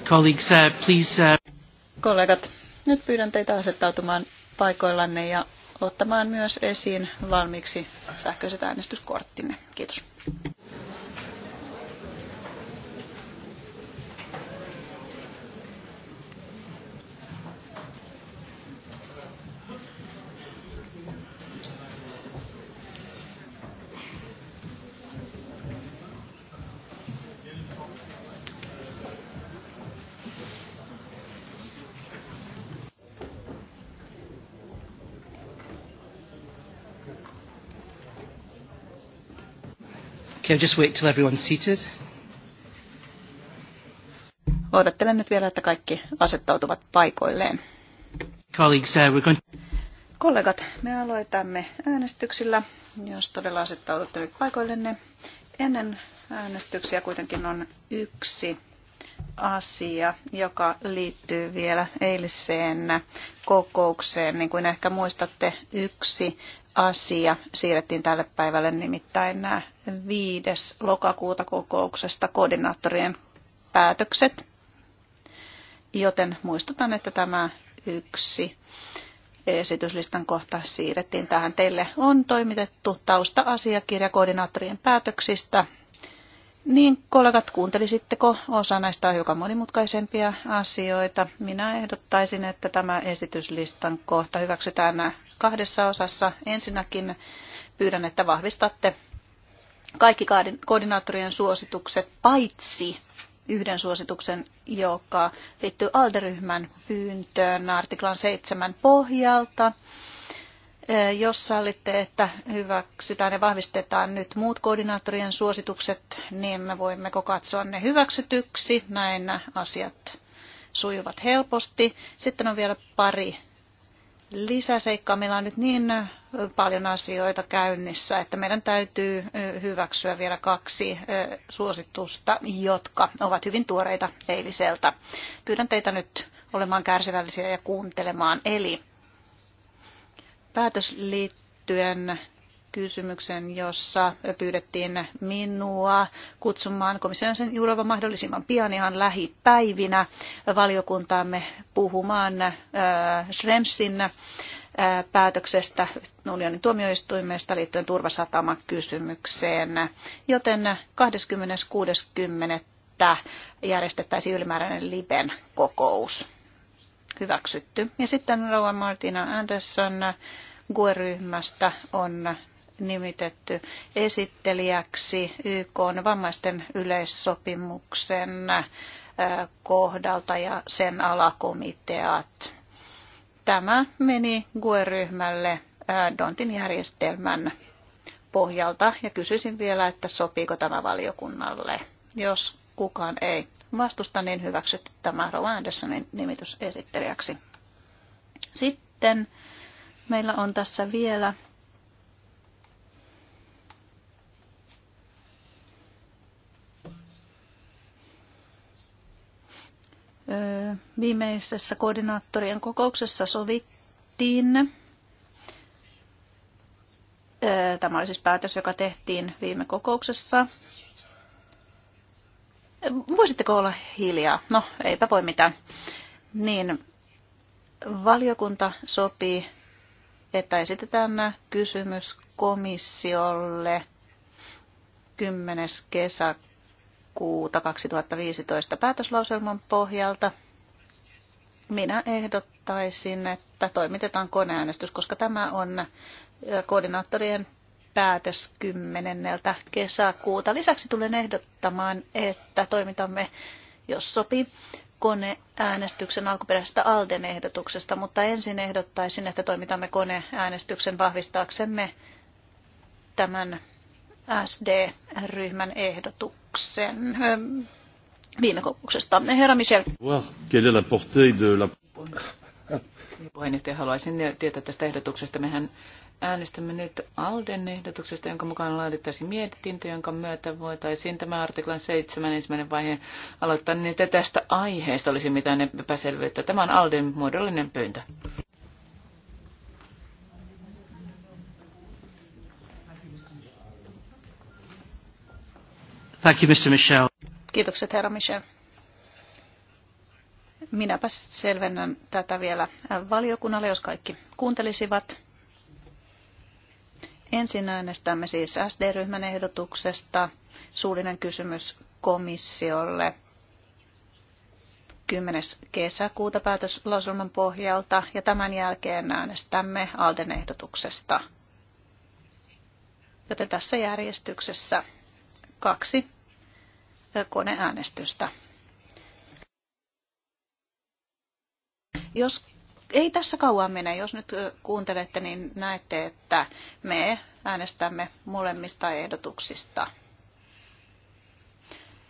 Colleagues, uh, please, uh... Kollegat, nyt pyydän teitä asettautumaan paikoillanne ja ottamaan myös esiin valmiiksi sähköiset äänestyskorttinne. Kiitos. Okay, just wait till everyone's seated. Odottelen nyt vielä, että kaikki asettautuvat paikoilleen. Colleagues, uh, we're going... Kollegat, me aloitamme äänestyksillä, jos todella asettaudutte paikoillenne. Ennen äänestyksiä kuitenkin on yksi asia, joka liittyy vielä eiliseen kokoukseen. Niin kuin ehkä muistatte, yksi asia siirrettiin tälle päivälle, nimittäin nämä 5. lokakuuta kokouksesta koordinaattorien päätökset. Joten muistutan, että tämä yksi esityslistan kohta siirrettiin tähän. Teille on toimitettu tausta-asiakirja koordinaattorien päätöksistä. Niin kollegat, kuuntelisitteko? Osa näistä on hiukan monimutkaisempia asioita. Minä ehdottaisin, että tämä esityslistan kohta hyväksytään kahdessa osassa. Ensinnäkin pyydän, että vahvistatte kaikki koordinaattorien suositukset, paitsi yhden suosituksen, joka liittyy alderyhmän pyyntöön artiklan 7 pohjalta. E, jos sallitte, että hyväksytään ja vahvistetaan nyt muut koordinaattorien suositukset, niin me voimme katsoa ne hyväksytyksi. Näin asiat sujuvat helposti. Sitten on vielä pari lisäseikkaa. Meillä on nyt niin paljon asioita käynnissä, että meidän täytyy hyväksyä vielä kaksi suositusta, jotka ovat hyvin tuoreita eiliseltä. Pyydän teitä nyt olemaan kärsivällisiä ja kuuntelemaan. Eli päätös liittyen kysymyksen, jossa pyydettiin minua kutsumaan komission sen Jurova mahdollisimman pian ihan lähipäivinä valiokuntaamme puhumaan äh, Schremsin äh, päätöksestä unionin tuomioistuimesta liittyen turvasatamakysymykseen, joten 26.10. järjestettäisiin ylimääräinen Liben kokous. Hyväksytty. Ja sitten Rauha Martina Andersson GUE-ryhmästä on nimitetty esittelijäksi YK vammaisten yleissopimuksen kohdalta ja sen alakomiteat. Tämä meni GUE-ryhmälle Dontin järjestelmän pohjalta ja kysyisin vielä, että sopiiko tämä valiokunnalle. Jos kukaan ei vastusta, niin hyväksytty tämä Rowan Andersonin nimitys esittelijäksi. Sitten meillä on tässä vielä viimeisessä koordinaattorien kokouksessa sovittiin, tämä oli siis päätös, joka tehtiin viime kokouksessa, voisitteko olla hiljaa? No, eipä voi mitään. Niin, valiokunta sopii, että esitetään kysymys komissiolle 10. kesäkuuta kuuta 2015 päätöslauselman pohjalta. Minä ehdottaisin, että toimitetaan koneäänestys, koska tämä on koordinaattorien päätös 10. kesäkuuta. Lisäksi tulen ehdottamaan, että toimitamme, jos sopii, koneäänestyksen alkuperäisestä Alden ehdotuksesta, mutta ensin ehdottaisin, että toimitamme koneäänestyksen vahvistaaksemme tämän SD-ryhmän ehdotuksen kokouksen, ähm, viime kokouksesta. Herra Michel. Puheenjohtaja, haluaisin tietää tästä ehdotuksesta. Mehän äänestämme nyt Alden ehdotuksesta, jonka mukaan laadittaisiin mietintö, jonka myötä voitaisiin tämä artiklan 7 ensimmäinen vaihe aloittaa, niin että tästä aiheesta olisi mitään epäselvyyttä. Tämä on Alden muodollinen pyyntö. Thank you, Mr. Michel. Kiitokset, herra Michel. Minäpä selvennän tätä vielä valiokunnalle, jos kaikki kuuntelisivat. Ensin äänestämme siis SD-ryhmän ehdotuksesta. Suullinen kysymys komissiolle 10. kesäkuuta päätöslauselman pohjalta ja tämän jälkeen äänestämme Alden ehdotuksesta. Joten tässä järjestyksessä kaksi koneäänestystä. Jos ei tässä kauan mene, jos nyt kuuntelette, niin näette, että me äänestämme molemmista ehdotuksista.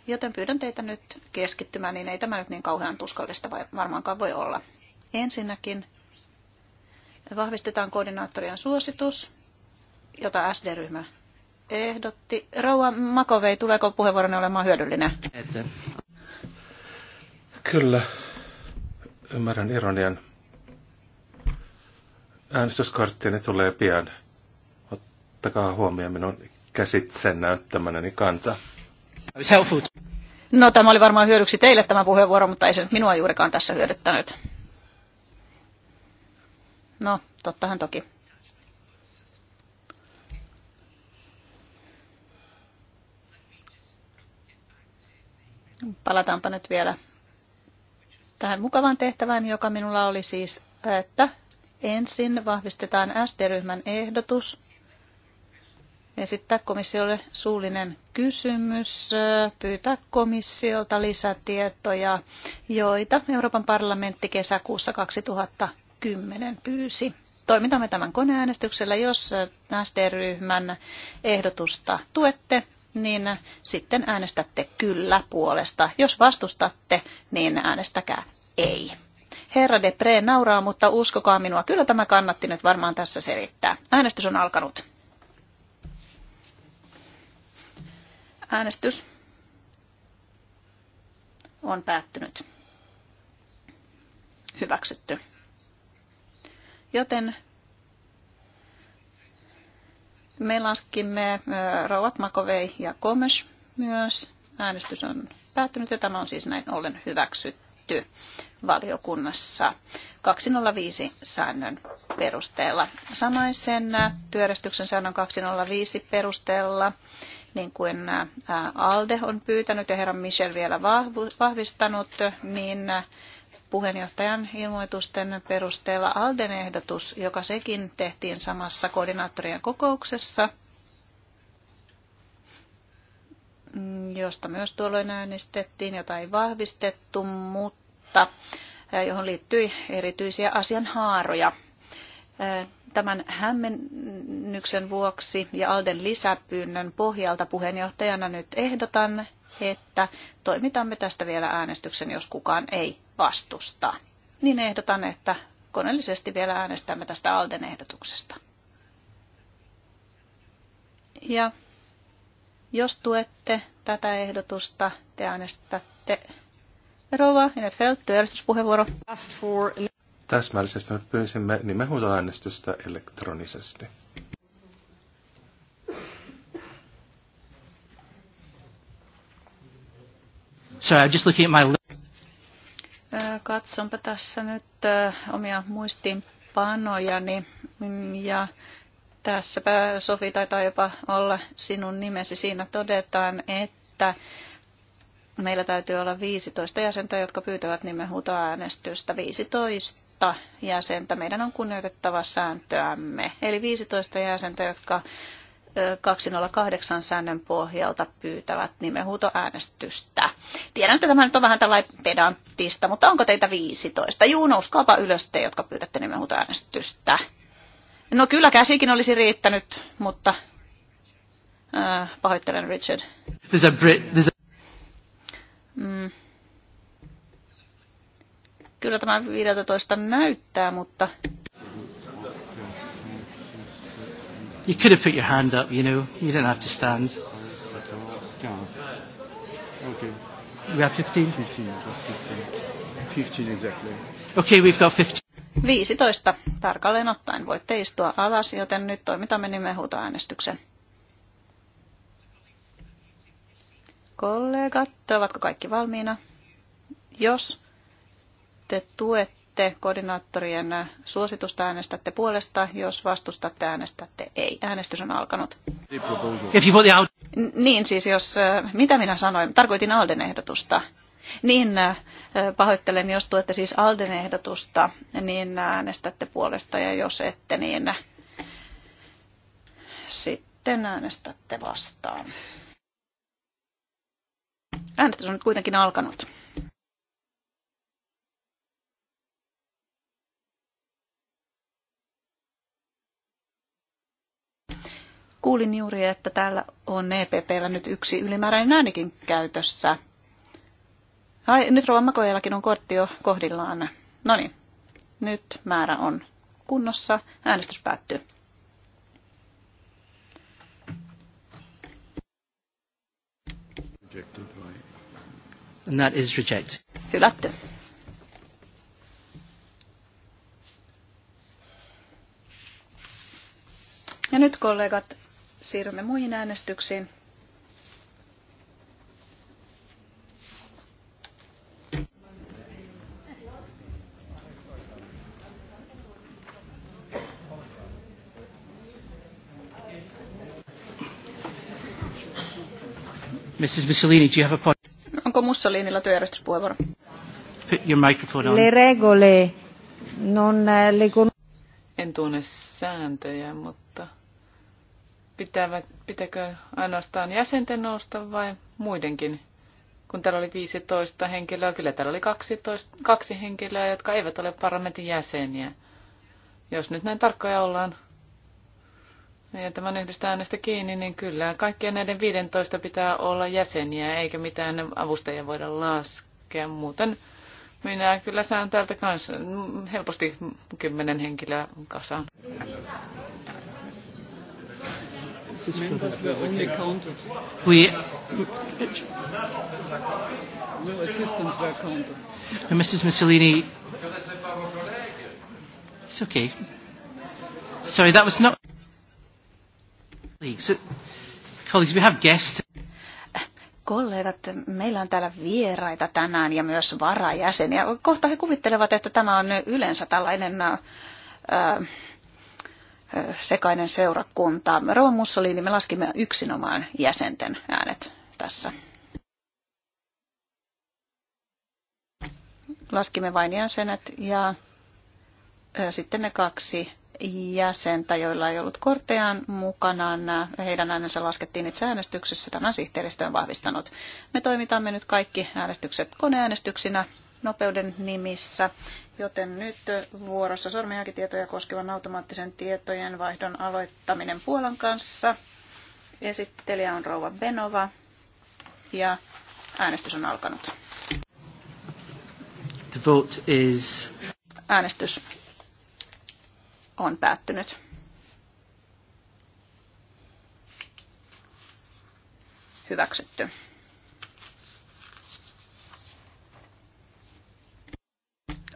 Joten pyydän teitä nyt keskittymään, niin ei tämä nyt niin kauhean tuskallista varmaankaan voi olla. Ensinnäkin vahvistetaan koordinaattorien suositus, jota SD-ryhmä ehdotti. Rouva Makovei, tuleeko puheenvuoronne olemaan hyödyllinen? Että. Kyllä, ymmärrän ironian. Äänestyskorttini tulee pian. Ottakaa huomioon minun käsitsen näyttämänäni kanta. No tämä oli varmaan hyödyksi teille tämä puheenvuoro, mutta ei se nyt minua juurikaan tässä hyödyttänyt. No, tottahan toki. Palataanpa nyt vielä tähän mukavaan tehtävään, joka minulla oli siis, että ensin vahvistetaan ST-ryhmän ehdotus esittää komissiolle suullinen kysymys, pyytää komissiolta lisätietoja, joita Euroopan parlamentti kesäkuussa 2010 pyysi. Toimitamme tämän koneäänestyksellä, jos ST-ryhmän ehdotusta tuette, niin sitten äänestätte kyllä puolesta. Jos vastustatte, niin äänestäkää ei. Herra de Pre nauraa, mutta uskokaa minua, kyllä tämä kannatti nyt varmaan tässä selittää. Äänestys on alkanut. Äänestys on päättynyt. Hyväksytty. Joten me laskimme Rouvat Makovei ja Komes myös. Äänestys on päättynyt ja tämä on siis näin ollen hyväksytty valiokunnassa 205 säännön perusteella. Samaisen työjärjestyksen säännön 205 perusteella, niin kuin ALDE on pyytänyt ja herra Michel vielä vahvistanut, niin puheenjohtajan ilmoitusten perusteella Alden ehdotus, joka sekin tehtiin samassa koordinaattorien kokouksessa, josta myös tuolloin äänestettiin, jota ei vahvistettu, mutta johon liittyi erityisiä asianhaaroja. Tämän hämmennyksen vuoksi ja Alden lisäpyynnön pohjalta puheenjohtajana nyt ehdotan, että toimitamme tästä vielä äänestyksen, jos kukaan ei vastusta. Niin ehdotan, että koneellisesti vielä äänestämme tästä Alden ehdotuksesta. Ja jos tuette tätä ehdotusta, te äänestätte Rova Enetfeld, työjärjestyspuheenvuoro. Täsmällisesti me pyysimme nimenhuutoäänestystä elektronisesti. Sorry, I'm just looking at my... Katsonpa tässä nyt omia muistiinpanojani mm, ja tässäpä Sofi taitaa jopa olla sinun nimesi. Siinä todetaan, että meillä täytyy olla 15 jäsentä, jotka pyytävät nimen huutoäänestystä. 15 jäsentä. Meidän on kunnioitettava sääntöämme. Eli 15 jäsentä, jotka 208 säännön pohjalta pyytävät nimenhuutoäänestystä. Tiedän, että tämä nyt on vähän tällainen pedanttista, mutta onko teitä 15? Juu, nouskaapa ylös te, jotka pyydätte äänestystä. No kyllä käsikin olisi riittänyt, mutta äh, pahoittelen Richard. There's a Brit, there's a... Mm. Kyllä tämä 15 näyttää, mutta... You could have put your hand up, you know. You didn't have to stand. Okay. We have 15? 15, 15. 15 exactly. Okay, we've got 15. 15 tarkalleen ottaen voitte istua alas, joten nyt toimitamme äänestyksen. Kollegat, ovatko kaikki valmiina? Jos te tuette noudatatte koordinaattorien suositusta, äänestätte puolesta. Jos vastustatte, äänestätte ei. Äänestys on alkanut. Niin siis, jos, äh, mitä minä sanoin? Tarkoitin Alden ehdotusta. Niin äh, pahoittelen, jos tuette siis Alden ehdotusta, niin äänestätte puolesta ja jos ette, niin sitten äänestätte vastaan. Äänestys on nyt kuitenkin alkanut. Kuulin juuri, että täällä on EPPllä nyt yksi ylimääräinen äänikin käytössä. Ai, nyt Rovan Makojallakin on kortti jo kohdillaan. No niin, nyt määrä on kunnossa. Äänestys päättyy. And that is rejected. Hylätty. Ja nyt kollegat siirrymme muihin äänestyksiin. Mrs. Mussolini, do you have a point? Onko Mussolinilla työjärjestyspuheenvuoro? Put your microphone on. Le regole, non eh, le con... En tunne sääntöjä, mutta pitävät, pitäkö ainoastaan jäsenten nousta vai muidenkin? Kun täällä oli 15 henkilöä, kyllä täällä oli 12, kaksi henkilöä, jotka eivät ole parlamentin jäseniä. Jos nyt näin tarkkoja ollaan ja tämän yhdestä äänestä kiinni, niin kyllä kaikkien näiden 15 pitää olla jäseniä, eikä mitään avustajia voida laskea. Muuten minä kyllä saan täältä kanssa helposti kymmenen henkilöä kasaan. We, no Mrs. Mussolini. It's okay. Sorry, that was not. colleagues, we have guests. Kollegat, meillä on täällä vieraita tänään ja myös varajäseniä. Kohta he kuvittelevat, että tämä on yleensä tällainen äh, sekainen seurakunta. Rova Mussolini, me laskimme yksinomaan jäsenten äänet tässä. Laskimme vain jäsenet ja sitten ne kaksi jäsentä, joilla ei ollut korttejaan mukanaan. Heidän äänensä laskettiin itse äänestyksessä. Tämän sihteeristö on vahvistanut. Me toimitamme nyt kaikki äänestykset koneäänestyksinä nopeuden nimissä, joten nyt vuorossa sormenjälkitietoja koskevan automaattisen tietojen vaihdon aloittaminen Puolan kanssa. Esittelijä on Rouva Benova ja äänestys on alkanut. The vote is... Äänestys on päättynyt. Hyväksytty.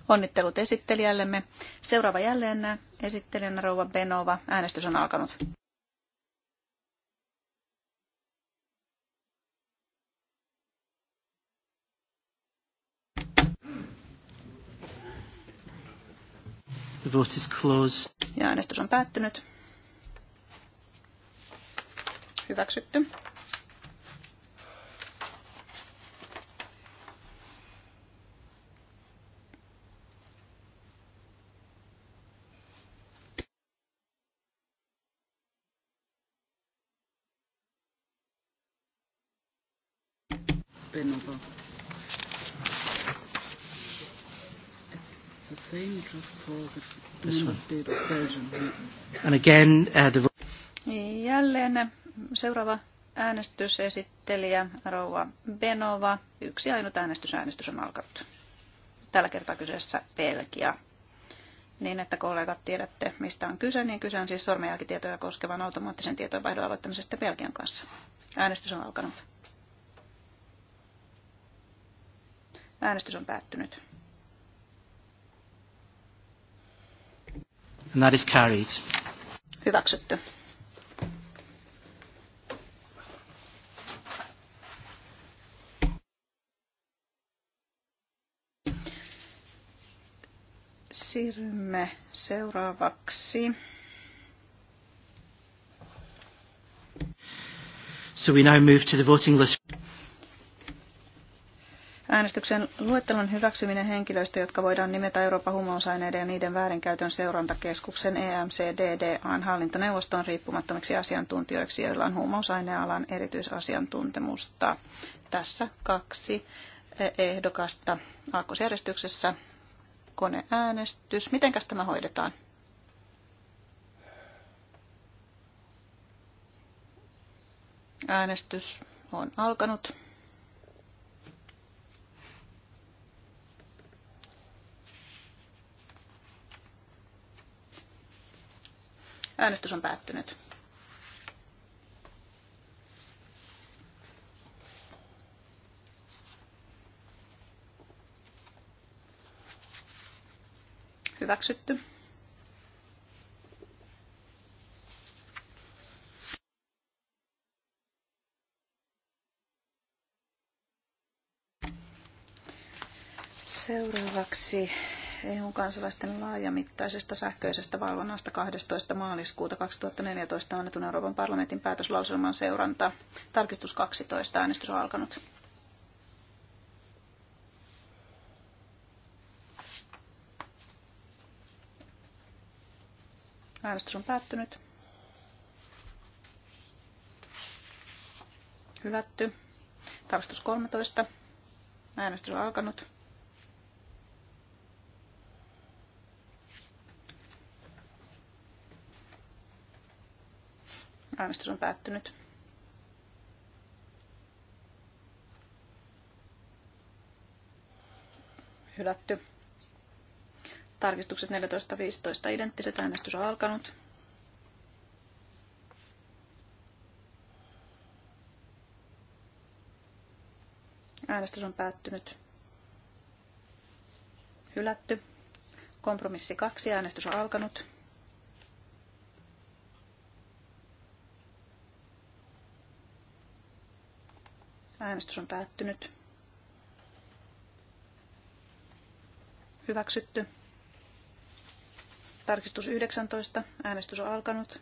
Onnittelut esittelijällemme. Seuraava jälleen esittelijänä rouva Benova. Äänestys on alkanut. The vote is closed. Ja äänestys on päättynyt. Hyväksytty. Uh, Jälleen seuraava äänestysesittelijä Rouva Benova. Yksi ainut äänestys, äänestys on alkanut. Tällä kertaa kyseessä Belgia. Niin, että kollegat tiedätte, mistä on kyse, niin kyse on siis sormenjälkitietoja koskevan automaattisen tietojenvaihdon aloittamisesta Belgian kanssa. Äänestys on alkanut. Äänestys on päättynyt. And that is carried. Hyväksytty. Siirrymme seuraavaksi. So we now move to the voting list. Äänestyksen luettelon hyväksyminen henkilöistä, jotka voidaan nimetä Euroopan huumausaineiden ja niiden väärinkäytön seurantakeskuksen EMCDDAn hallintoneuvostoon riippumattomiksi asiantuntijoiksi, joilla on huumausainealan erityisasiantuntemusta. Tässä kaksi ehdokasta aakkosjärjestyksessä koneäänestys. Mitenkäs tämä hoidetaan? Äänestys on alkanut. Äänestys on päättynyt. Hyväksytty. Seuraavaksi EU-kansalaisten laajamittaisesta sähköisestä valvonnasta 12. maaliskuuta 2014 annetun Euroopan parlamentin päätöslauselman seuranta. Tarkistus 12. Äänestys on alkanut. Äänestys on päättynyt. Hylätty. Tarkistus 13. Äänestys on alkanut. Äänestys on päättynyt. Hylätty. Tarkistukset 14.15 identtiset. Äänestys on alkanut. Äänestys on päättynyt. Hylätty. Kompromissi 2. Äänestys on alkanut. Äänestys on päättynyt. Hyväksytty. Tarkistus 19. Äänestys on alkanut.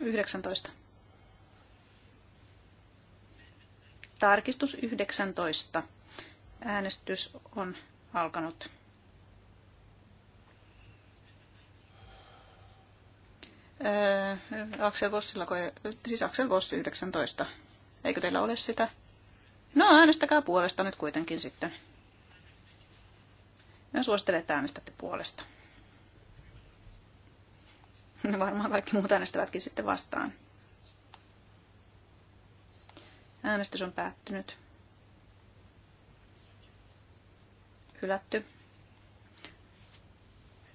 Yhdeksäntoista. Tarkistus yhdeksäntoista. Äänestys on alkanut. Äh, Aksel Vossilla, siis Aksel Voss 19. Eikö teillä ole sitä? No äänestäkää puolesta nyt kuitenkin sitten. Mä suosittelen, että äänestätte puolesta. No varmaan kaikki muut äänestävätkin sitten vastaan. Äänestys on päättynyt. Hylätty.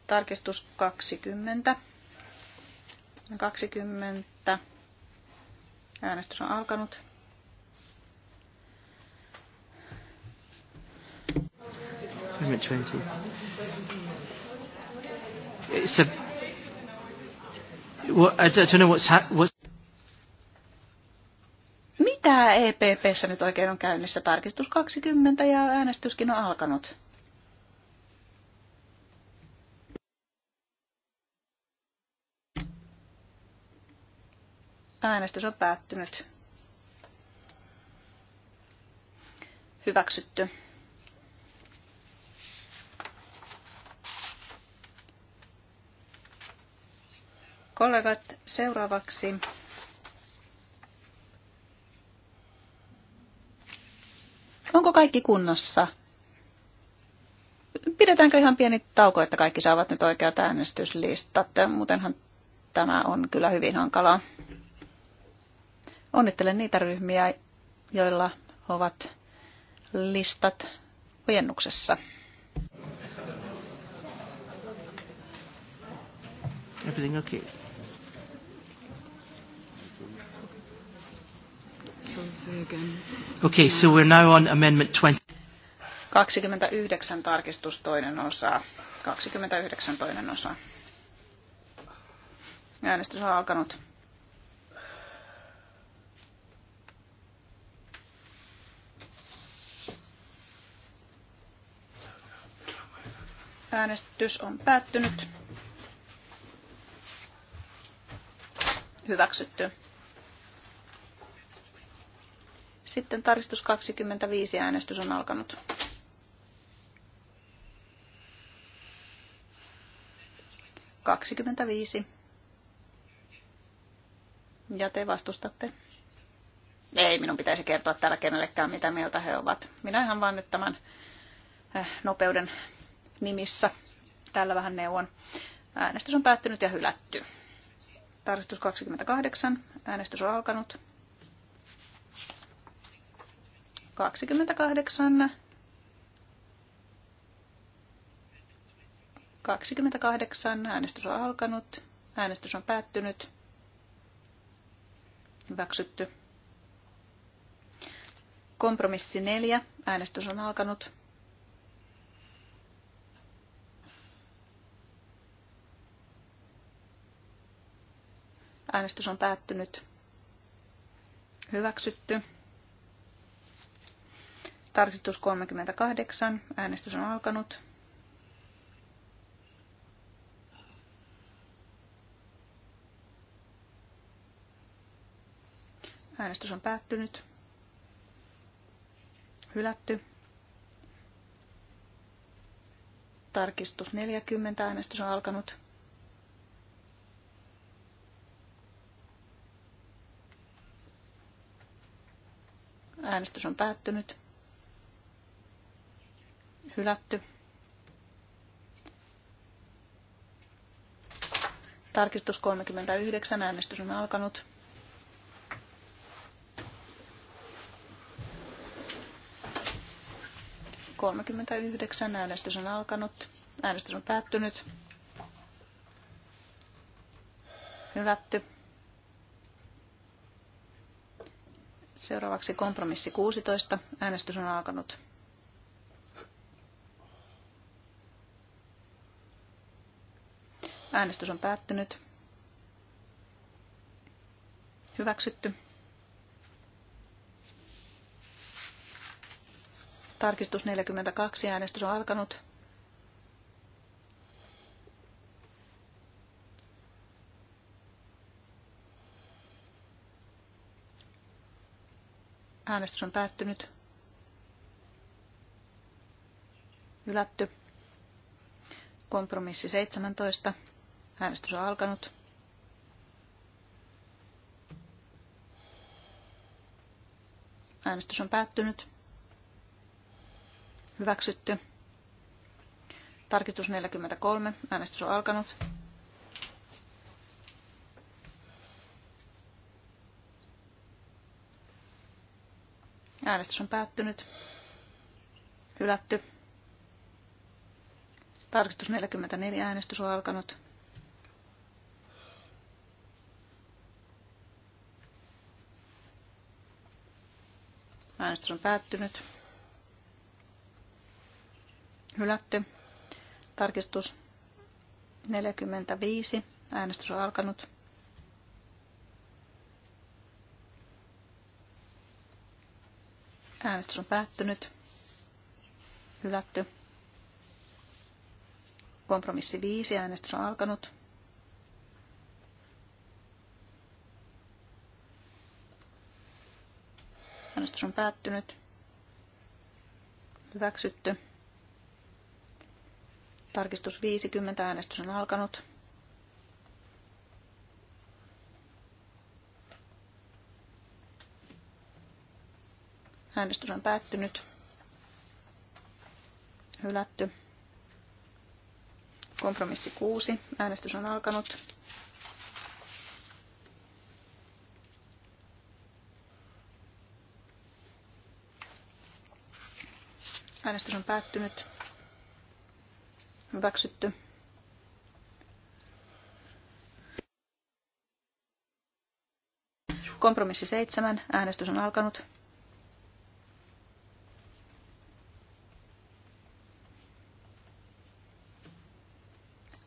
Tarkistus 20 20. Äänestys on alkanut. Amendment 20. It's a, I don't know what's, ha, what's Mitä EPPssä nyt oikein on käynnissä? Tarkistus 20 ja äänestyskin on alkanut. Äänestys on päättynyt. Hyväksytty. Kollegat, seuraavaksi Onko kaikki kunnossa? Pidetäänkö ihan pieni tauko, että kaikki saavat nyt oikeat äänestyslistat? Muutenhan tämä on kyllä hyvin hankalaa. Onnittelen niitä ryhmiä, joilla ovat listat ojennuksessa. Everything okay? Okay, so we're now on amendment 20. 29 tarkistus toinen osa. 29 toinen osa. Äänestys on alkanut. Äänestys on päättynyt. Hyväksytty. Sitten tarkistus 25 äänestys on alkanut. Kaksikymmentäviisi. Ja te vastustatte? Ei minun pitäisi kertoa täällä kenellekään, mitä mieltä he ovat. Minä ihan vaan nyt tämän eh, nopeuden nimissä. Tällä vähän neuvon. Äänestys on päättynyt ja hylätty. Tarkistus 28. Äänestys on alkanut. 28. 28. Äänestys on alkanut. Äänestys on päättynyt. Hyväksytty. Kompromissi 4. Äänestys on alkanut. Äänestys on päättynyt. Hyväksytty. Tarkistus 38. Äänestys on alkanut. Äänestys on päättynyt. Hylätty. Tarkistus 40. Äänestys on alkanut. Äänestys on päättynyt. Hylätty. Tarkistus 39. Äänestys on alkanut. Kolmekymmentäyhdeksän. Äänestys on alkanut. Äänestys on päättynyt. Hylätty. Seuraavaksi kompromissi 16. Äänestys on alkanut. Äänestys on päättynyt. Hyväksytty. Tarkistus 42. Äänestys on alkanut. Äänestys on päättynyt. ylätty, Kompromissi 17. Äänestys on alkanut. Äänestys on päättynyt. Hyväksytty. Tarkistus 43. Äänestys on alkanut. Äänestys on päättynyt. Hylätty. Tarkistus 44. Äänestys on alkanut. Äänestys on päättynyt. Hylätty. Tarkistus 45. Äänestys on alkanut. Äänestys on päättynyt. Hylätty. Kompromissi 5. Äänestys on alkanut. Äänestys on päättynyt. Hyväksytty. Tarkistus 50. Äänestys on alkanut. Äänestys on päättynyt. Hylätty. Kompromissi 6. Äänestys on alkanut. Äänestys on päättynyt. Hyväksytty. Kompromissi 7. Äänestys on alkanut.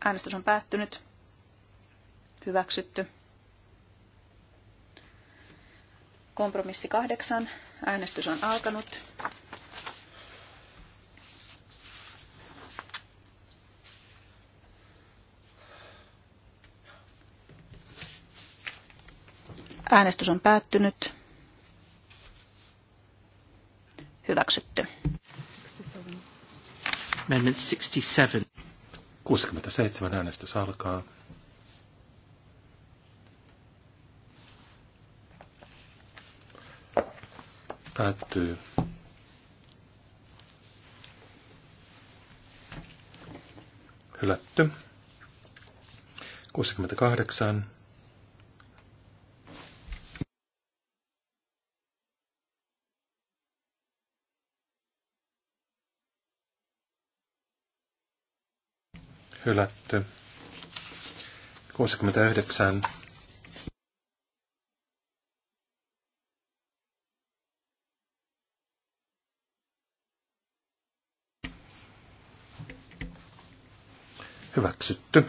Äänestys on päättynyt. Hyväksytty. Kompromissi kahdeksan. Äänestys on alkanut. Äänestys on päättynyt. Hyväksytty. Amendment 67. 67 äänestys alkaa. Päättyy. Hylätty. 68. hylätty. 69 hyväksytty.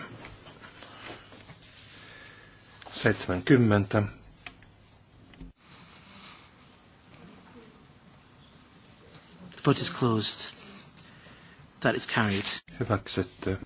70. Vote is closed. That is carried. Hyväksytty.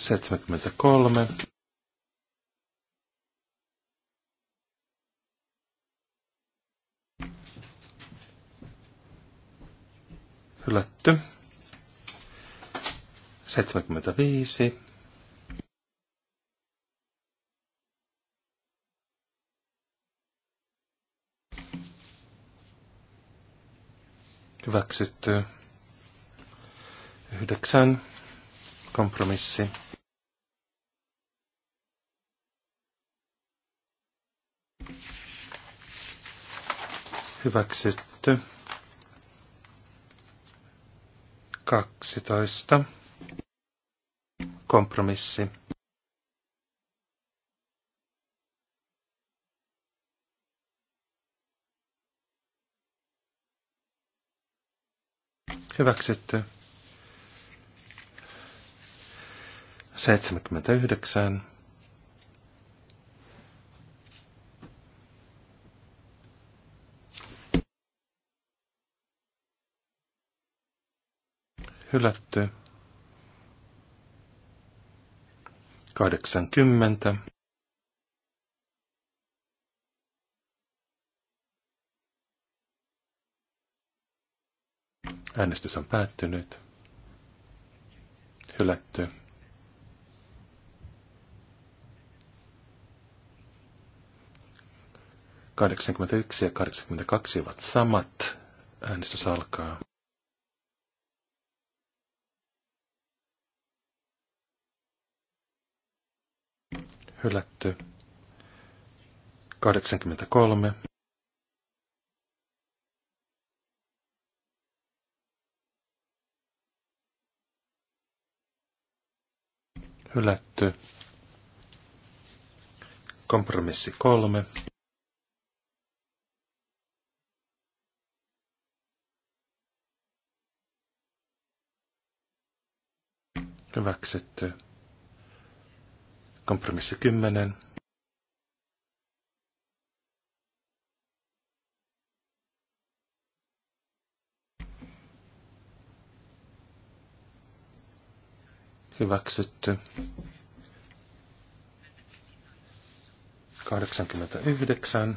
73. Hylätty. 75. Hyväksytty. Yhdeksän. Kompromissi. Hyväksytty. 12. Kompromissi. Hyväksytty. 79. Hylätty. 80. Äänestys on päättynyt. Hylätty. 81 ja 82 ovat samat. Äänestys alkaa. hylätty. 83. Hylätty. Kompromissi kolme. Hyväksytty. Kompromissi 10. Hyväksytty. 89.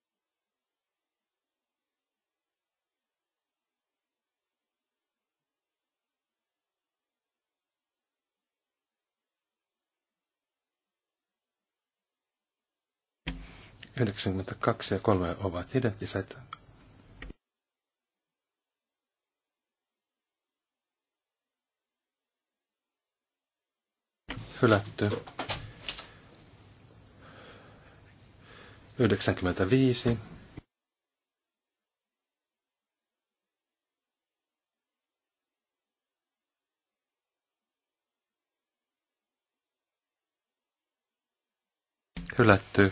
92 ja 3 ovat identtiset. Hylätty. 95. Hylätty.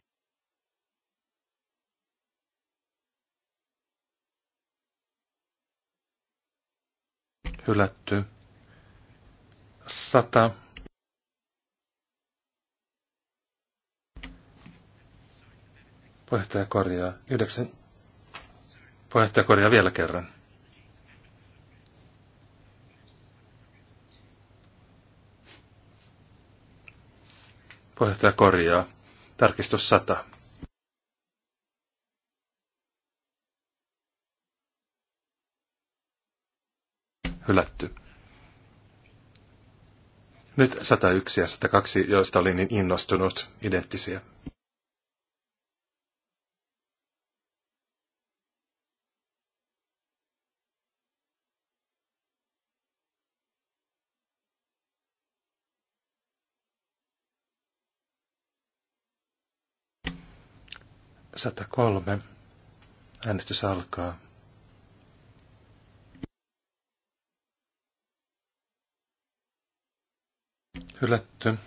hylätty. Sata. Puheenjohtaja korjaa. Yhdeksän. Puheenjohtaja korjaa vielä kerran. Puheenjohtaja korjaa. Tarkistus sata. hylätty. Nyt 101 ja 102, joista olin niin innostunut, identtisiä. Sata kolme. Äänestys alkaa. Hylätty.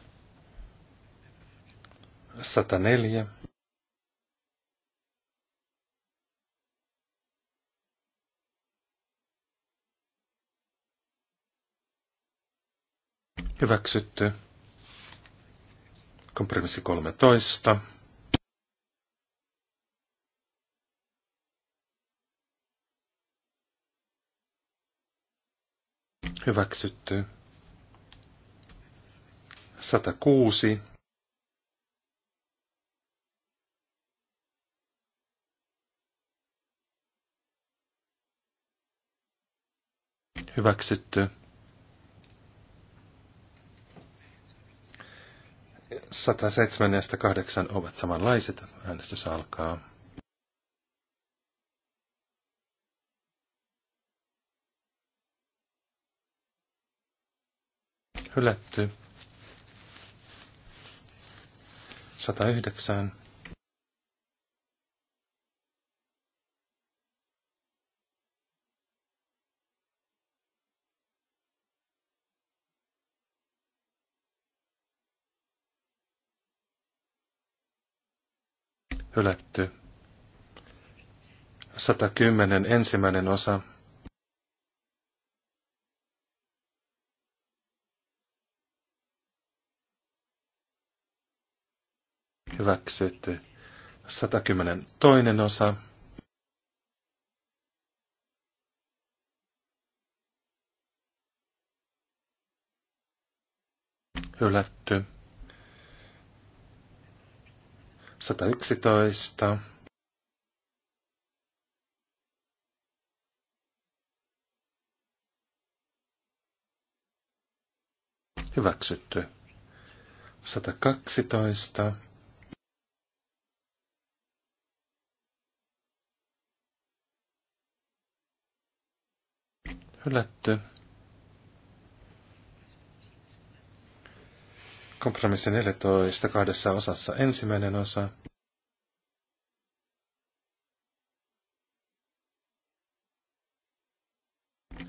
104. Hyväksytty. Kompromissi 13. Hyväksytty. 106. Hyväksytty. 107 ja 108 ovat samanlaiset. Äänestys alkaa. Hylätty. 109. Hylätty. 110 ensimmäinen osa hyväksytty. 110 toinen osa. Hylätty. 111. Hyväksytty. 112. Hylätty. Kompromissi 14 kahdessa osassa. Ensimmäinen osa.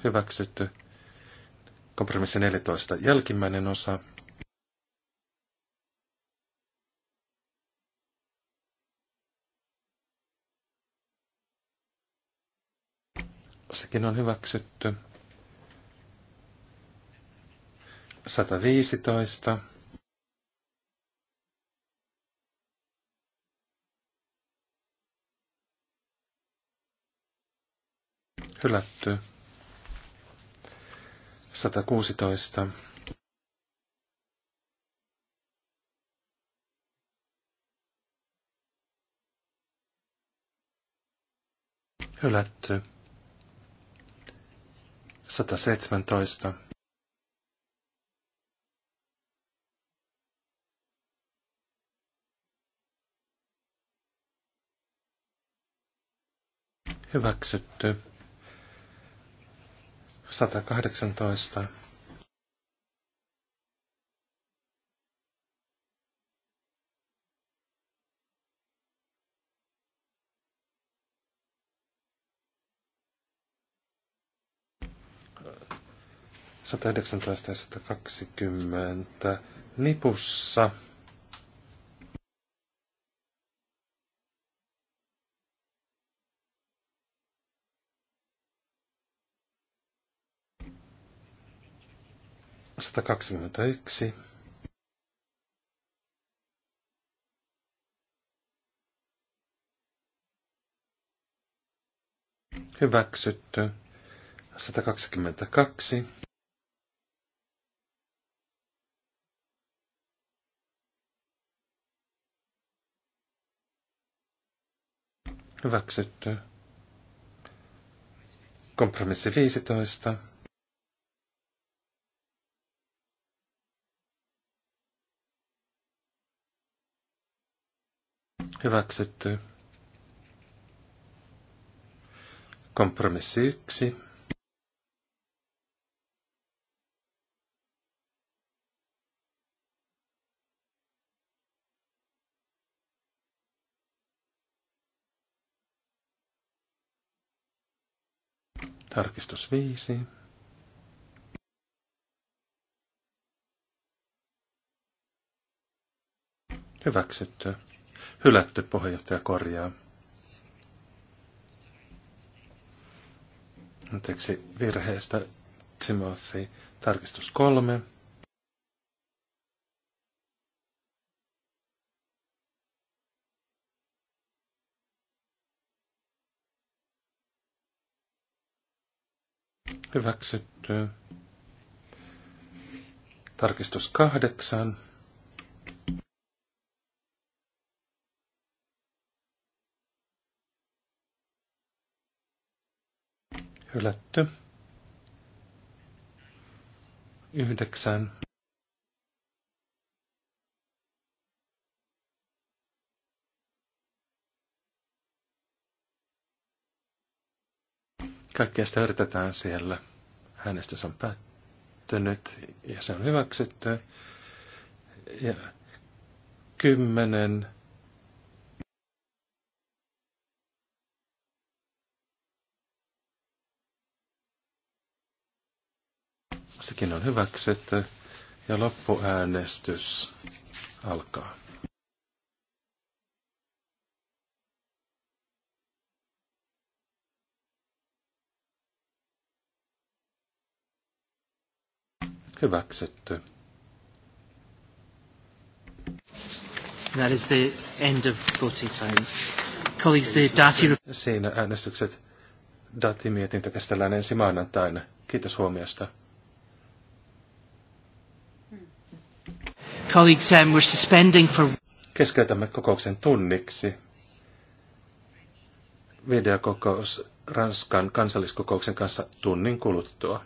Hyväksytty. Kompromissi 14 jälkimmäinen osa. Sekin on hyväksytty. 115. Hylätty. 116. Hylätty. 117. Hyväksytty. 118. 119 ja 120 nipussa. yksi. Hyväksytty. Sata kaksikymmentä kaksi. Hyväksytty. Kompromissi 15. Hyväksytty. Kompromissi 1. Tarkistus 5. Hyväksytty. Hylätty puheenjohtaja korjaa. Anteeksi virheestä. Timothy, tarkistus kolme. Hyväksytty. Tarkistus kahdeksan. Hylätty. Yhdeksän. Kaikkea sitä yritetään siellä. se on päättynyt ja se on hyväksytty. Ja kymmenen sekin on hyväksytty ja loppuäänestys alkaa. Hyväksytty. That is the end of voting time. Colleagues, the Dati... Siinä äänestykset. Dati-mietintä käsitellään ensi maanantaina. Kiitos huomiosta. Colleagues, um, we're suspending for... Keskeytämme kokouksen tunniksi. Videokokous Ranskan kansalliskokouksen kanssa tunnin kuluttua.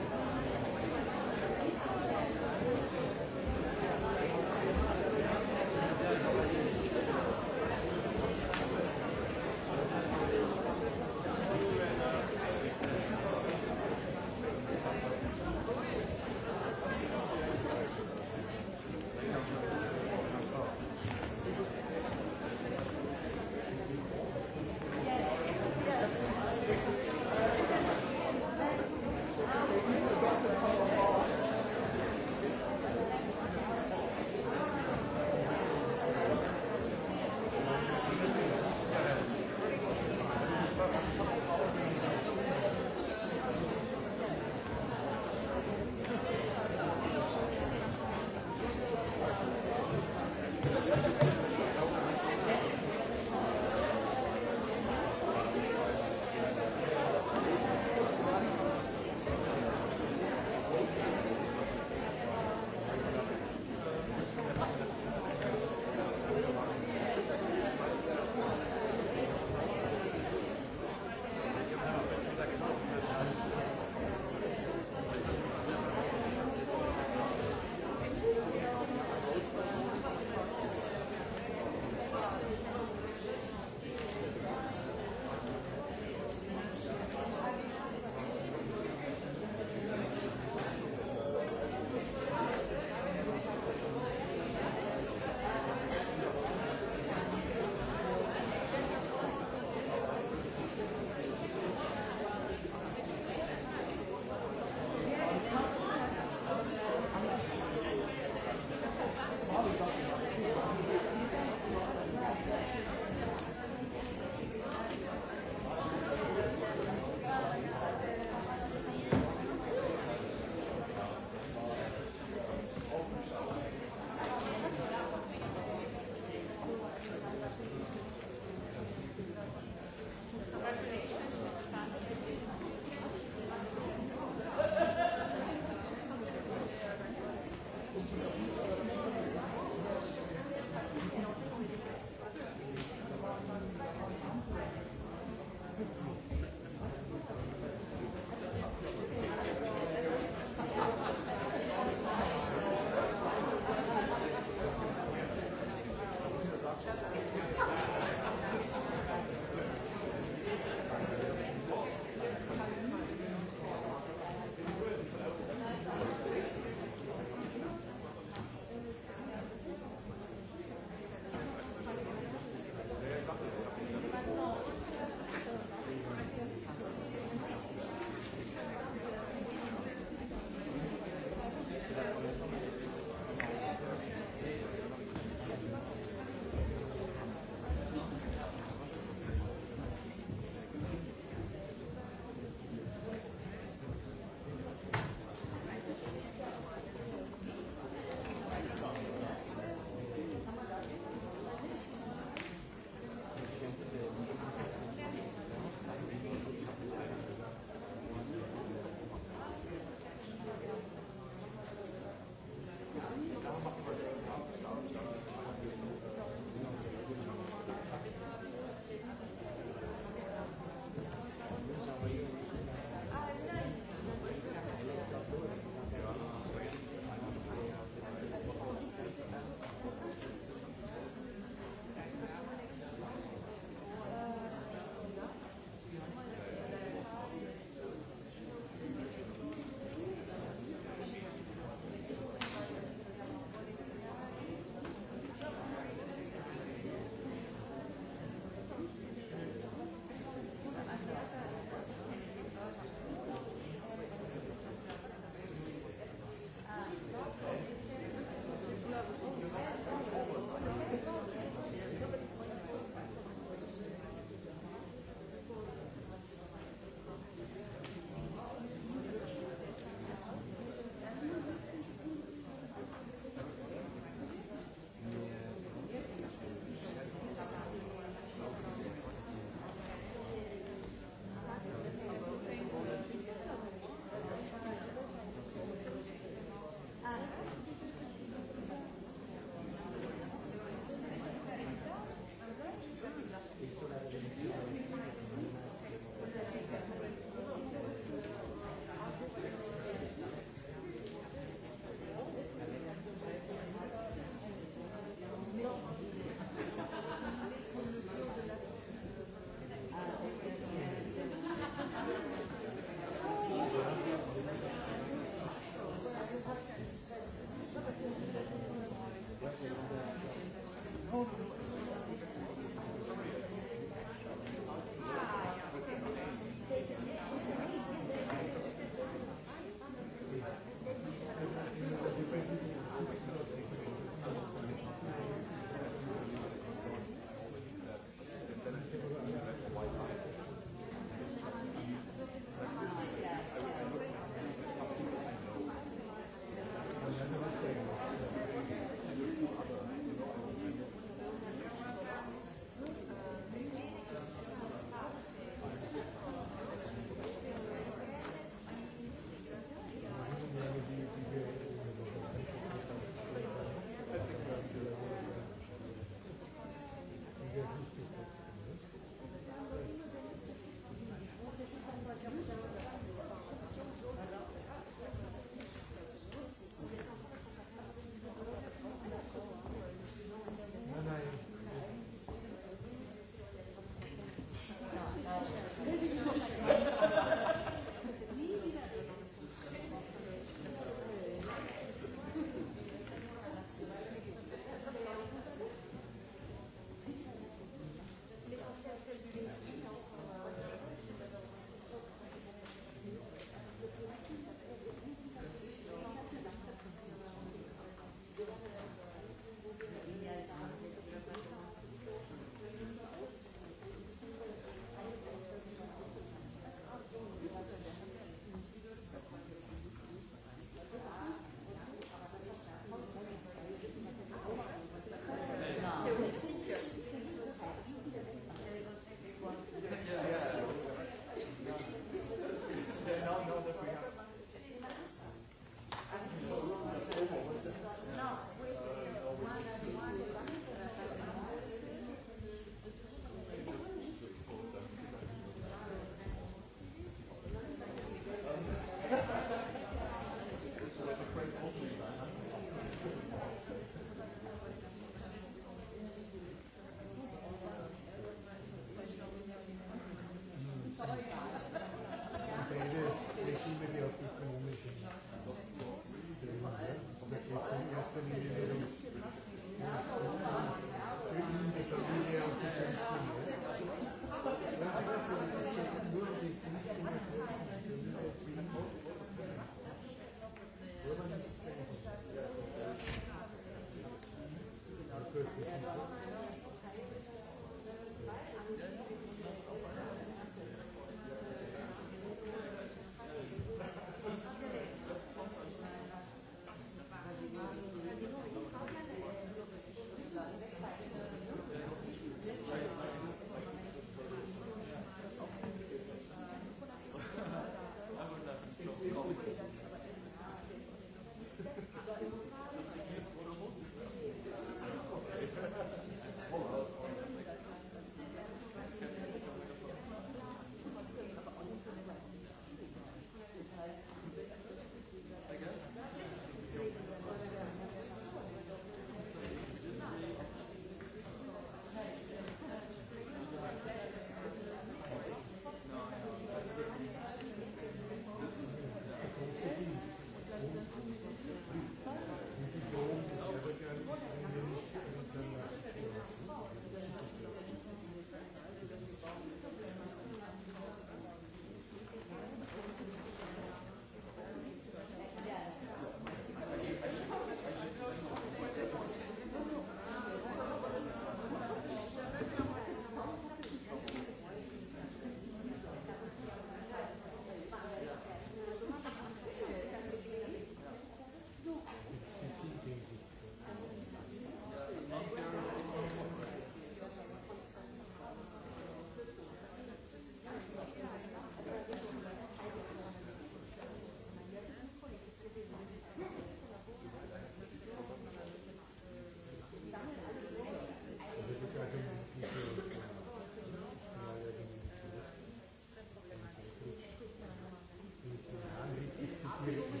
Thank you.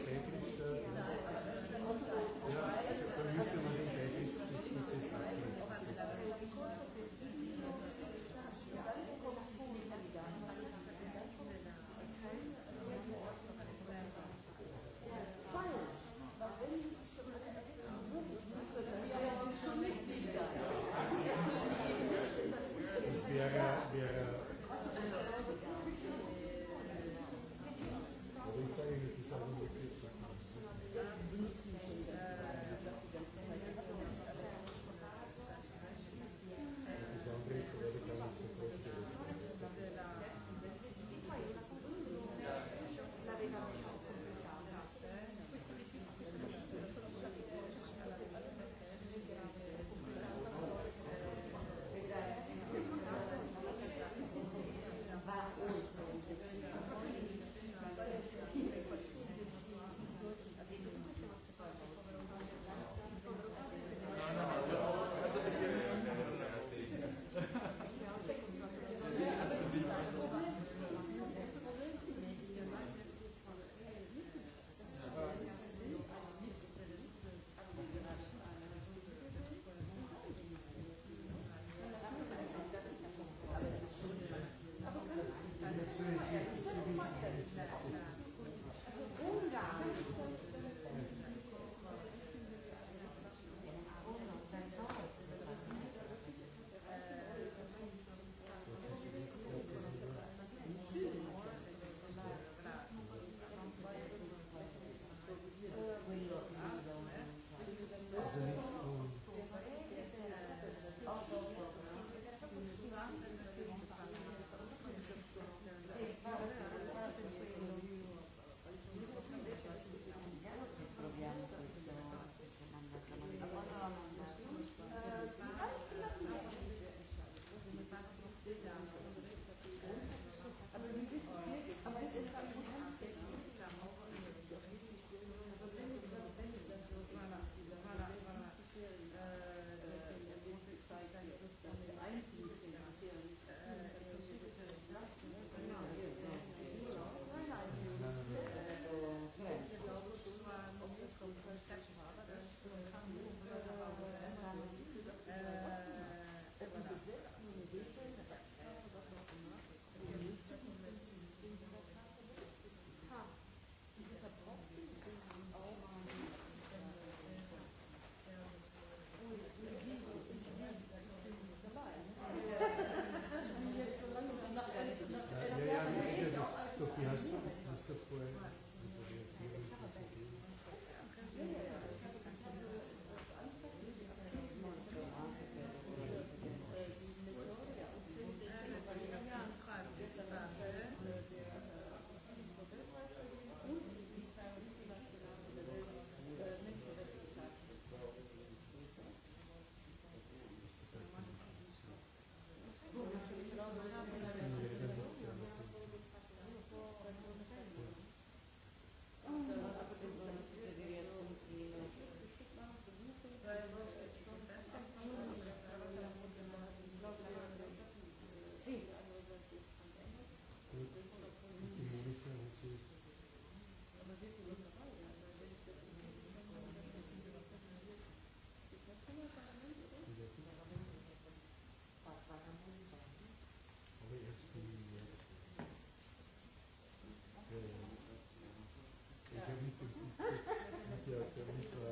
Gracias.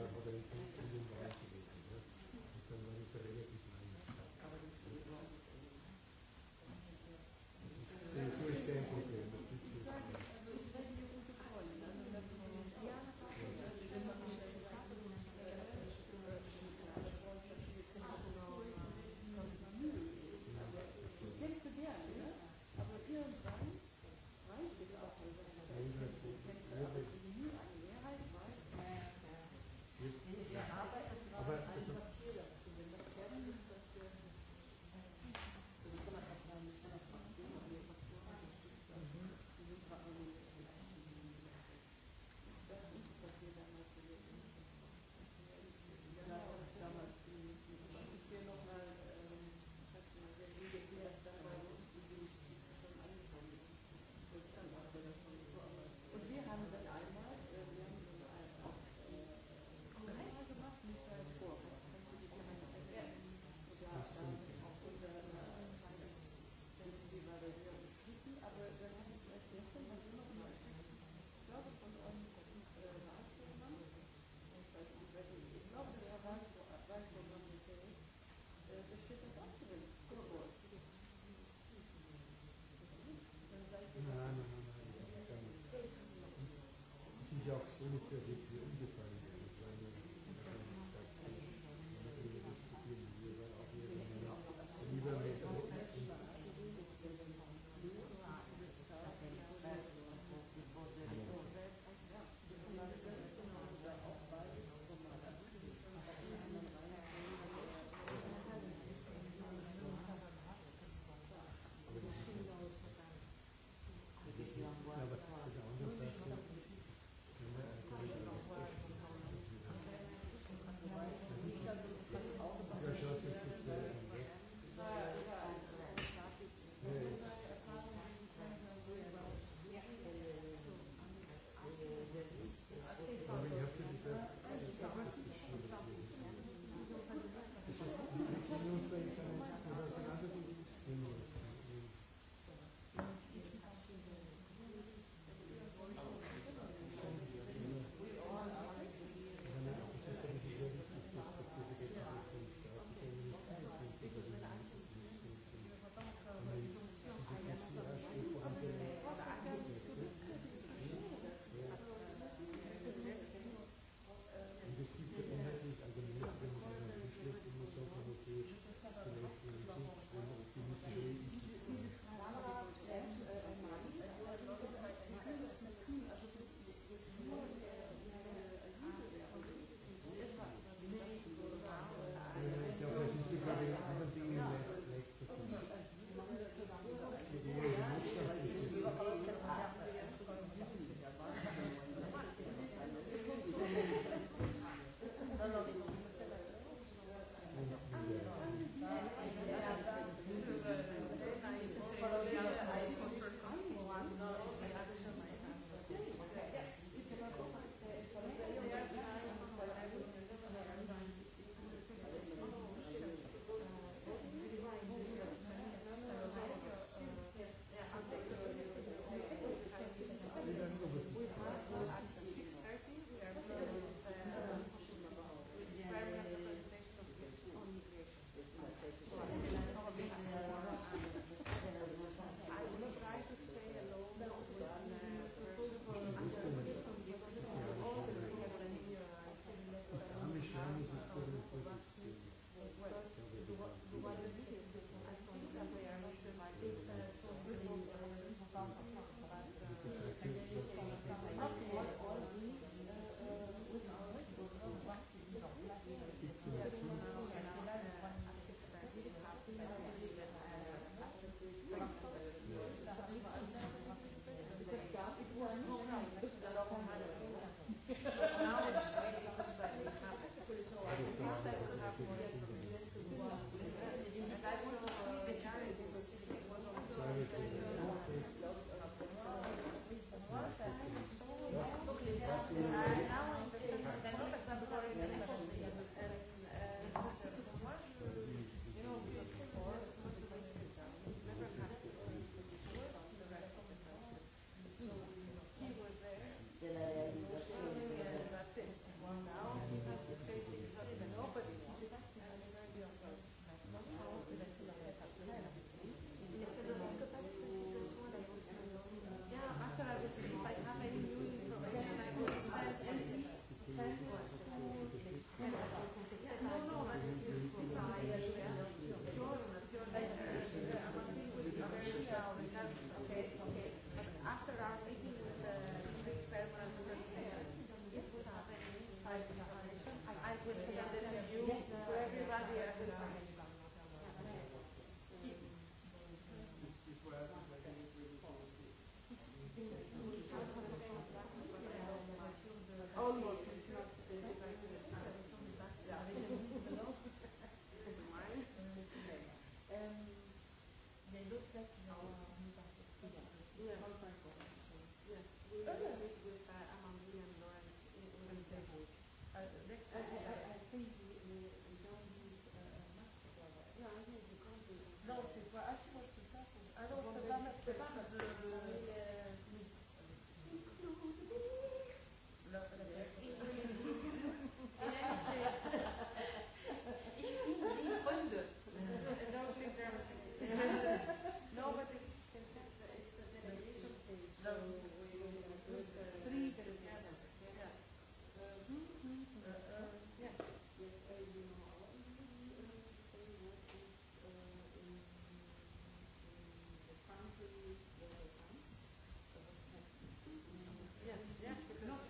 Fraktion ist der Sitz hier umgefallen.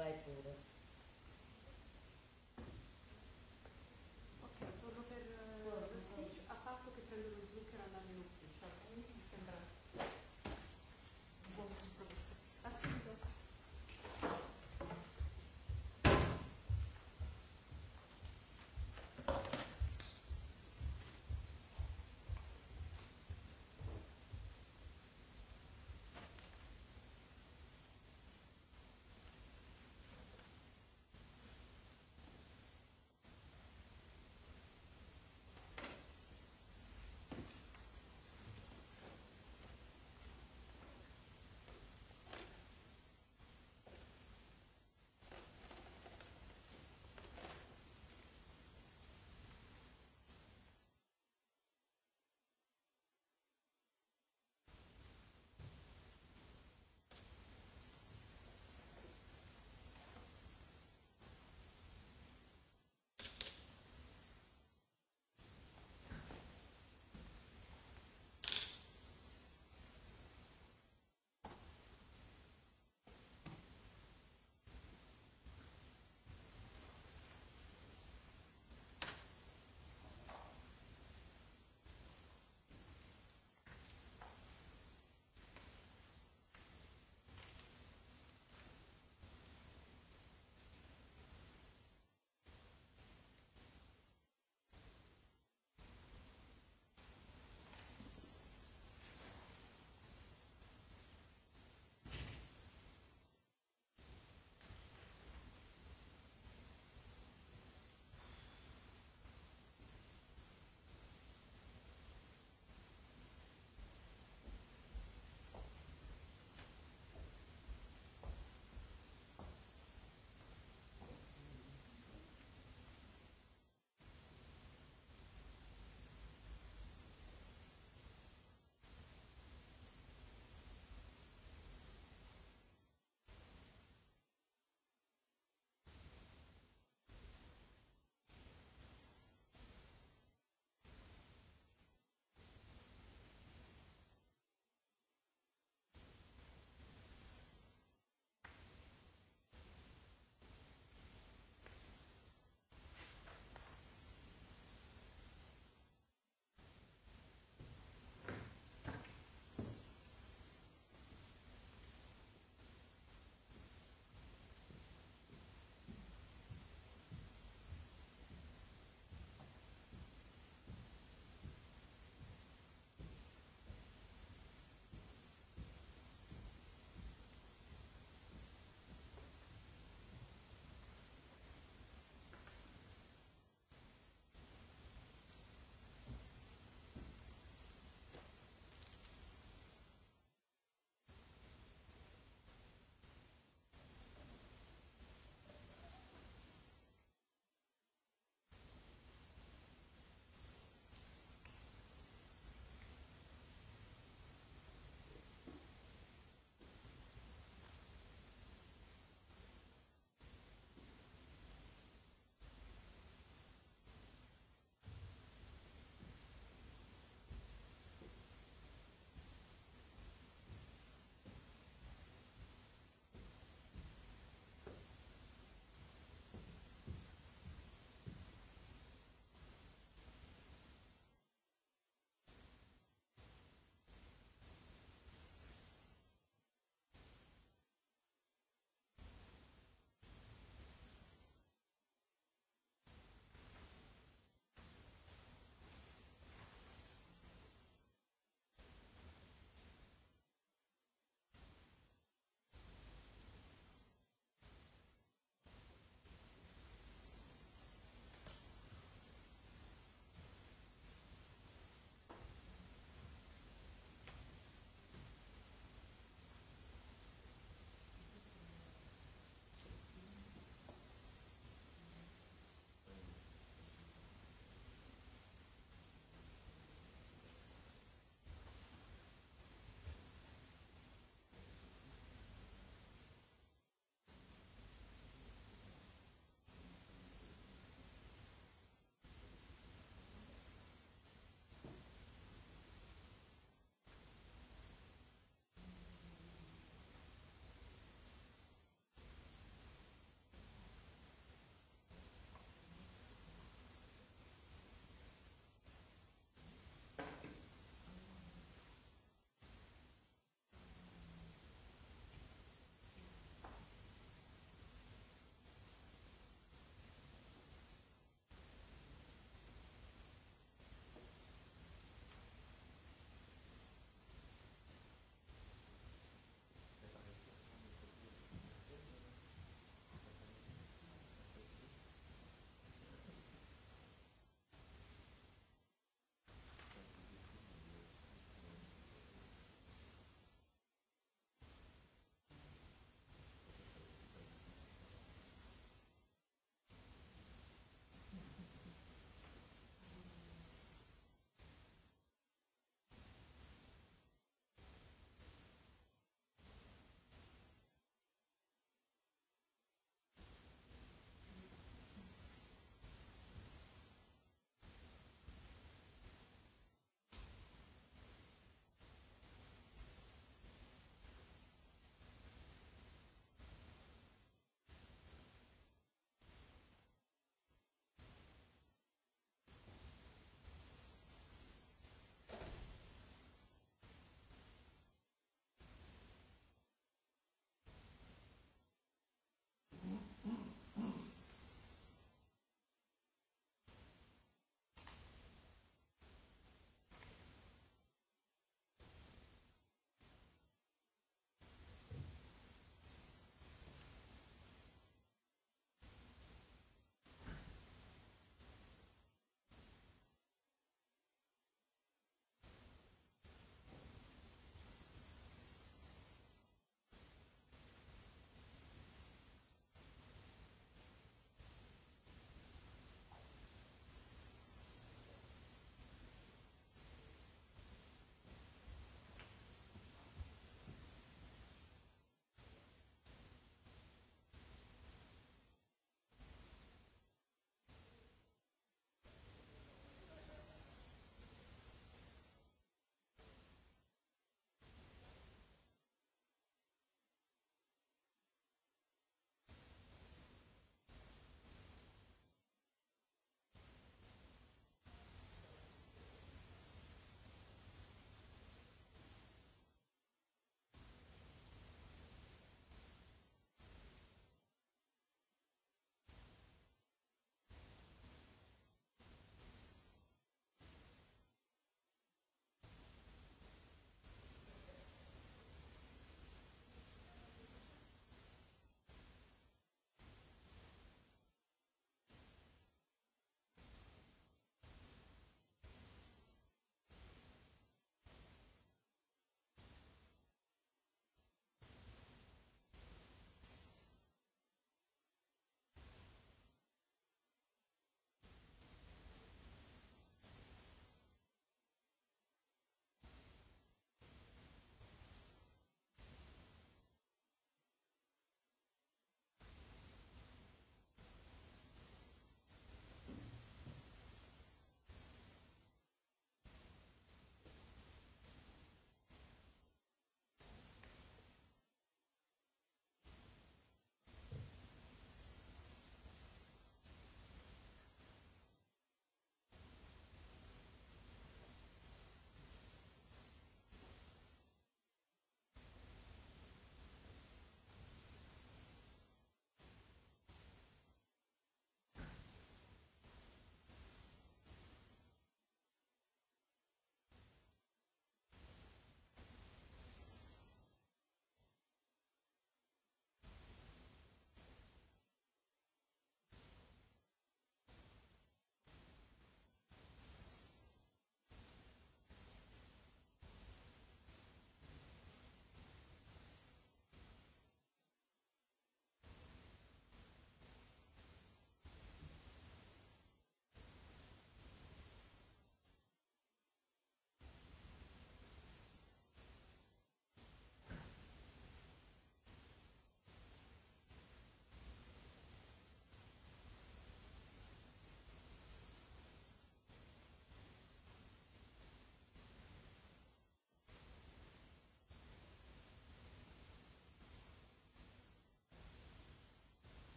vai puro.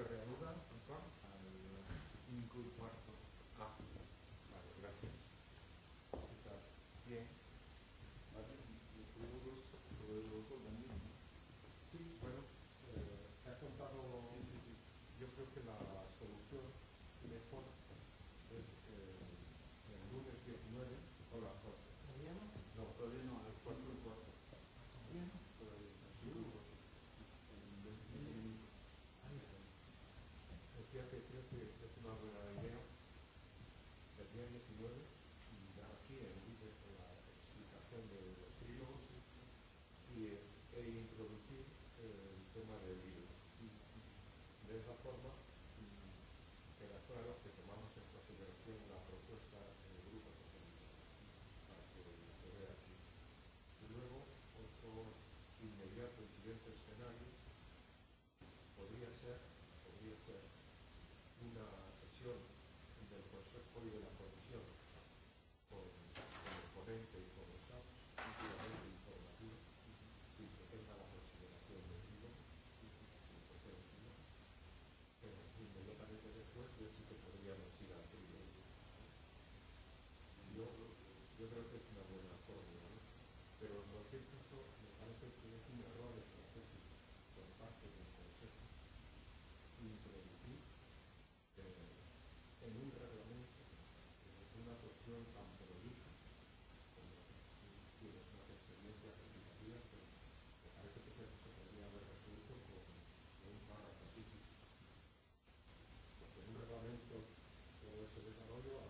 se reanuda, Antoine, al 5 y cuarto. Ah, vale, gracias. Está bien. Vale, y luego también, ¿no? Sí, bueno, eh, te has contado, yo creo que la solución mejor es eh, el lunes 19 o las 4. ¿Todavía no? No, todavía no, al 4 y cuarto. decía que es una no, buena idea el día 19 dar aquí en la explicación de los trílogos y, eh, e introducir eh, el tema del virus. De esa forma queda claro que tomamos en consideración la propuesta del grupo socialista para que se vea aquí. Y luego otro inmediato y siguiente escenario podría ser, podría ser una sesión del Consejo y la Comisión con, con el ponente y con los SAPs, últimamente informativo, sin que tenga la consideración de vivo, sin que sea vivo, pero inmediatamente después yo sí que podríamos ir a tuyo. Yo, yo creo que es una buena fórmula, ¿no? pero en cualquier caso me parece que es un error estratégico por parte del Consejo introducir en un reglamento no es una cuestión tan prolija como tienes más experiencias legislativas, pero parece que se, podría haber resuelto con, un párrafo así. Porque en un reglamento todo ese desarrollo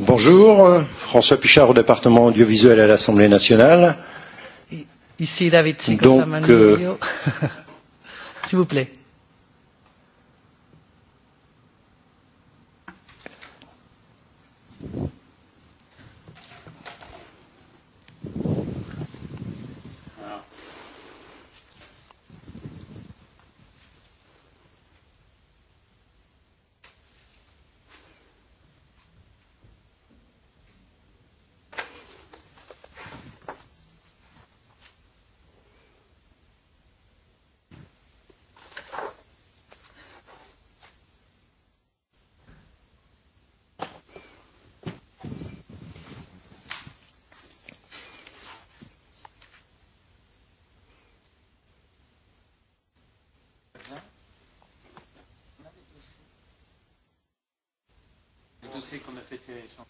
Bonjour, François Pichard au département audiovisuel à l'Assemblée nationale. Ici David Sicosamani. Donc, euh, s'il vous plaît. situation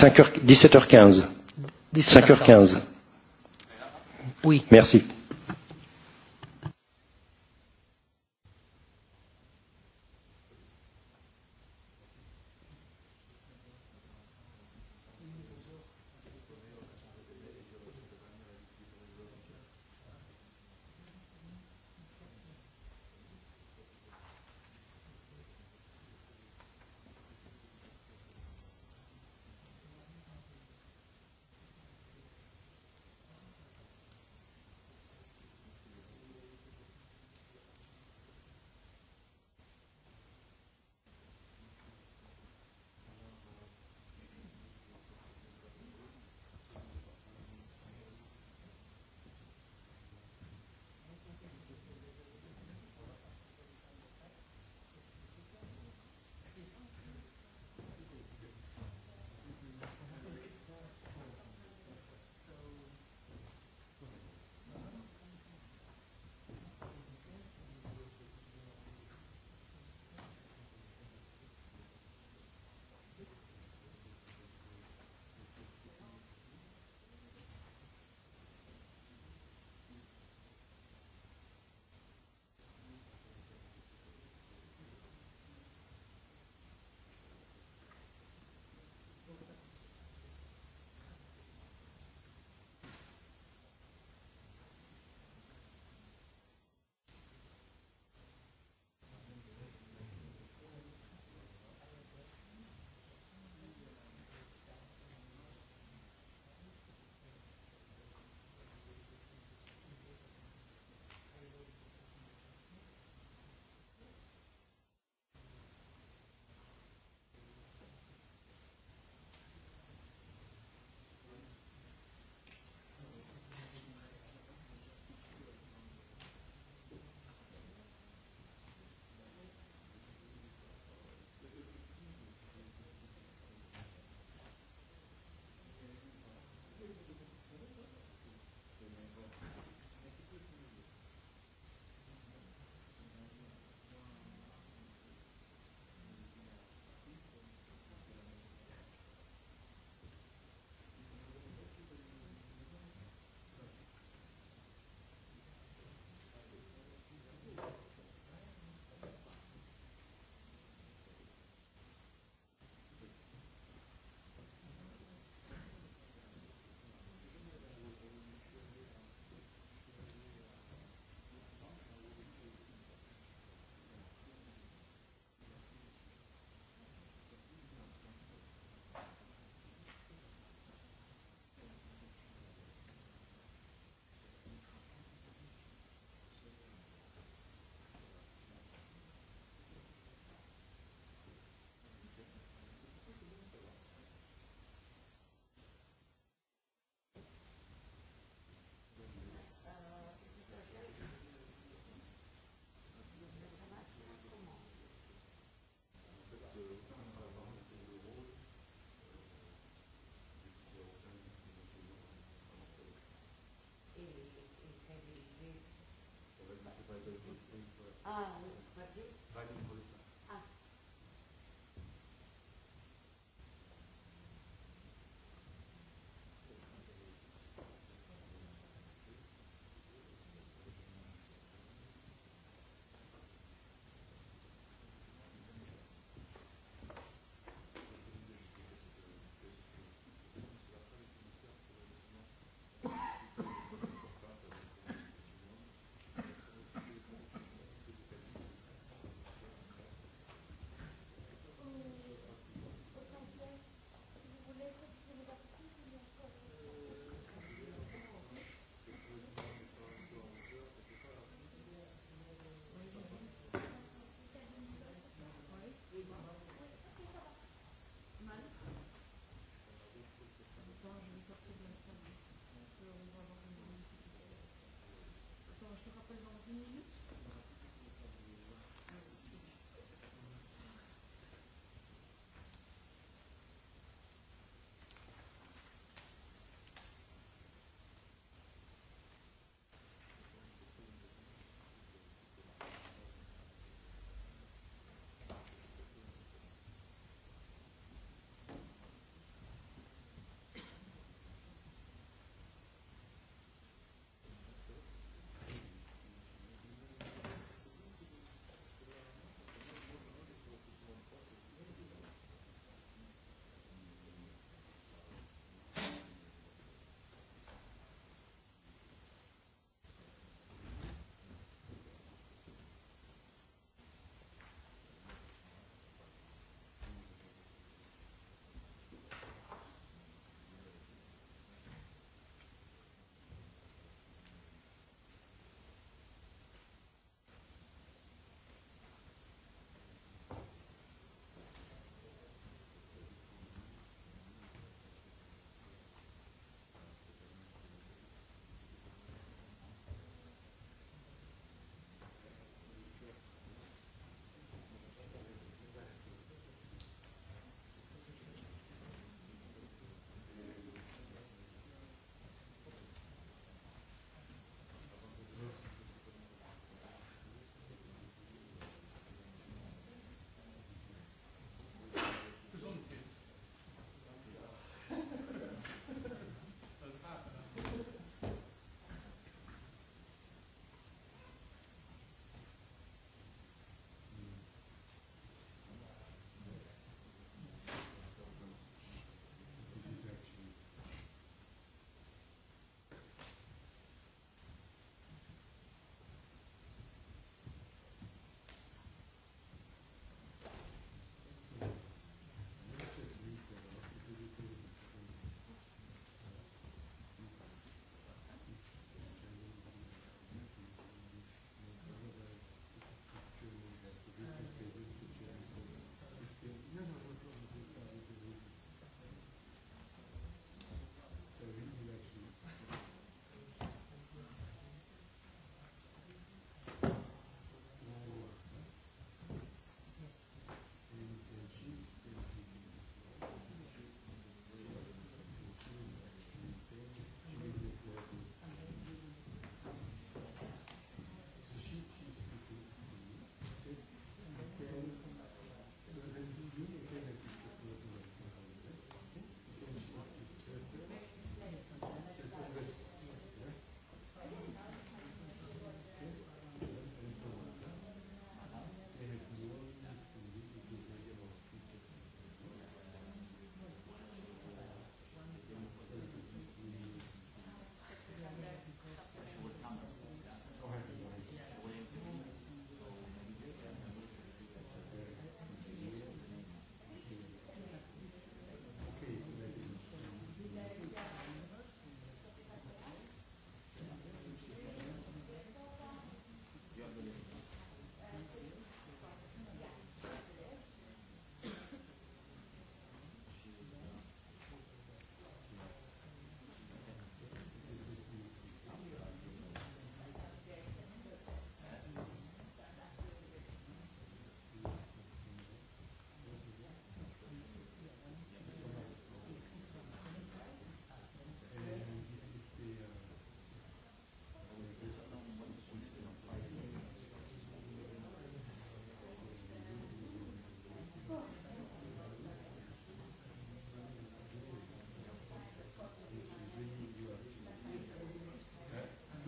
5h, 17h15. 17h15. Oui. Merci.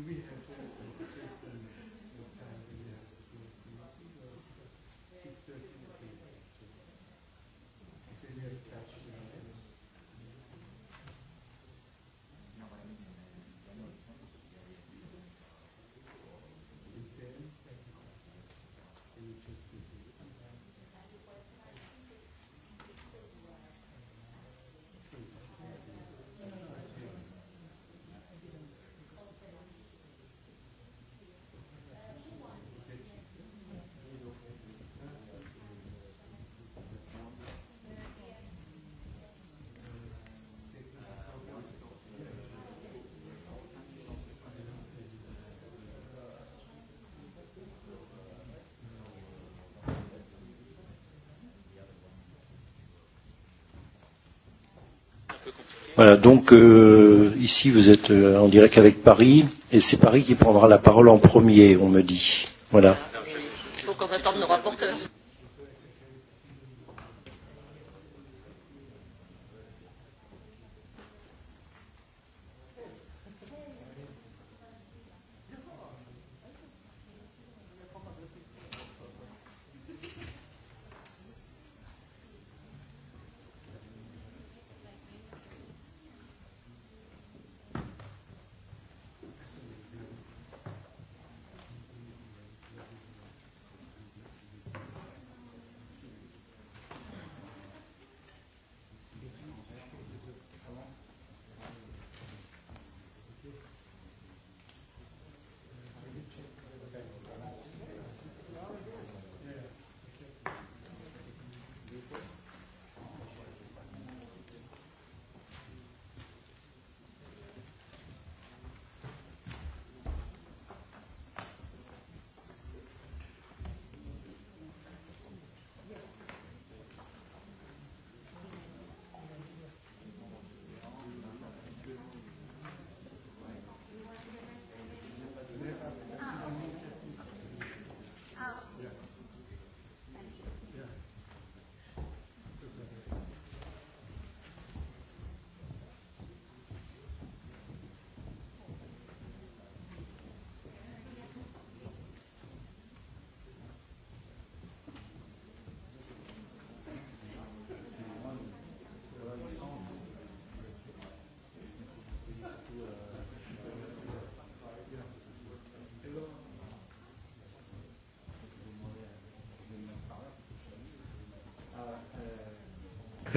we have Voilà, donc euh, ici vous êtes euh, en direct avec Paris, et c'est Paris qui prendra la parole en premier, on me dit. Voilà.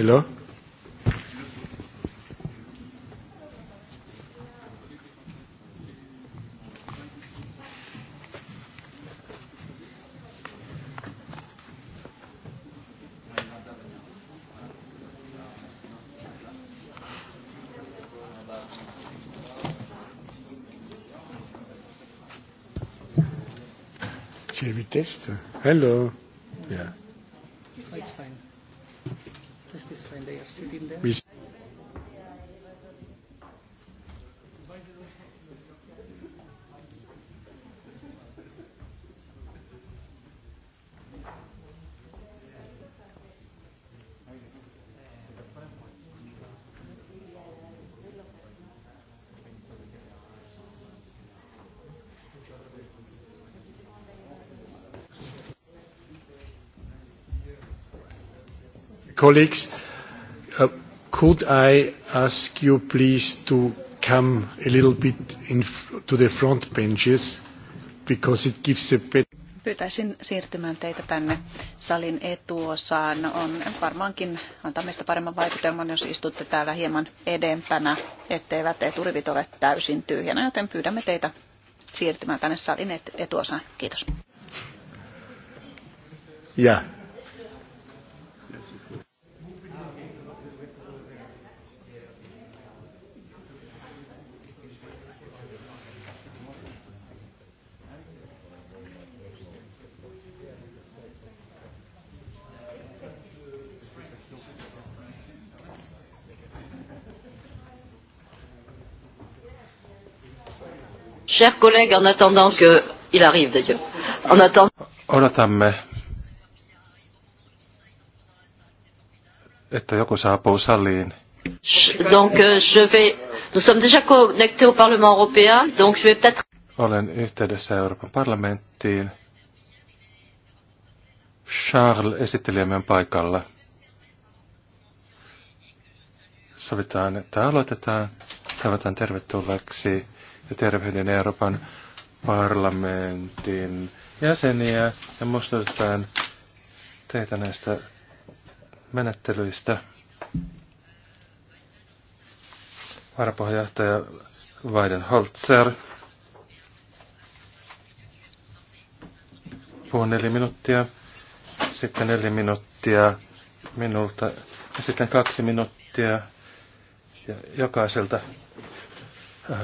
Hello? Hello. it in colleagues, could I ask you please to come a little bit in to the front benches because it gives a bit pyytäisin siirtymään teitä tänne salin etuosaan. On varmaankin antaa meistä paremman vaikutelman, jos istutte täällä hieman edempänä, etteivät eturivit ole täysin tyhjänä, joten pyydämme teitä siirtymään tänne salin etuosaan. Kiitos. Yeah. Chers collègues, en attendant que... Il arrive d'ailleurs. En attendant... Odotamme, että joku saapuu saliin. Donc euh, je vais... Nous sommes déjà connectés au Parlement européen, donc je vais peut-être... Olen yhteydessä Euroopan parlamenttiin. Charles esittelijämme on paikalla. Sovitaan, että aloitetaan. Tavataan tervetulleeksi ja tervehdin Euroopan parlamentin jäseniä ja muistutetaan teitä näistä menettelyistä. Varapuheenjohtaja Weiden Holzer. Puhun neljä minuuttia, sitten neljä minuuttia minulta ja sitten kaksi minuuttia ja jokaiselta. Äh,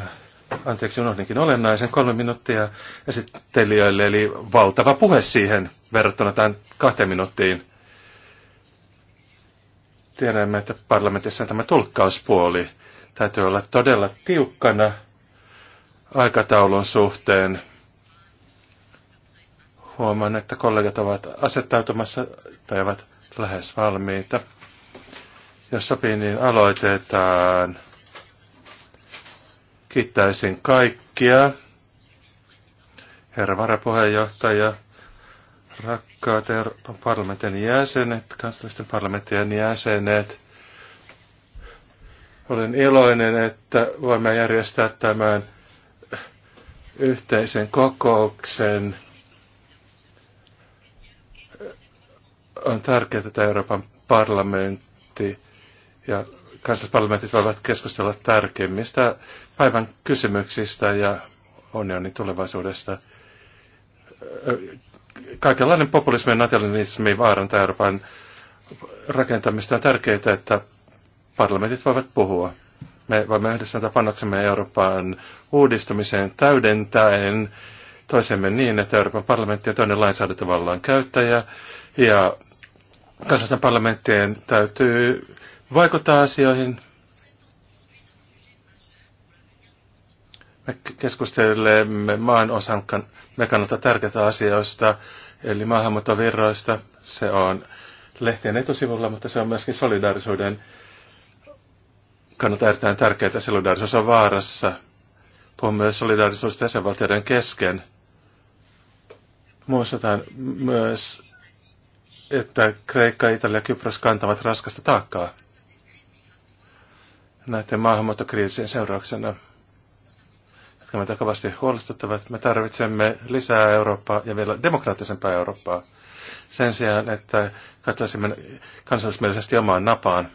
anteeksi unohdinkin olennaisen, kolme minuuttia esittelijöille, eli valtava puhe siihen verrattuna tähän kahteen minuuttiin. Tiedämme, että parlamentissa tämä tulkkauspuoli täytyy olla todella tiukkana aikataulun suhteen. Huomaan, että kollegat ovat asettautumassa tai ovat lähes valmiita. Jos sopii, niin aloitetaan. Kiittäisin kaikkia. Herra varapuheenjohtaja, rakkaat Euroopan parlamentin jäsenet, kansallisten parlamentin jäsenet. Olen iloinen, että voimme järjestää tämän yhteisen kokouksen. On tärkeää, että Euroopan parlamentti ja kansallisparlamentit voivat keskustella tärkeimmistä päivän kysymyksistä ja unionin tulevaisuudesta. Kaikenlainen populismi ja nationalismi vaarantaa Euroopan rakentamista. On tärkeää, että parlamentit voivat puhua. Me voimme yhdessä antaa panoksemme Euroopan uudistumiseen täydentäen toisemme niin, että Euroopan parlamentti on toinen lainsäädäntövallan käyttäjä ja kansallisten parlamenttien täytyy vaikuttaa asioihin. Me keskustelemme maan osan kannalta tärkeitä asioista, eli maahanmuuttovirroista. Se on lehtien etusivulla, mutta se on myöskin solidaarisuuden kannalta erittäin tärkeää. Solidaarisuus on vaarassa. Puhun myös solidaarisuudesta jäsenvaltioiden kesken. Muistetaan myös, että Kreikka, Italia ja Kypros kantavat raskasta taakkaa näiden maahanmuuttokriisien seurauksena, jotka meitä kovasti huolestuttavat. Me tarvitsemme lisää Eurooppaa ja vielä demokraattisempaa Eurooppaa sen sijaan, että katsoisimme kansallismielisesti omaan napaan.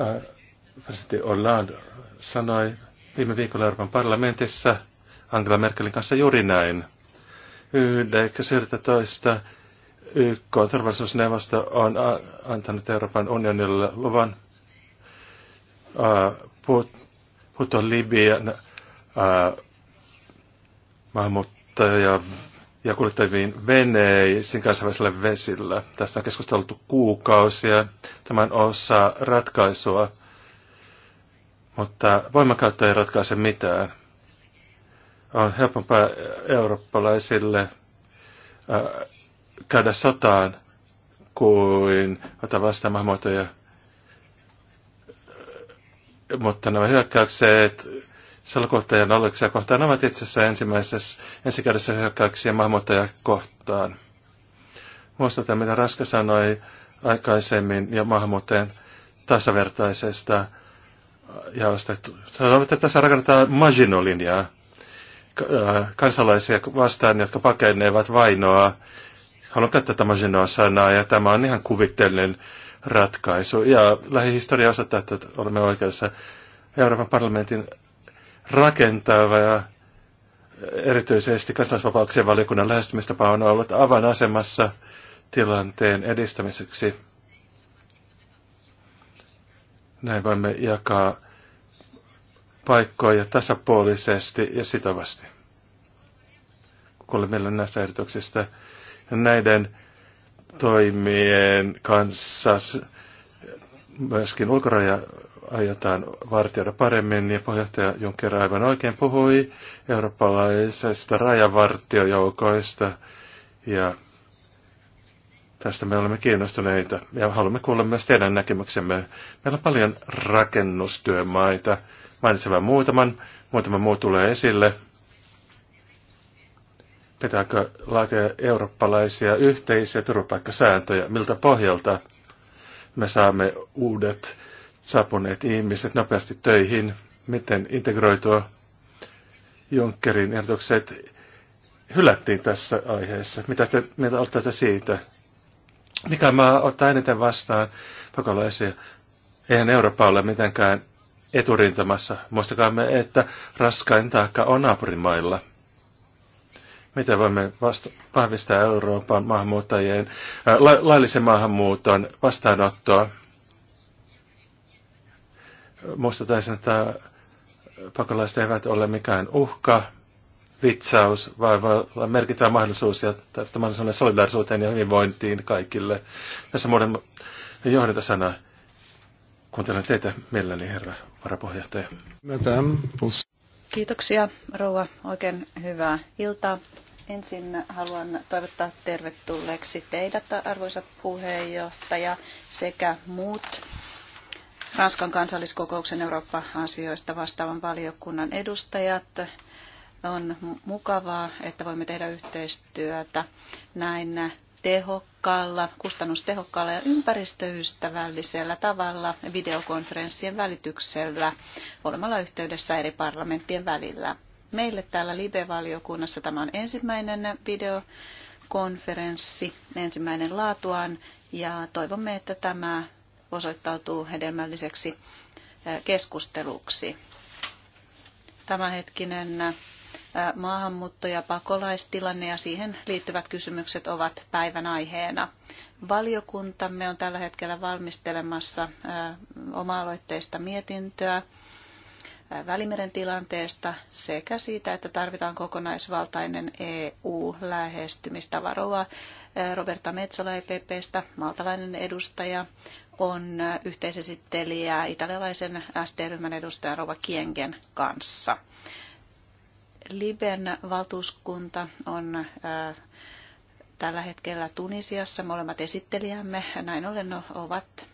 Äh, presidentti Hollande sanoi viime viikolla Euroopan parlamentissa Angela Merkelin kanssa juuri näin. toista YK turvallisuusneuvosto on antanut Euroopan unionille luvan Äh, puuttua Libyan äh, maahanmuuttaja ja kuljettaviin veneisiin kansainvälisellä vesillä. Tästä on keskusteltu kuukausia. Tämän osa ratkaisua, mutta voimakäyttö ei ratkaise mitään. On helpompaa eurooppalaisille äh, käydä sotaan kuin ottaa vastaan maahanmuuttajia mutta nämä hyökkäykset salakohtajan aluksia kohtaan ovat itse asiassa ensimmäisessä ensikädessä hyökkäyksiä maahanmuuttajia kohtaan. Muistutan, mitä Raska sanoi aikaisemmin ja maahanmuuttajien tasavertaisesta jaosta. Sanoin, että tässä rakennetaan Maginolinjaa äh, kansalaisia vastaan, jotka pakenevat vainoa. Haluan käyttää tätä Maginoa-sanaa ja tämä on ihan kuvitteellinen ratkaisu. Ja lähihistoria osoittaa, että olemme oikeassa. Euroopan parlamentin rakentava ja erityisesti kansalaisvapauksien valiokunnan lähestymistapa on ollut avainasemassa tilanteen edistämiseksi. Näin voimme jakaa paikkoja tasapuolisesti ja sitovasti. Kuulemme näistä ehdotuksista. Näiden toimien kanssa myöskin ulkoraja aiotaan vartioida paremmin, ja puheenjohtaja Juncker aivan oikein puhui eurooppalaisesta rajavartiojoukoista, ja tästä me olemme kiinnostuneita, ja haluamme kuulla myös teidän näkemyksemme. Meillä on paljon rakennustyömaita, mainitsen muutaman, muutama muu tulee esille. Pitääkö laatia eurooppalaisia yhteisiä turvapaikkasääntöjä? Miltä pohjalta me saamme uudet saapuneet ihmiset nopeasti töihin? Miten integroitua? Junckerin ehdotukset hylättiin tässä aiheessa. Mitä te mitä olette siitä? Mikä maa ottaa eniten vastaan pakolaisia? Eihän Eurooppa ole mitenkään eturintamassa. muistakaa me että raskain taakka on naapurimailla – Miten voimme vasta- vahvistaa Euroopan maahanmuuttajien, ää, äh, la- laillisen maahanmuuton vastaanottoa? Muistutaisin, että pakolaiset eivät ole mikään uhka, vitsaus, vaan voi olla merkittävä mahdollisuus ja tästä mahdollisuuden solidaarisuuteen ja hyvinvointiin kaikille. Tässä muuten johdata sanaa. Kuuntelen teitä mielelläni, herra varapuheenjohtaja. Kiitoksia, rouva. Oikein hyvää iltaa. Ensin haluan toivottaa tervetulleeksi teidät, arvoisa puheenjohtaja, sekä muut Ranskan kansalliskokouksen Eurooppa-asioista vastaavan valiokunnan edustajat. On mukavaa, että voimme tehdä yhteistyötä näin tehokkaalla, kustannustehokkaalla ja ympäristöystävällisellä tavalla videokonferenssien välityksellä olemalla yhteydessä eri parlamenttien välillä. Meille täällä Libe-valiokunnassa tämä on ensimmäinen videokonferenssi, ensimmäinen laatuaan, ja toivomme, että tämä osoittautuu hedelmälliseksi keskusteluksi. Tämänhetkinen maahanmuutto- ja pakolaistilanne ja siihen liittyvät kysymykset ovat päivän aiheena. Valiokuntamme on tällä hetkellä valmistelemassa oma-aloitteista mietintöä Välimeren tilanteesta sekä siitä, että tarvitaan kokonaisvaltainen EU-lähestymistava. Rova Roberta Metsola EPPstä, maltalainen edustaja, on yhteisesittelijä italialaisen ST-ryhmän edustajan Rova Kiengen kanssa. Liben valtuuskunta on äh, tällä hetkellä Tunisiassa. Molemmat esittelijämme näin ollen ovat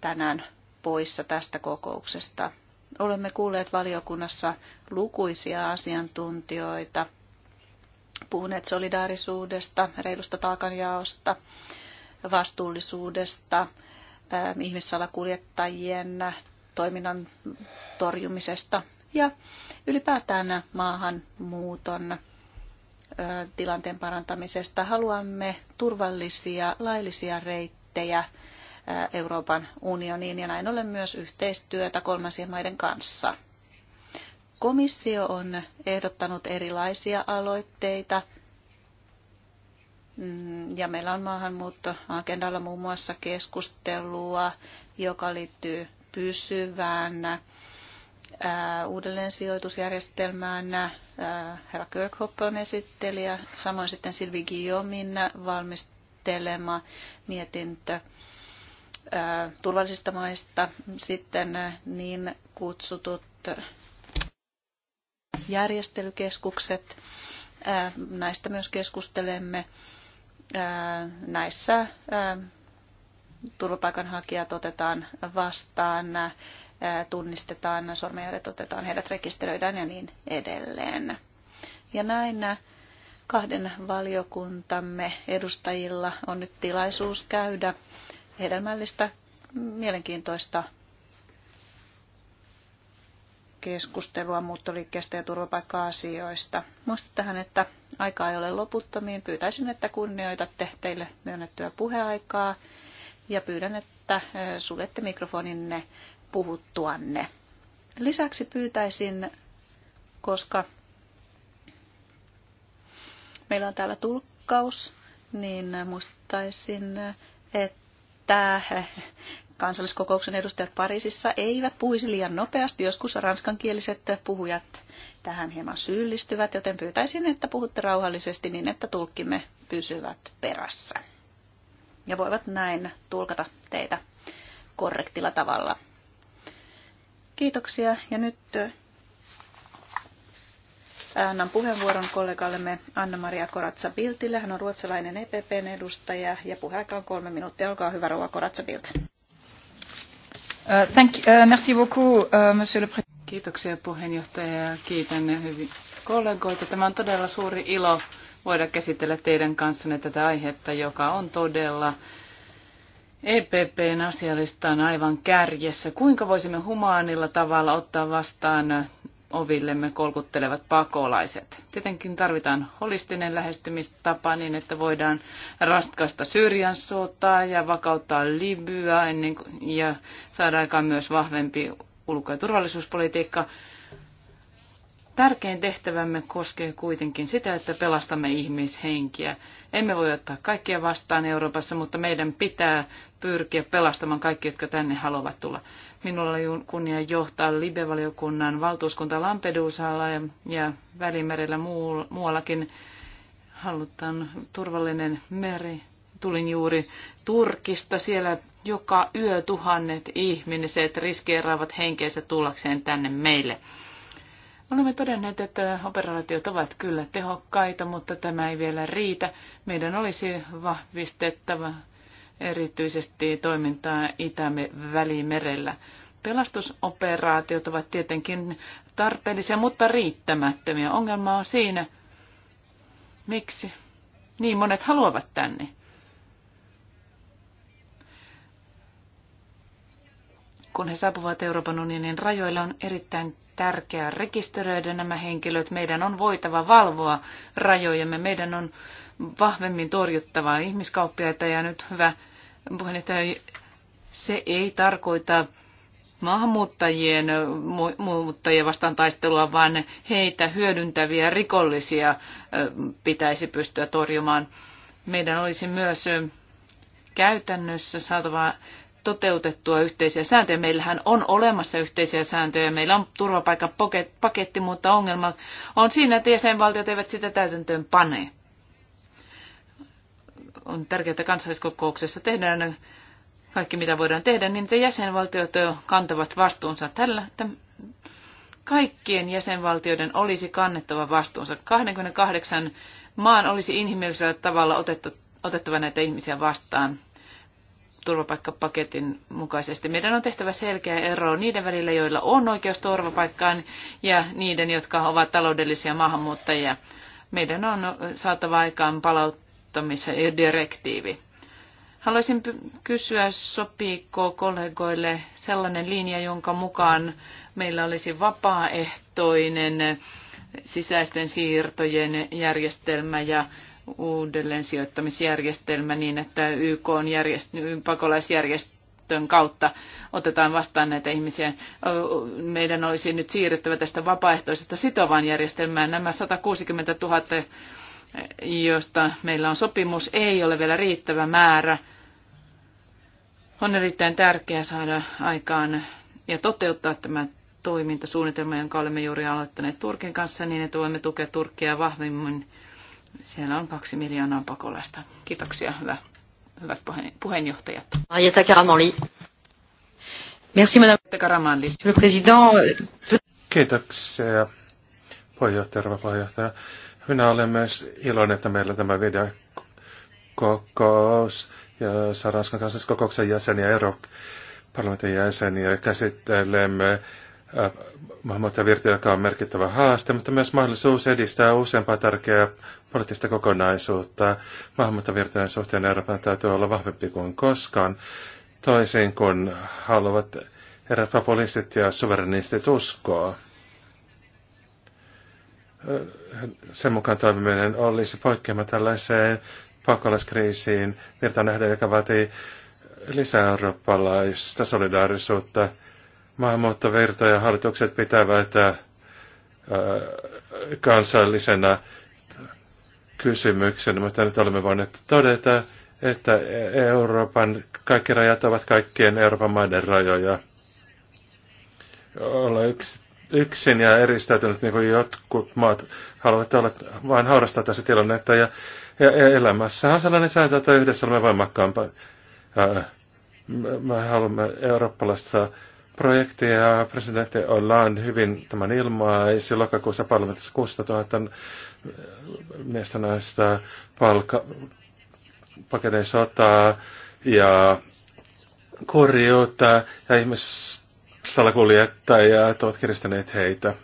tänään poissa tästä kokouksesta. Olemme kuulleet valiokunnassa lukuisia asiantuntijoita, puhuneet solidaarisuudesta, reilusta taakanjaosta, vastuullisuudesta, ähm, ihmissalakuljettajien toiminnan torjumisesta ja ylipäätään maahanmuuton äh, tilanteen parantamisesta. Haluamme turvallisia, laillisia reittejä Euroopan unioniin ja näin ollen myös yhteistyötä kolmansien maiden kanssa. Komissio on ehdottanut erilaisia aloitteita mm, ja meillä on maahanmuuttoagendalla muun muassa keskustelua, joka liittyy pysyvään uudelleensijoitusjärjestelmään. Herra Kirkhoff on esittelijä, samoin sitten Silvi Guillaumin valmistelema mietintö turvallisista maista sitten niin kutsutut järjestelykeskukset. Näistä myös keskustelemme. Näissä turvapaikanhakijat otetaan vastaan, tunnistetaan, sormenjäljet otetaan, heidät rekisteröidään ja niin edelleen. Ja näin kahden valiokuntamme edustajilla on nyt tilaisuus käydä hedelmällistä, mielenkiintoista keskustelua muuttoliikkeestä ja turvapaikka-asioista. Muistettahan, että aikaa ei ole loputtomiin. Pyytäisin, että kunnioitatte teille myönnettyä puheaikaa ja pyydän, että suljette mikrofoninne puhuttuanne. Lisäksi pyytäisin, koska meillä on täällä tulkkaus, niin muistaisin, että että eh, kansalliskokouksen edustajat Pariisissa eivät puhuisi liian nopeasti. Joskus ranskankieliset puhujat tähän hieman syyllistyvät, joten pyytäisin, että puhutte rauhallisesti niin, että tulkkimme pysyvät perässä. Ja voivat näin tulkata teitä korrektilla tavalla. Kiitoksia ja nyt Annan puheenvuoron kollegallemme Anna-Maria Koratsa-Biltille. Hän on ruotsalainen EPPn edustaja ja puheaika on kolme minuuttia. Olkaa hyvä, rouva Koratsa-Bilt. Uh, thank, uh, merci beaucoup, uh, monsieur le président. Kiitoksia puheenjohtaja kiitän hyvin kollegoita. Tämä on todella suuri ilo voida käsitellä teidän kanssanne tätä aihetta, joka on todella EPPn asialistaan aivan kärjessä. Kuinka voisimme humaanilla tavalla ottaa vastaan ovillemme kolkuttelevat pakolaiset. Tietenkin tarvitaan holistinen lähestymistapa niin, että voidaan ratkaista syrjän sotaa ja vakauttaa Libyaa ennen kuin, ja saada aikaan myös vahvempi ulko- ja turvallisuuspolitiikka. Tärkein tehtävämme koskee kuitenkin sitä, että pelastamme ihmishenkiä. Emme voi ottaa kaikkia vastaan Euroopassa, mutta meidän pitää pyrkiä pelastamaan kaikki, jotka tänne haluavat tulla. Minulla oli kunnia johtaa Libe-valiokunnan valtuuskunta Lampedusalla ja, ja Välimerellä muuallakin. Halutaan turvallinen meri. Tulin juuri Turkista. Siellä joka yö tuhannet ihmiset riskeeraavat henkeensä tullakseen tänne meille Olemme todenneet, että operaatiot ovat kyllä tehokkaita, mutta tämä ei vielä riitä. Meidän olisi vahvistettava erityisesti toimintaa itämi-välimerellä. Pelastusoperaatiot ovat tietenkin tarpeellisia, mutta riittämättömiä. Ongelma on siinä, miksi niin monet haluavat tänne. kun he saapuvat Euroopan unionin rajoilla, on erittäin tärkeää rekisteröidä nämä henkilöt. Meidän on voitava valvoa rajojamme. Meidän on vahvemmin torjuttava ihmiskauppiaita ja nyt hyvä puheenjohtaja, se ei tarkoita maahanmuuttajien muuttajien vastaan taistelua, vaan heitä hyödyntäviä rikollisia pitäisi pystyä torjumaan. Meidän olisi myös käytännössä saatava toteutettua yhteisiä sääntöjä. Meillähän on olemassa yhteisiä sääntöjä, meillä on turvapaikkapaketti, mutta ongelma on siinä, että jäsenvaltiot eivät sitä täytäntöön pane. On tärkeää, että kansalliskokouksessa tehdään kaikki, mitä voidaan tehdä, niin että jäsenvaltiot kantavat vastuunsa tällä. Kaikkien jäsenvaltioiden olisi kannettava vastuunsa. 28 maan olisi inhimillisellä tavalla otettu, otettava näitä ihmisiä vastaan turvapaikkapaketin mukaisesti. Meidän on tehtävä selkeä ero niiden välillä, joilla on oikeus turvapaikkaan ja niiden, jotka ovat taloudellisia maahanmuuttajia. Meidän on saatava aikaan palauttamisen direktiivi. Haluaisin kysyä, sopiiko kollegoille sellainen linja, jonka mukaan meillä olisi vapaaehtoinen sisäisten siirtojen järjestelmä ja uudelleen sijoittamisjärjestelmä niin, että YK on järjest- pakolaisjärjestön kautta otetaan vastaan näitä ihmisiä. Meidän olisi nyt siirryttävä tästä vapaaehtoisesta sitovaan järjestelmään. Nämä 160 000, joista meillä on sopimus, ei ole vielä riittävä määrä. On erittäin tärkeää saada aikaan ja toteuttaa tämä toimintasuunnitelma, jonka olemme juuri aloittaneet Turkin kanssa niin, että voimme tukea Turkkia vahvemmin siellä on kaksi miljoonaa pakolaista. Kiitoksia, hyvä, hyvät puheenjohtajat. Ajeta Karamanli. Merci, madame. Karamanli. Le président. Kiitoksia, puheenjohtaja, rouva puheenjohtaja. Minä olen myös iloinen, että meillä tämä videokokous ja Ranskan kansalliskokouksen jäseniä, Euroopan parlamentin jäseniä käsittelemme Äh, maahanmuuttajavirta, joka on merkittävä haaste, mutta myös mahdollisuus edistää useampaa tärkeää poliittista kokonaisuutta. Maahanmuuttajavirtojen suhteen Euroopan täytyy olla vahvempi kuin koskaan, toisin kuin haluavat eräät populistit ja suverenistit uskoa. Äh, sen mukaan toimiminen olisi poikkeama tällaiseen pakolaiskriisiin virta nähden, joka vaatii lisää eurooppalaista solidaarisuutta – verta ja hallitukset pitävät ää, äh, kansallisena kysymyksenä, mutta nyt olemme voineet todeta, että Euroopan kaikki rajat ovat kaikkien Euroopan maiden rajoja. Olla yksi, yksin ja eristäytynyt, niin kuin jotkut maat haluavat olla, vain haurastaa tässä tilannetta. Ja, ja, ja elämässä on sellainen sääntö, että yhdessä olemme voimakkaampaa. Äh, me haluamme eurooppalaista projekteja. Presidentti Hollande hyvin tämän ilmaisi lokakuussa parlamentissa 600 000 miestä naista palka, pakenee sotaa ja korjuutta ja ihmissalakuljettajat ovat kiristäneet heitä.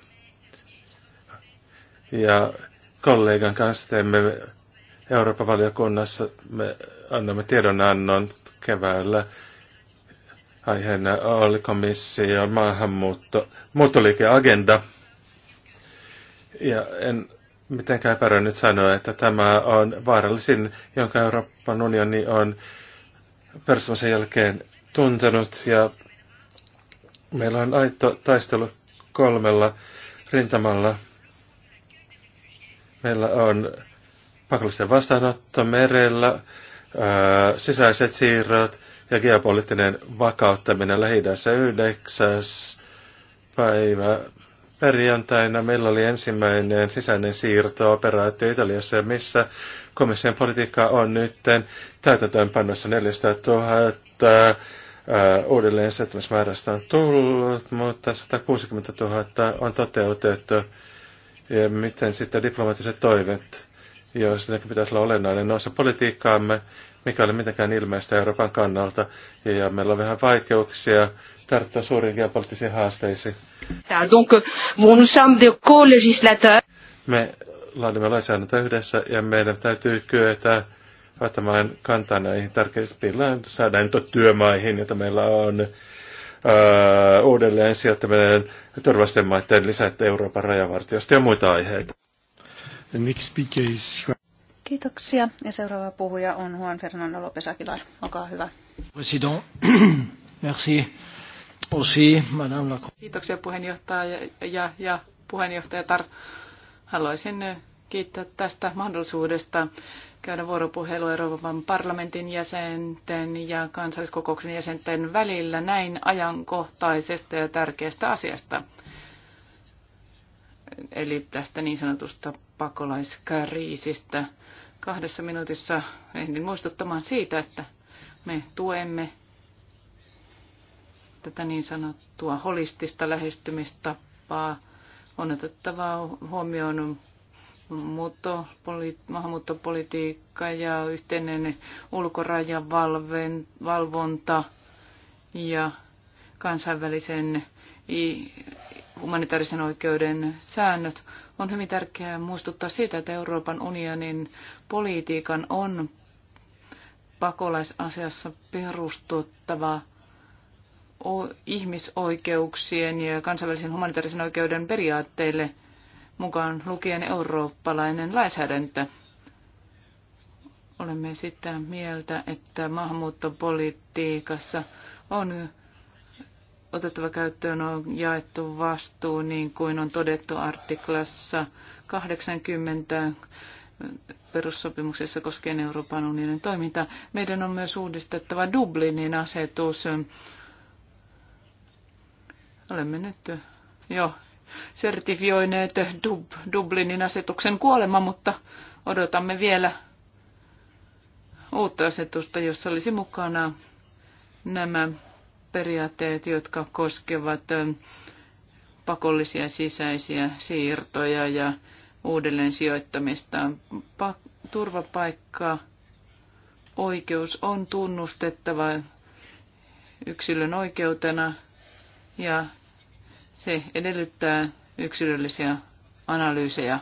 Ja kollegan kanssa teemme Euroopan valiokunnassa, me annamme tiedonannon keväällä Aiheena oli ja maahanmuutto, muuttoliikeagenda. Ja en mitenkään epäröi nyt sanoa, että tämä on vaarallisin, jonka Euroopan unioni on perustamisen jälkeen tuntenut. Ja meillä on aito taistelu kolmella rintamalla. Meillä on pakollisten vastaanotto merellä, sisäiset siirrot, ja geopoliittinen vakauttaminen lähidässä 9. päivä perjantaina meillä oli ensimmäinen sisäinen siirto-operaatio Italiassa, missä komission politiikka on nyt täytäntöönpannossa 400 000 äh, uudelleen sijoittamismäärästä on tullut, mutta 160 000 on toteutettu. Ja miten sitten diplomaattiset toimet, jos ne pitäisi olla olennainen osa politiikkaamme, mikä oli mitenkään ilmeistä Euroopan kannalta, ja meillä on vähän vaikeuksia tarttua suuriin geopoliittisiin haasteisiin. Me laadimme lainsäädäntöä yhdessä, ja meidän täytyy kyetä ottamaan kantaa näihin tärkeisiin lainsäädäntötyömaihin, joita meillä on uh, uudelleen sijoittaminen turvallisten maiden lisät Euroopan rajavartiosta ja muita aiheita. The next speaker is Kiitoksia. Ja seuraava puhuja on Juan Fernando López Aguilar. Olkaa hyvä. President, merci. Aussi, madame la... Kiitoksia puheenjohtaja ja, ja puheenjohtaja Tar. Haluaisin äh, kiittää tästä mahdollisuudesta käydä vuoropuhelu Euroopan parlamentin jäsenten ja kansalliskokouksen jäsenten välillä näin ajankohtaisesta ja tärkeästä asiasta. Eli tästä niin sanotusta pakolaiskriisistä kahdessa minuutissa ehdin muistuttamaan siitä, että me tuemme tätä niin sanottua holistista lähestymistapaa. On otettava huomioon maahanmuuttopolitiikka ja yhteinen ulkorajan valvonta ja kansainvälisen humanitaarisen oikeuden säännöt on hyvin tärkeää muistuttaa siitä, että Euroopan unionin politiikan on pakolaisasiassa perustuttava ihmisoikeuksien ja kansainvälisen humanitaarisen oikeuden periaatteille mukaan lukien eurooppalainen lainsäädäntö. Olemme sitä mieltä, että maahanmuuttopolitiikassa on otettava käyttöön on jaettu vastuu, niin kuin on todettu artiklassa 80 perussopimuksessa koskien Euroopan unionin toimintaa. Meidän on myös uudistettava Dublinin asetus. Olemme nyt jo sertifioineet Dub- Dublinin asetuksen kuolema, mutta odotamme vielä uutta asetusta, jossa olisi mukana nämä periaatteet, jotka koskevat pakollisia sisäisiä siirtoja ja uudelleen sijoittamista. turvapaikka oikeus on tunnustettava yksilön oikeutena ja se edellyttää yksilöllisiä analyysejä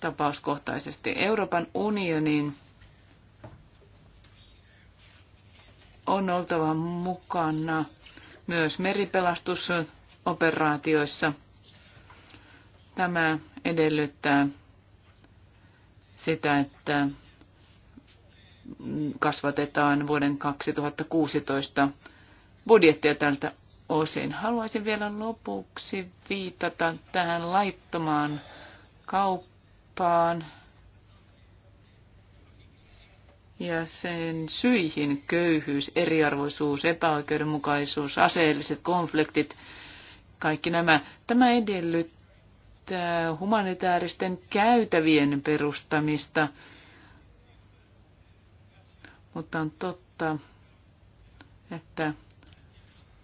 tapauskohtaisesti. Euroopan unionin on oltava mukana myös meripelastusoperaatioissa. Tämä edellyttää sitä, että kasvatetaan vuoden 2016 budjettia tältä osin. Haluaisin vielä lopuksi viitata tähän laittomaan kauppaan ja sen syihin köyhyys, eriarvoisuus, epäoikeudenmukaisuus, aseelliset konfliktit, kaikki nämä. Tämä edellyttää humanitaaristen käytävien perustamista, mutta on totta, että,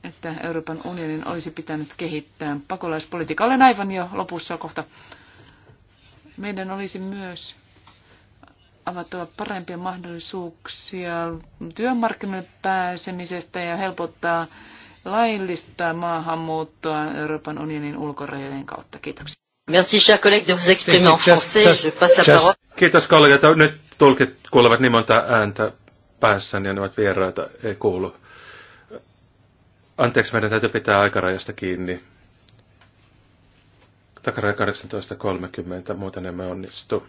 että Euroopan unionin olisi pitänyt kehittää pakolaispolitiikka. Olen aivan jo lopussa kohta. Meidän olisi myös avattua parempia mahdollisuuksia työmarkkinoille pääsemisestä ja helpottaa laillista maahanmuuttoa Euroopan unionin ulkorajojen kautta. Kiitoksia. Merci, chers collègues, de vous exprimer en français. Je passe la parole. Kiitos kollegat. Nyt tulkit kuulevat niin monta ääntä päässäni ja ne ovat vieraita, ei kuulu. Anteeksi, meidän täytyy pitää aikarajasta kiinni. Takaraja 18.30, muuten emme onnistu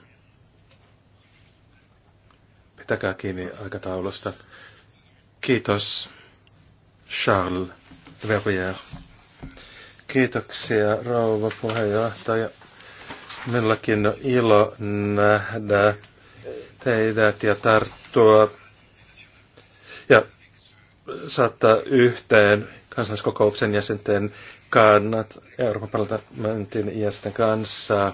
pitäkää kiinni aikataulusta. Kiitos, Charles Verrier. Kiitoksia, rouva puheenjohtaja. Minullakin on ilo nähdä teidät ja tarttua ja saattaa yhteen kansalliskokouksen jäsenten kannat Euroopan parlamentin jäsenten kanssa.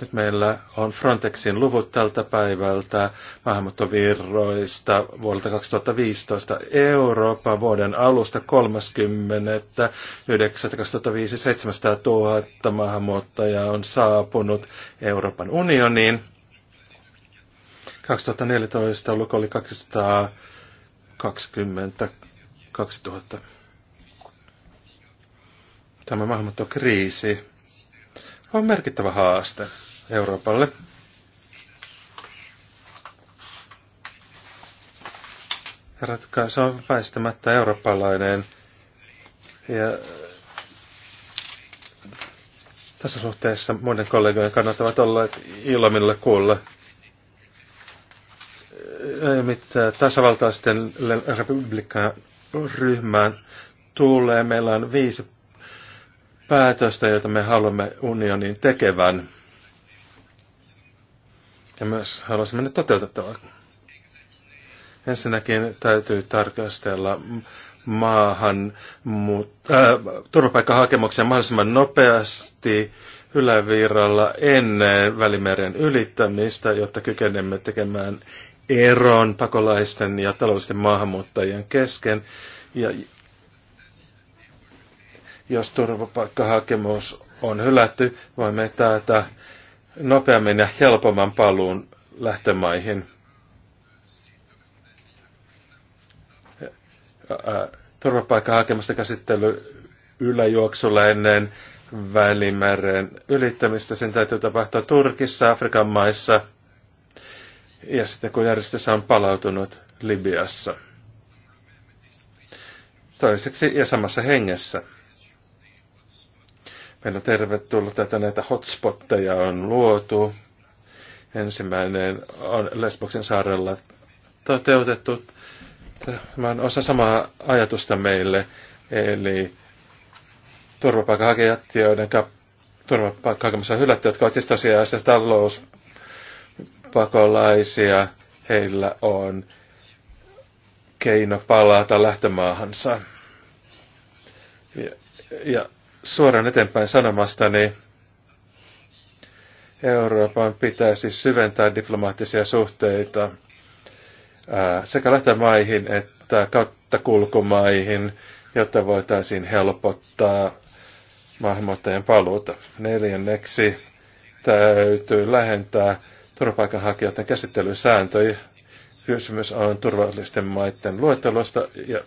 Nyt meillä on Frontexin luvut tältä päivältä maahanmuuttovirroista vuodelta 2015 Euroopan vuoden alusta 30. 9. 2005 700 000 maahanmuuttajaa on saapunut Euroopan unioniin. 2014 luku oli 222 000. Tämä maahanmuuttokriisi on merkittävä haaste. Euroopalle. Ratkaisu on väistämättä eurooppalainen. Ja tässä suhteessa monen kollegojen kannattavat olla ilmiölle kuulla. Mitä tasavaltaisten republikan ryhmään tulee, meillä on viisi päätöstä, joita me haluamme unionin tekevän ja myös haluaisimme ne toteutettavaa. Ensinnäkin täytyy tarkastella maahan mutta, äh, turvapaikkahakemuksia mahdollisimman nopeasti ylävirralla ennen välimeren ylittämistä, jotta kykenemme tekemään eron pakolaisten ja taloudellisten maahanmuuttajien kesken. Ja jos turvapaikkahakemus on hylätty, voimme taata nopeammin ja helpomman paluun lähtömaihin. Turvapaikkahakemusten käsittely yläjuoksulla ennen Välimeren ylittämistä. Sen täytyy tapahtua Turkissa, Afrikan maissa ja sitten kun järjestössä on palautunut Libiassa. Toiseksi ja samassa hengessä. Meillä tervetullut, että näitä hotspotteja on luotu. Ensimmäinen on Lesboksen saarella toteutettu. Tämä on osa samaa ajatusta meille, eli turvapaikanhakijat, joiden turvapaikkahakemassa on hylätty, jotka ovat siis tosiaan talouspakolaisia, heillä on keino palata lähtömaahansa. Ja, ja suoraan eteenpäin sanomastani. Euroopan pitäisi syventää diplomaattisia suhteita sekä lähtömaihin että kautta kulkumaihin, jotta voitaisiin helpottaa maahanmuuttajien paluuta. Neljänneksi täytyy lähentää turvapaikanhakijoiden käsittelysääntöjä. Kysymys on turvallisten maiden luettelosta ja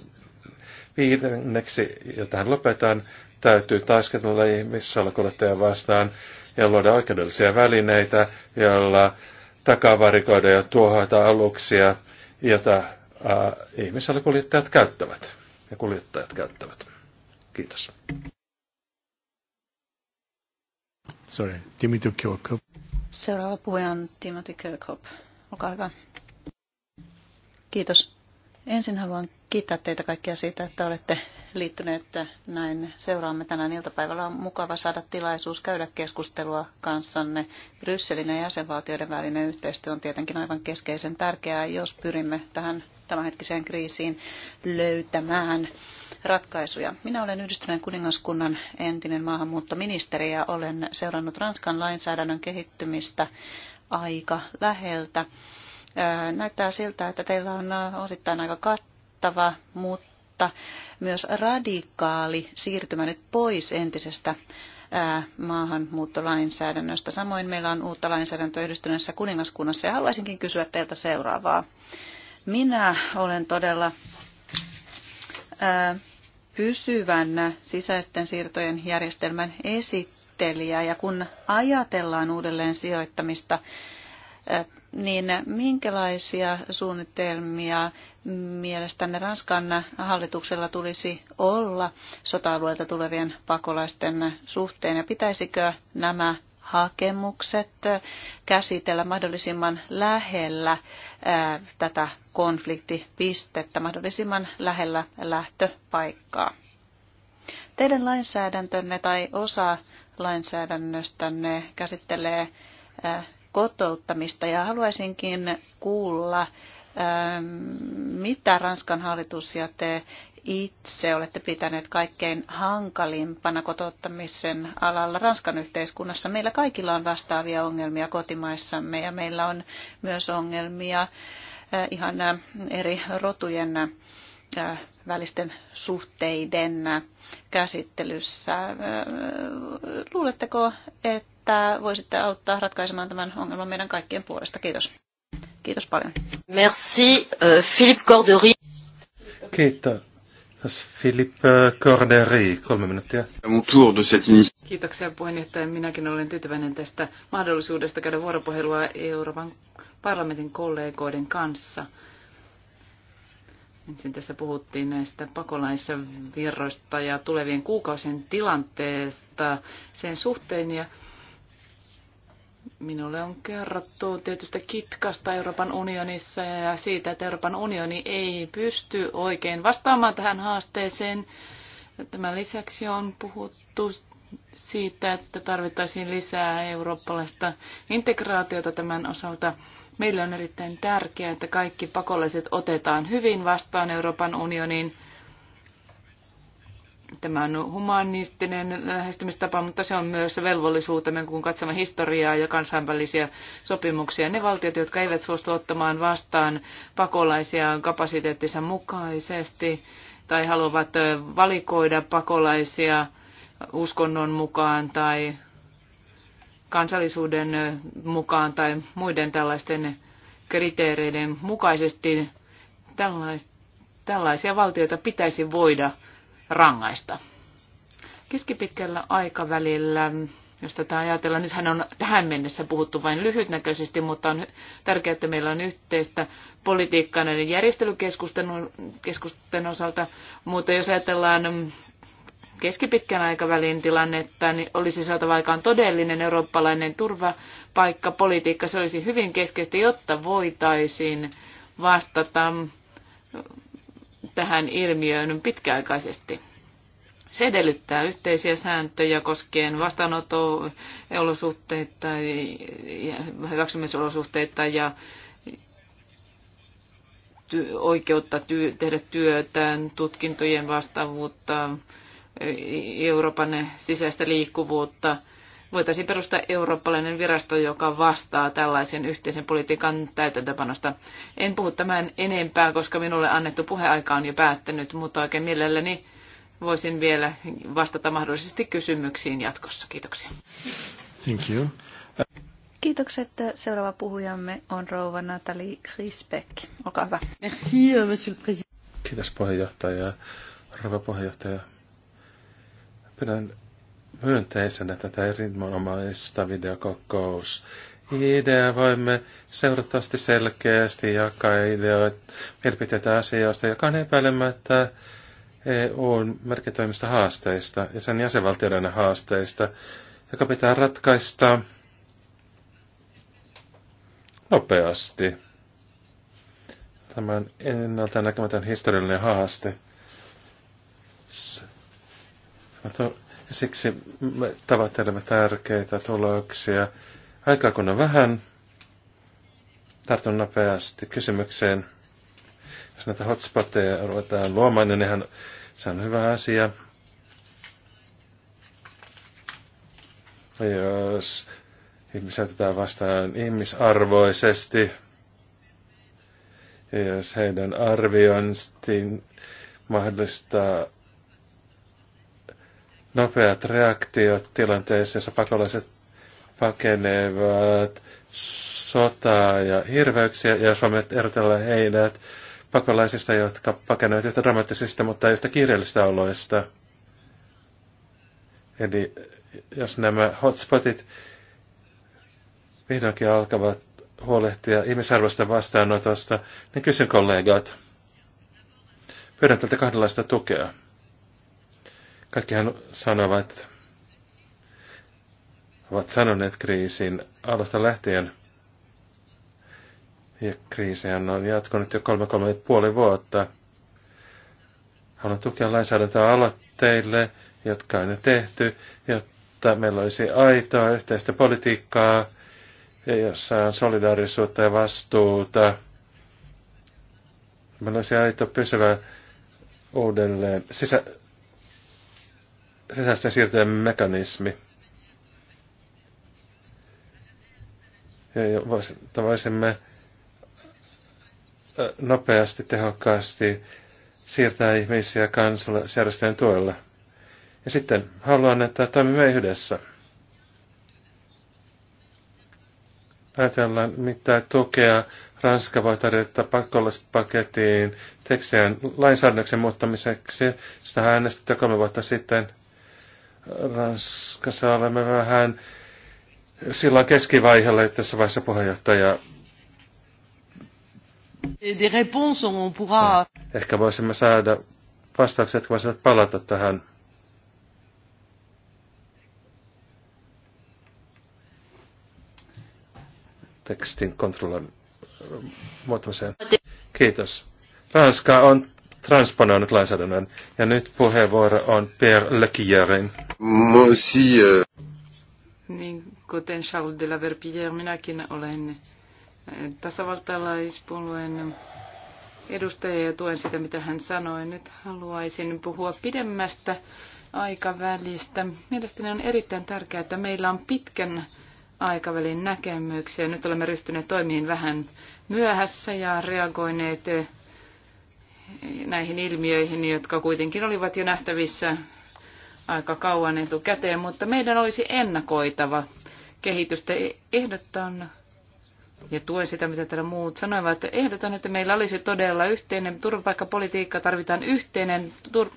viidenneksi, ja tähän lopetan, täytyy taiskennella ihmissalakuljettajan vastaan ja luoda oikeudellisia välineitä, joilla takavarikoida ja tuohoita aluksia, joita äh, ihmissalakuljettajat käyttävät ja kuljettajat käyttävät. Kiitos. Sorry, Timothy Kirkhope. Seuraava puhuja on Timothy Kirkhope. Olkaa hyvä. Kiitos. Ensin haluan kiittää teitä kaikkia siitä, että olette liittyneet näin seuraamme tänään iltapäivällä. On mukava saada tilaisuus käydä keskustelua kanssanne. Brysselin ja jäsenvaltioiden välinen yhteistyö on tietenkin aivan keskeisen tärkeää, jos pyrimme tähän tämänhetkiseen kriisiin löytämään ratkaisuja. Minä olen yhdistyneen kuningaskunnan entinen maahanmuuttoministeri ja olen seurannut Ranskan lainsäädännön kehittymistä aika läheltä. Näyttää siltä, että teillä on osittain aika kattava, mutta mutta myös radikaali siirtymä nyt pois entisestä maahanmuuttolainsäädännöstä. Samoin meillä on uutta lainsäädäntöä yhdistyneessä kuningaskunnassa ja haluaisinkin kysyä teiltä seuraavaa. Minä olen todella pysyvän sisäisten siirtojen järjestelmän esittelijä ja kun ajatellaan uudelleen sijoittamista, niin minkälaisia suunnitelmia mielestänne Ranskan hallituksella tulisi olla sota-alueelta tulevien pakolaisten suhteen ja pitäisikö nämä hakemukset käsitellä mahdollisimman lähellä ää, tätä konfliktipistettä, mahdollisimman lähellä lähtöpaikkaa. Teidän lainsäädäntönne tai osa lainsäädännöstänne käsittelee ää, kotouttamista ja haluaisinkin kuulla, ähm, mitä Ranskan hallitus ja te itse olette pitäneet kaikkein hankalimpana kotouttamisen alalla Ranskan yhteiskunnassa. Meillä kaikilla on vastaavia ongelmia kotimaissamme ja meillä on myös ongelmia äh, ihan äh, eri rotujen välisten suhteiden käsittelyssä. Luuletteko, että voisitte auttaa ratkaisemaan tämän ongelman meidän kaikkien puolesta? Kiitos. Kiitos paljon. Merci, euh, Philippe Corderi. Kiitos. Philippe Corderi, kolme minuuttia. Kiitoksia puheenjohtaja. Minäkin olen tyytyväinen tästä mahdollisuudesta käydä vuoropuhelua Euroopan parlamentin kollegoiden kanssa. Ensin tässä puhuttiin näistä pakolaisvirroista ja tulevien kuukausien tilanteesta sen suhteen. Ja minulle on kerrottu tietystä kitkasta Euroopan unionissa ja siitä, että Euroopan unioni ei pysty oikein vastaamaan tähän haasteeseen. Tämän lisäksi on puhuttu siitä, että tarvittaisiin lisää eurooppalaista integraatiota tämän osalta. Meille on erittäin tärkeää, että kaikki pakolaiset otetaan hyvin vastaan Euroopan unionin. Tämä on humanistinen lähestymistapa, mutta se on myös velvollisuutemme, kun katsomme historiaa ja kansainvälisiä sopimuksia. Ne valtiot, jotka eivät suostu ottamaan vastaan pakolaisia kapasiteettinsa mukaisesti tai haluavat valikoida pakolaisia uskonnon mukaan tai kansallisuuden mukaan tai muiden tällaisten kriteereiden mukaisesti tällaisia valtioita pitäisi voida rangaista. Keskipitkällä aikavälillä, jos tätä ajatellaan, nythän on tähän mennessä puhuttu vain lyhytnäköisesti, mutta on tärkeää, että meillä on yhteistä politiikkaa näiden järjestelykeskusten osalta. Mutta jos ajatellaan keskipitkän aikavälin tilannetta, niin olisi saatava aikaan todellinen eurooppalainen turvapaikkapolitiikka. Se olisi hyvin keskeistä, jotta voitaisiin vastata tähän ilmiöön pitkäaikaisesti. Se edellyttää yhteisiä sääntöjä koskien vastaanotto-olosuhteita ja hyväksymisolosuhteita ja ty- oikeutta ty- tehdä työtään, tutkintojen vastaavuutta, Euroopan sisäistä liikkuvuutta. Voitaisiin perustaa eurooppalainen virasto, joka vastaa tällaisen yhteisen politiikan täytäntöpanosta. En puhu tämän enempää, koska minulle annettu puheaika on jo päättänyt, mutta oikein mielelläni voisin vielä vastata mahdollisesti kysymyksiin jatkossa. Kiitoksia. Thank you. Kiitokset. Seuraava puhujamme on rouva Nathalie Grisbeck. Olkaa hyvä. Merci, euh, monsieur le président. Kiitos puheenjohtaja. Rouva puheenjohtaja. Pidän myönteisenä tätä erinomaista videokokous. Idea voimme seurattavasti selkeästi jakaa ideoita, mielipiteitä asioista, joka on epäilemättä EUn merkittävimmistä haasteista ja sen jäsenvaltioiden haasteista, joka pitää ratkaista nopeasti. Tämän ennalta näkemätön historiallinen haaste. Mutta siksi me tavoittelemme tärkeitä tuloksia. Aikaa kun on vähän, tartun nopeasti kysymykseen. Jos näitä hotspotteja ruvetaan luomaan, niin nehän, se on hyvä asia. Jos ihmisiä otetaan vastaan ihmisarvoisesti, ja jos heidän arviointiin mahdollistaa nopeat reaktiot tilanteessa, jossa pakolaiset pakenevat sotaa ja hirveyksiä, ja jos voimme erotella heidät pakolaisista, jotka pakenevat yhtä dramaattisista, mutta yhtä kiireellisistä oloista. Eli jos nämä hotspotit vihdoinkin alkavat huolehtia ihmisarvoista vastaanotosta, niin kysyn kollegat, pyydän tältä kahdenlaista tukea. Kaikkihan sanovat, ovat sanoneet kriisin alusta lähtien, ja kriisihän on jatkunut jo kolme, kolme ja puoli vuotta. Haluan tukea lainsäädäntöä aloitteille, jotka on jo tehty, jotta meillä olisi aitoa yhteistä politiikkaa, jossa on solidaarisuutta ja vastuuta. Meillä olisi aito pysyvä uudelleen sisä, sisäisten siirtojen mekanismi. Ja voisimme nopeasti, tehokkaasti siirtää ihmisiä kansalaisjärjestöjen tuella. Ja sitten haluan, että toimimme yhdessä. Ajatellaan, mitä tukea Ranska voi tarjota pakollispaketiin tekstien lainsäädännöksen muuttamiseksi. Sitä äänestettiin kolme vuotta sitten. Ranskassa olemme vähän sillä keskivaiheella tässä vaiheessa puheenjohtaja. No, ehkä voisimme saada vastaukset, että voisimme palata tähän. tekstin kontrollin muotoiseen. Kiitos. Ranska on transponoinut lainsäädännön. Ja nyt puheenvuoro on Pierre Leclercin. Euh, niin kuten Charles de la Verpillère, minäkin olen äh, tasavaltalaispuolueen edustaja ja tuen sitä, mitä hän sanoi. Nyt haluaisin puhua pidemmästä aikavälistä. Mielestäni on erittäin tärkeää, että meillä on pitkän aikavälin näkemyksiä. Nyt olemme ryhtyneet toimiin vähän myöhässä ja reagoineet näihin ilmiöihin, jotka kuitenkin olivat jo nähtävissä aika kauan etukäteen, mutta meidän olisi ennakoitava kehitystä. Ehdotan, ja tuen sitä, mitä täällä muut sanoivat, että ehdotan, että meillä olisi todella yhteinen turvapaikkapolitiikka, tarvitaan yhteinen tur-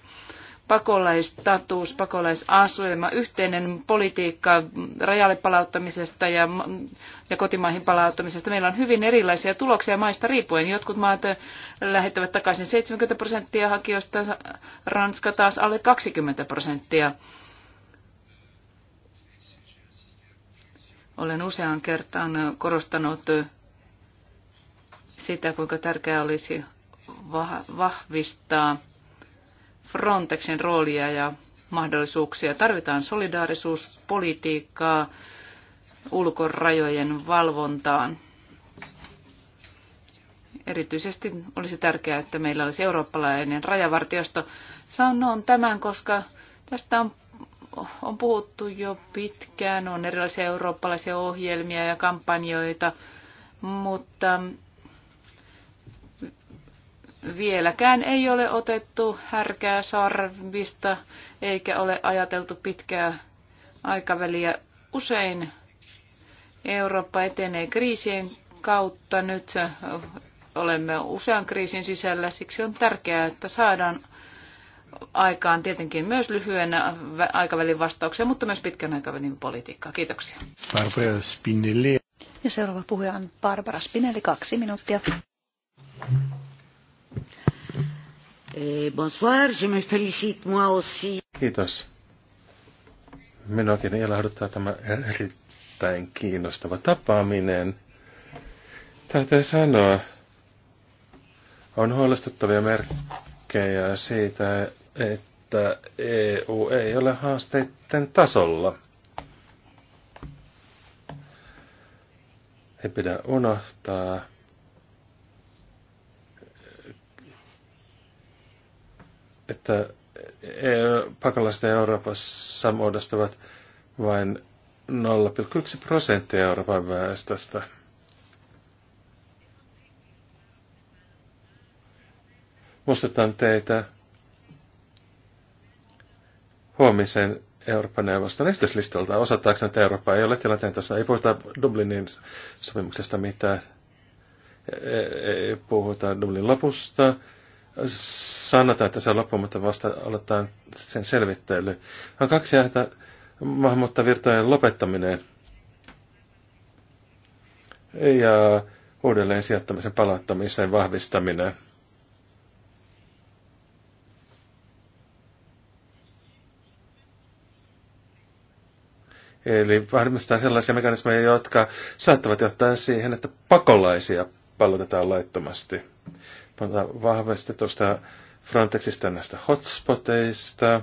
pakolaistatus, pakolaisasema, yhteinen politiikka rajalle palauttamisesta ja, ja kotimaihin palauttamisesta. Meillä on hyvin erilaisia tuloksia maista riippuen. Jotkut maat lähettävät takaisin 70 prosenttia hakijoista, Ranska taas alle 20 prosenttia. Olen useaan kertaan korostanut sitä, kuinka tärkeää olisi vahvistaa Frontexin roolia ja mahdollisuuksia. Tarvitaan solidaarisuuspolitiikkaa ulkorajojen valvontaan. Erityisesti olisi tärkeää, että meillä olisi eurooppalainen rajavartiosto. Sanon tämän, koska tästä on, on puhuttu jo pitkään, on erilaisia eurooppalaisia ohjelmia ja kampanjoita, mutta vieläkään ei ole otettu härkää sarvista eikä ole ajateltu pitkää aikaväliä. Usein Eurooppa etenee kriisien kautta. Nyt olemme usean kriisin sisällä. Siksi on tärkeää, että saadaan aikaan tietenkin myös lyhyen aikavälin vastauksia, mutta myös pitkän aikavälin politiikkaa. Kiitoksia. Barbara Spinelli. Ja seuraava puhuja on Barbara Spinelli, kaksi minuuttia. Bonsoir, je me félicite moi aussi. Kiitos. Minuakin ilahduttaa tämä erittäin kiinnostava tapaaminen. Täytyy sanoa, on huolestuttavia merkkejä siitä, että EU ei ole haasteiden tasolla. Ei pidä unohtaa, että e pakolaiset Euroopassa muodostavat vain 0,1 prosenttia Euroopan väestöstä. Muistutan teitä huomisen Euroopan neuvoston esityslistalta. Osoittaako että Eurooppa ei ole tilanteen tässä? Ei puhuta Dublinin sopimuksesta mitään. E, e, ei puhuta Dublin lopusta, sanotaan, että se on loppu, mutta vasta aloittaa sen selvittely. On kaksi ääntä maahanmuuttavirtojen lopettaminen ja uudelleen sijoittamisen palauttamisen vahvistaminen. Eli varmistetaan sellaisia mekanismeja, jotka saattavat johtaa siihen, että pakolaisia palautetaan laittomasti tuosta Frontexista näistä hotspoteista,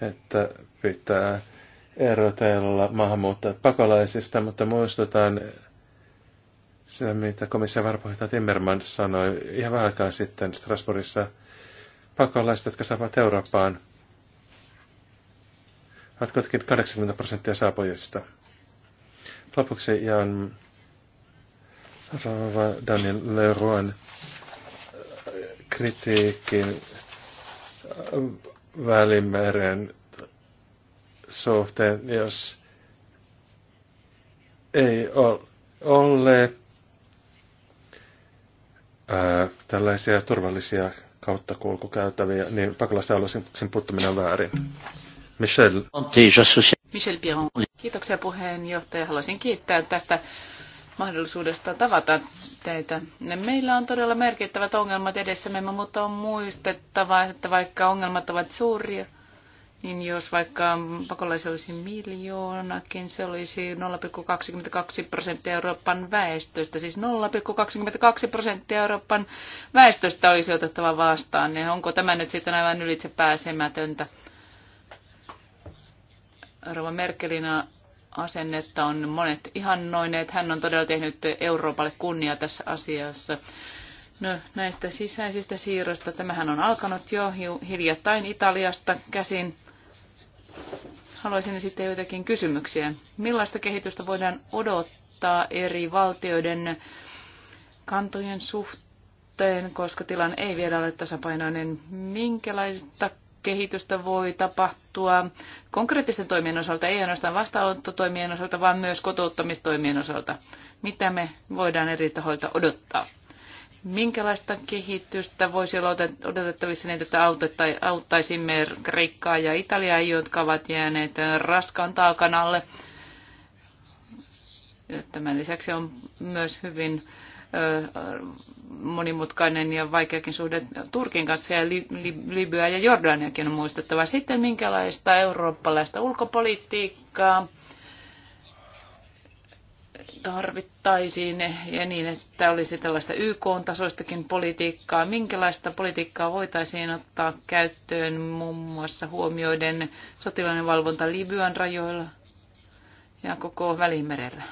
että pitää erotella maahanmuuttajat pakolaisista, mutta muistutan sitä, mitä komission varapuheenjohtaja Timmermans sanoi ihan vähän aikaa sitten Strasbourgissa. Pakolaiset, jotka saavat Eurooppaan, ovat kuitenkin 80 prosenttia saapujista. Lopuksi jaan Rava Daniel Leroyn äh, kritiikin äh, välimeren suhteen, jos ei ole ää, äh, tällaisia turvallisia kauttakulkukäytäviä, niin pakolaisten alueeseen puuttuminen on väärin. Michel. Michel Piron. Kiitoksia puheenjohtaja. Haluaisin kiittää tästä mahdollisuudesta tavata teitä. Meillä on todella merkittävät ongelmat edessämme, mutta on muistettava, että vaikka ongelmat ovat suuria, niin jos vaikka pakolaisia olisi miljoonakin, se olisi 0,22 prosenttia Euroopan väestöstä. Siis 0,22 prosenttia Euroopan väestöstä olisi otettava vastaan. Ja onko tämä nyt sitten aivan ylitse pääsemätöntä? Rova Merkelina asennetta on monet ihannoineet. Hän on todella tehnyt Euroopalle kunnia tässä asiassa. No, näistä sisäisistä siirroista. Tämähän on alkanut jo hiljattain Italiasta käsin. Haluaisin sitten joitakin kysymyksiä. Millaista kehitystä voidaan odottaa eri valtioiden kantojen suhteen, koska tilanne ei vielä ole tasapainoinen? Minkälaista kehitystä voi tapahtua konkreettisten toimien osalta, ei ainoastaan vastaanottotoimien osalta, vaan myös kotouttamistoimien osalta. Mitä me voidaan eri tahoilta odottaa? Minkälaista kehitystä voisi olla odotettavissa niin, että auttaisimme Kreikkaa ja Italiaa, jotka ovat jääneet raskaan taakan alle? Tämän lisäksi on myös hyvin monimutkainen ja vaikeakin suhde Turkin kanssa ja Libyaa ja Jordaniakin on muistettava. Sitten minkälaista eurooppalaista ulkopolitiikkaa tarvittaisiin ja niin, että olisi tällaista YK-tasoistakin politiikkaa. Minkälaista politiikkaa voitaisiin ottaa käyttöön muun muassa huomioiden sotilainen valvonta Libyan rajoilla ja koko Välimerellä?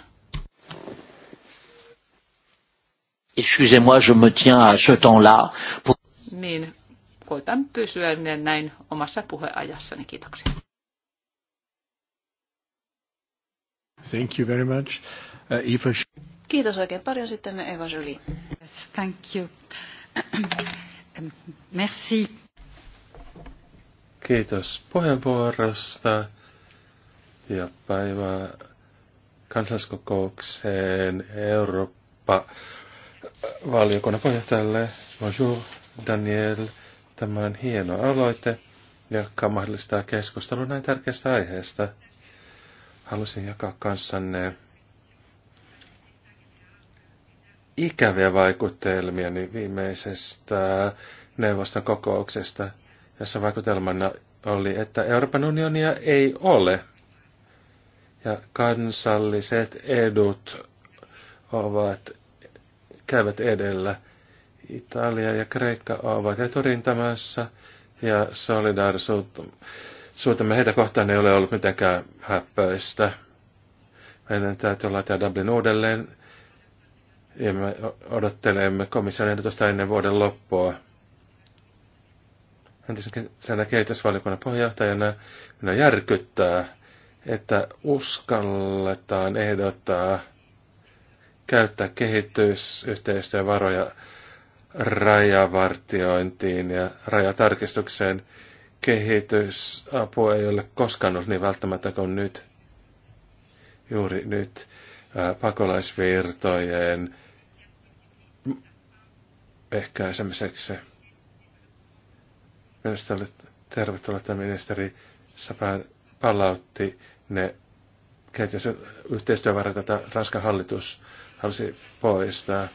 Excusez-moi, je me tiens à ce temps-là. Pour... Niin, koitan pysyä näin omassa puheajassani. Kiitoksia. Thank you very much. Uh, Eva... Kiitos oikein paljon sitten Eva Julie. Yes, thank you. Merci. Kiitos puheenvuorosta ja päivää kansalliskokoukseen Eurooppa valiokunnan puheenjohtajalle. Bonjour, Daniel. Tämä on hieno aloite, joka mahdollistaa keskustelun näin tärkeästä aiheesta. Haluaisin jakaa kanssanne ikäviä vaikutelmia niin viimeisestä neuvoston kokouksesta, jossa vaikutelmana oli, että Euroopan unionia ei ole. Ja kansalliset edut ovat käyvät edellä. Italia ja Kreikka ovat eturintamassa ja solidaarisuutemme heitä kohtaan ei ole ollut mitenkään häppöistä. Meidän täytyy laittaa Dublin uudelleen ja me odottelemme komission ehdotusta ennen vuoden loppua. Entisenä kehitysvaliokunnan pohjohtajana minä järkyttää, että uskalletaan ehdottaa käyttää kehitysyhteistyövaroja rajavartiointiin ja rajatarkistukseen. Kehitysapu ei ole koskaan ollut niin välttämättä kuin nyt. Juuri nyt pakolaisvirtojen ehkäisemiseksi. Minusta oli tervetuloa, että ministeri Sapan palautti ne kehitysyhteistyövarat, joita Ranskan hallitus halusi poistaa.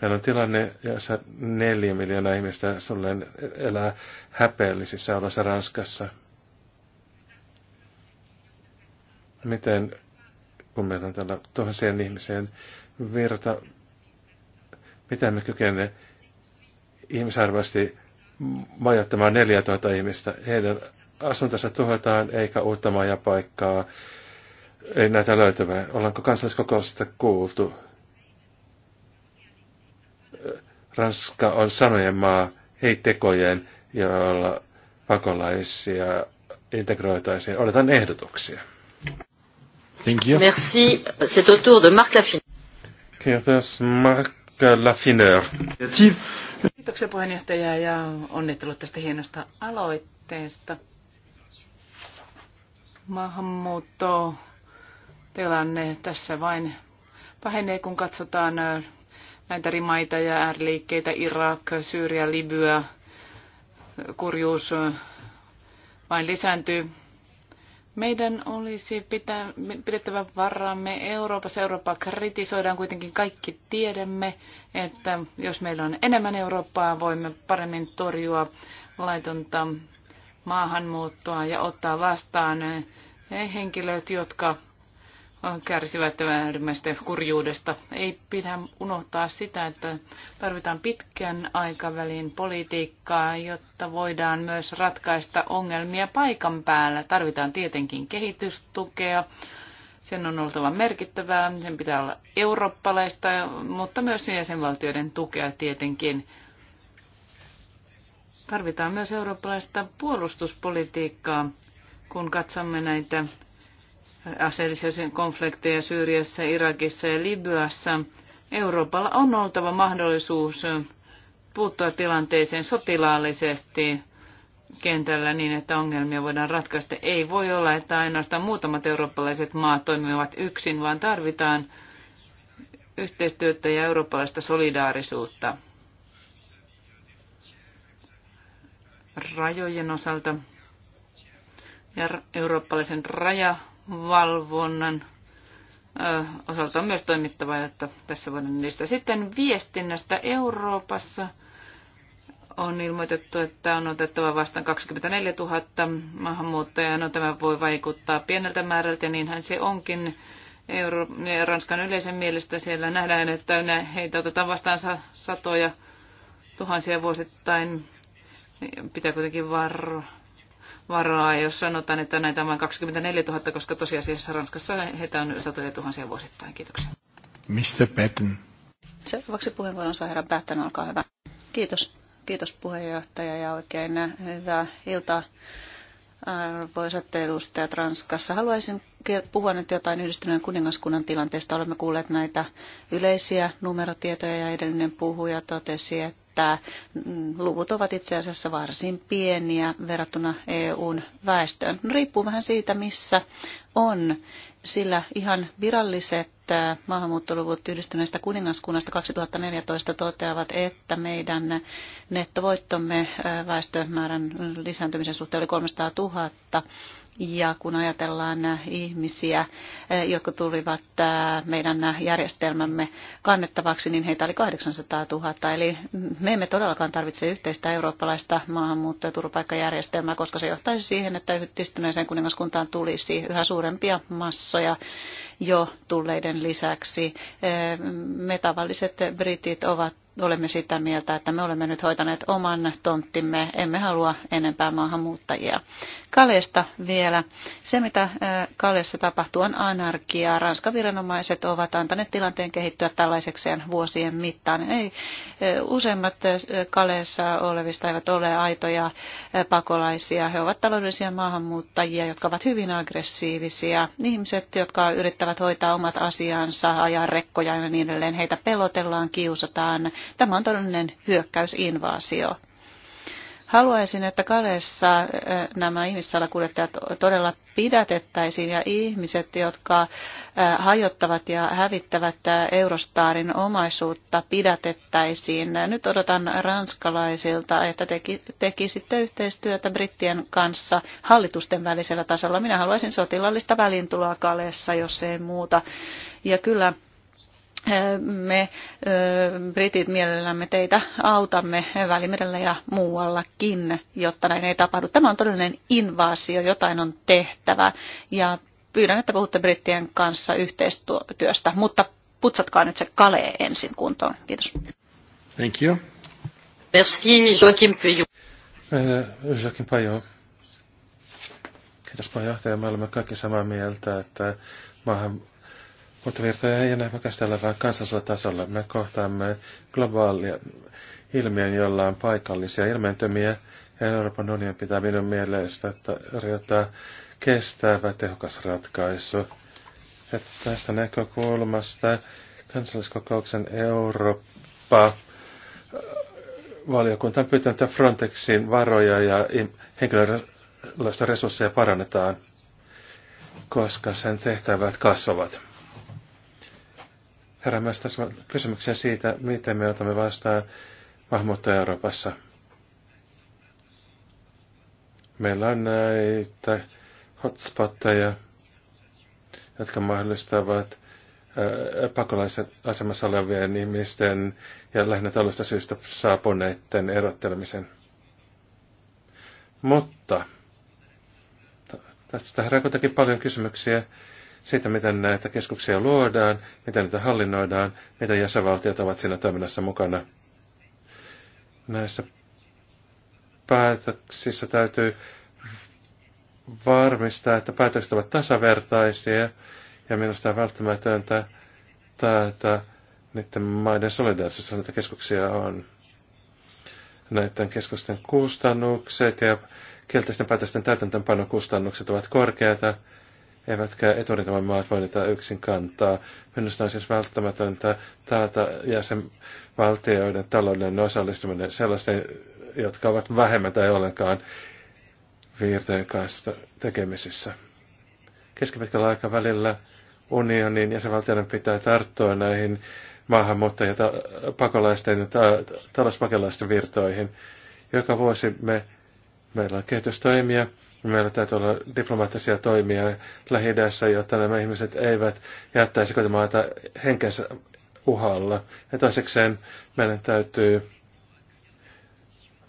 Meillä on tilanne, jossa neljä miljoonaa ihmistä sulleen elää häpeällisissä oloissa Ranskassa. Miten, kun meillä on tällä tuhansien ihmiseen virta, miten me kykenemme ihmisarvoisesti majoittamaan 4000 ihmistä. Heidän asuntonsa tuhotaan, eikä uutta majapaikkaa, ei näitä löytyvää. Ollaanko kansalliskokousta kuultu? Ranska on sanojen maa, ei tekojen, joilla pakolaisia integroitaisiin. Odotan ehdotuksia. Thank you. Merci. C'est au tour de Marc Laffineur. Kiitos Marc Lafineur. Kiitoksia puheenjohtaja ja onnittelut tästä hienosta aloitteesta. Maahanmuutto tilanne tässä vain pahenee, kun katsotaan näitä eri maita ja ääriliikkeitä, Irak, Syyria, Libya, kurjuus vain lisääntyy. Meidän olisi pitä, pidettävä varamme Euroopassa. Eurooppaa kritisoidaan kuitenkin kaikki tiedämme, että jos meillä on enemmän Eurooppaa, voimme paremmin torjua laitonta maahanmuuttoa ja ottaa vastaan ne henkilöt, jotka kärsivät äärimmäisten kurjuudesta. Ei pidä unohtaa sitä, että tarvitaan pitkän aikavälin politiikkaa, jotta voidaan myös ratkaista ongelmia paikan päällä. Tarvitaan tietenkin kehitystukea. Sen on oltava merkittävää, sen pitää olla eurooppalaista, mutta myös jäsenvaltioiden tukea tietenkin. Tarvitaan myös eurooppalaista puolustuspolitiikkaa, kun katsomme näitä aseellisia konflikteja Syyriassa, Irakissa ja Libyassa, Euroopalla on oltava mahdollisuus puuttua tilanteeseen sotilaallisesti kentällä niin, että ongelmia voidaan ratkaista. Ei voi olla, että ainoastaan muutamat eurooppalaiset maat toimivat yksin, vaan tarvitaan yhteistyötä ja eurooppalaista solidaarisuutta. Rajojen osalta ja eurooppalaisen raja valvonnan osalta on myös toimittava, että tässä voidaan niistä. Sitten viestinnästä Euroopassa on ilmoitettu, että on otettava vastaan 24 000 maahanmuuttajaa. No tämä voi vaikuttaa pieneltä määrältä ja niinhän se onkin. Euro- Ranskan yleisen mielestä siellä nähdään, että heitä otetaan vastaan satoja tuhansia vuosittain. Pitää kuitenkin varoa varaa, jos sanotaan, että näitä on vain 24 000, koska tosiasiassa Ranskassa heitä on satoja tuhansia vuosittain. Kiitoksia. Mr. Patton. Seuraavaksi puheenvuoron saa herra Patton, olkaa hyvä. Kiitos. Kiitos puheenjohtaja ja oikein hyvää iltaa arvoisat edustajat Ranskassa. Haluaisin puhua nyt jotain yhdistyneen kuningaskunnan tilanteesta. Olemme kuulleet näitä yleisiä numerotietoja ja edellinen puhuja totesi, että että mm, luvut ovat itse asiassa varsin pieniä verrattuna EUn väestöön. No, riippuu vähän siitä, missä on, sillä ihan viralliset äh, maahanmuuttoluvut yhdistyneestä kuningaskunnasta 2014 toteavat, että meidän nettovoittomme äh, väestömäärän lisääntymisen suhteen oli 300 000 ja kun ajatellaan ihmisiä, eh, jotka tulivat eh, meidän järjestelmämme kannettavaksi, niin heitä oli 800 000. Eli me emme todellakaan tarvitse yhteistä eurooppalaista maahanmuutto- ja turvapaikkajärjestelmää, koska se johtaisi siihen, että yhdistyneeseen kuningaskuntaan tulisi yhä suurempia massoja jo tulleiden lisäksi. Eh, me tavalliset britit ovat olemme sitä mieltä, että me olemme nyt hoitaneet oman tonttimme, emme halua enempää maahanmuuttajia. Kalesta vielä. Se, mitä Kalessa tapahtuu, on anarkiaa. Ranskan viranomaiset ovat antaneet tilanteen kehittyä tällaisekseen vuosien mittaan. Ei, useimmat Kalessa olevista eivät ole aitoja pakolaisia. He ovat taloudellisia maahanmuuttajia, jotka ovat hyvin aggressiivisia. Ihmiset, jotka yrittävät hoitaa omat asiansa, ajaa rekkoja ja niin edelleen, heitä pelotellaan, kiusataan Tämä on todellinen hyökkäys, invaasio. Haluaisin, että Kaleessa äh, nämä ihmissalakuljettajat todella pidätettäisiin ja ihmiset, jotka äh, hajottavat ja hävittävät äh, Eurostarin omaisuutta, pidätettäisiin. Nyt odotan ranskalaisilta, että teki, tekisitte yhteistyötä brittien kanssa hallitusten välisellä tasolla. Minä haluaisin sotilallista välintuloa Kaleessa, jos ei muuta. Ja kyllä me britit mielellämme teitä autamme Välimerellä ja muuallakin, jotta näin ei tapahdu. Tämä on todellinen invaasio, jotain on tehtävä ja pyydän, että puhutte brittien kanssa yhteistyöstä, mutta putsatkaa nyt se kale ensin kuntoon. Kiitos. Thank you. Merci Joaquim Peugeot. Joachim Peugeot. Kiitos puheenjohtaja. Me olemme kaikki samaa mieltä, että maahan mutta virtoja ei enää pakastella vain kansallisella tasolla. Me kohtaamme globaalia ilmiön, jolla on paikallisia ilmentymiä. Euroopan unionin pitää minun mielestä tarjota kestävä tehokas ratkaisu. että tästä näkökulmasta kansalliskokouksen Eurooppa valiokunta on pyytänyt, että Frontexin varoja ja resursseja parannetaan, koska sen tehtävät kasvavat. Herra, myös tässä kysymyksiä siitä, miten me otamme vastaan maahanmuuttoa Euroopassa. Meillä on näitä hotspotteja, jotka mahdollistavat pakolaiset asemassa olevien ihmisten ja lähinnä tällaista syystä saapuneiden erottelemisen. Mutta tästä herää kuitenkin paljon kysymyksiä siitä, miten näitä keskuksia luodaan, miten niitä hallinnoidaan, mitä jäsenvaltiot ovat siinä toiminnassa mukana. Näissä päätöksissä täytyy varmistaa, että päätökset ovat tasavertaisia ja minusta on välttämätöntä taata niiden maiden solidaarisuus, näitä keskuksia on. Näiden keskusten kustannukset ja kielteisten päätösten täytäntöönpanokustannukset ovat korkeita eivätkä eturintaman maat voi niitä yksin kantaa. Minusta on siis välttämätöntä taata jäsenvaltioiden taloudellinen osallistuminen sellaisten, jotka ovat vähemmän tai ollenkaan viirtojen kanssa tekemisissä. Keskipitkällä aikavälillä unionin jäsenvaltioiden pitää tarttua näihin maahanmuuttajien ta- pakolaisten ja ta- talouspakolaisten virtoihin. Joka vuosi me, meillä on kehitystoimia, Meillä täytyy olla diplomaattisia toimia lähi jotta nämä ihmiset eivät jättäisi kotimaata henkensä uhalla. Ja toisekseen meidän täytyy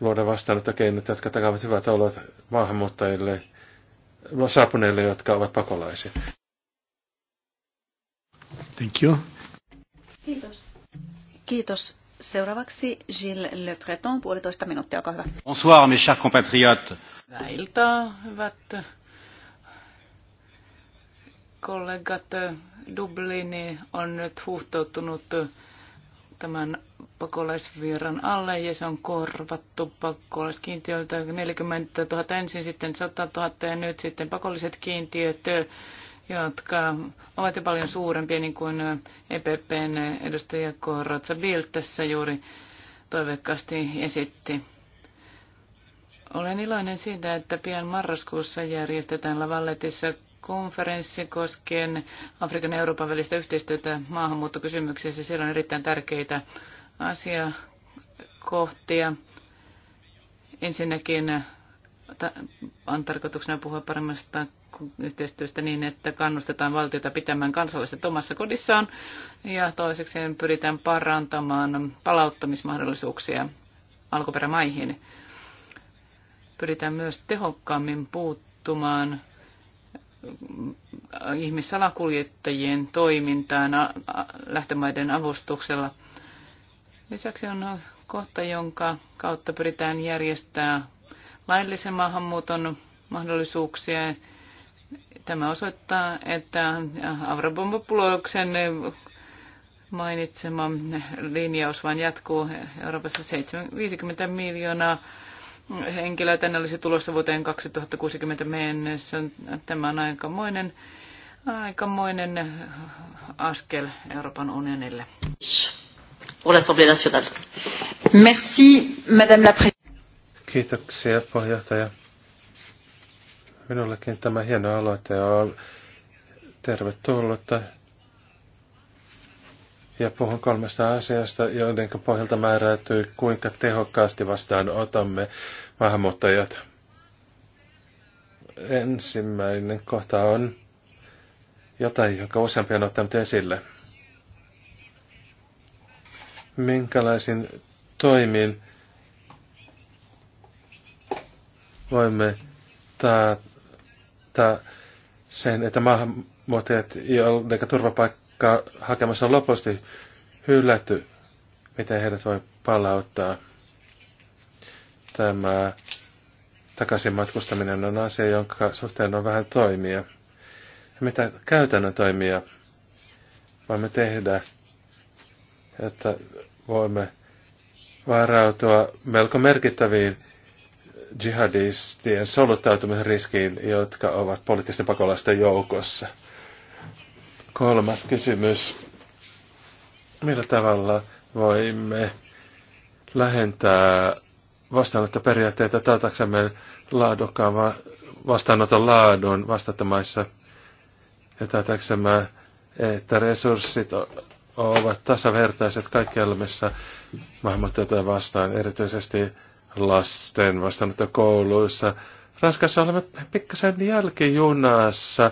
luoda vastaanottokeinot, jotka takavat hyvät olot maahanmuuttajille, saapuneille, jotka ovat pakolaisia. Thank you. Kiitos. Kiitos. Seuraavaksi Gilles Le Breton, puolitoista minuuttia, olkaa hyvä. Bonsoir, mes chers compatriotes. Hyvää iltaa, hyvät kollegat. Dublini on nyt huhtoutunut tämän pakolaisvirran alle ja se on korvattu pakolaiskiintiöltä 40 000 ensin, sitten 100 000 ja nyt sitten pakolliset kiintiöt, jotka ovat jo paljon suurempia, niin kuin EPPn edustaja Korratsa Bilt tässä juuri toiveikkaasti esitti. Olen iloinen siitä, että pian marraskuussa järjestetään Lavalletissa konferenssi koskien Afrikan ja Euroopan välistä yhteistyötä maahanmuuttokysymyksissä. Siellä on erittäin tärkeitä asiakohtia. Ensinnäkin on tarkoituksena puhua paremmasta yhteistyöstä niin, että kannustetaan valtiota pitämään kansalaiset omassa kodissaan ja toiseksi pyritään parantamaan palauttamismahdollisuuksia alkuperämaihin pyritään myös tehokkaammin puuttumaan ihmissalakuljettajien toimintaan lähtömaiden avustuksella. Lisäksi on kohta, jonka kautta pyritään järjestää laillisen maahanmuuton mahdollisuuksia. Tämä osoittaa, että Avrabombopuloksen mainitsema linjaus vain jatkuu Euroopassa 50 miljoonaa henkilöä tänne olisi tulossa vuoteen 2060 mennessä. Tämä on aikamoinen, aikamoinen askel Euroopan unionille. Merci, Madame la Kiitoksia, puheenjohtaja. Minullekin tämä hieno aloite on tervetullut ja puhun kolmesta asiasta, joiden pohjalta määräytyy, kuinka tehokkaasti vastaan otamme maahanmuuttajat. Ensimmäinen kohta on jotain, joka useampi on ottanut esille. Minkälaisin toimin voimme taata sen, että maahanmuuttajat, joiden turvapaikka jotka hakemassa on lopullisesti hyllätty, miten heidät voi palauttaa. Tämä takaisin matkustaminen on asia, jonka suhteen on vähän toimia. Ja mitä käytännön toimia voimme tehdä, että voimme varautua melko merkittäviin jihadistien soluttautumisen riskiin, jotka ovat poliittisten pakolaisten joukossa. Kolmas kysymys. Millä tavalla voimme lähentää vastaanottoperiaatteita taataksemme laadukkaan vastaanoton laadun vastaanottamaissa ja taataksemme, että resurssit ovat tasavertaiset kaikkialla, missä maahanmuuttajia vastaan, erityisesti lasten vastaanottokouluissa. Ranskassa olemme pikkasen jälkijunassa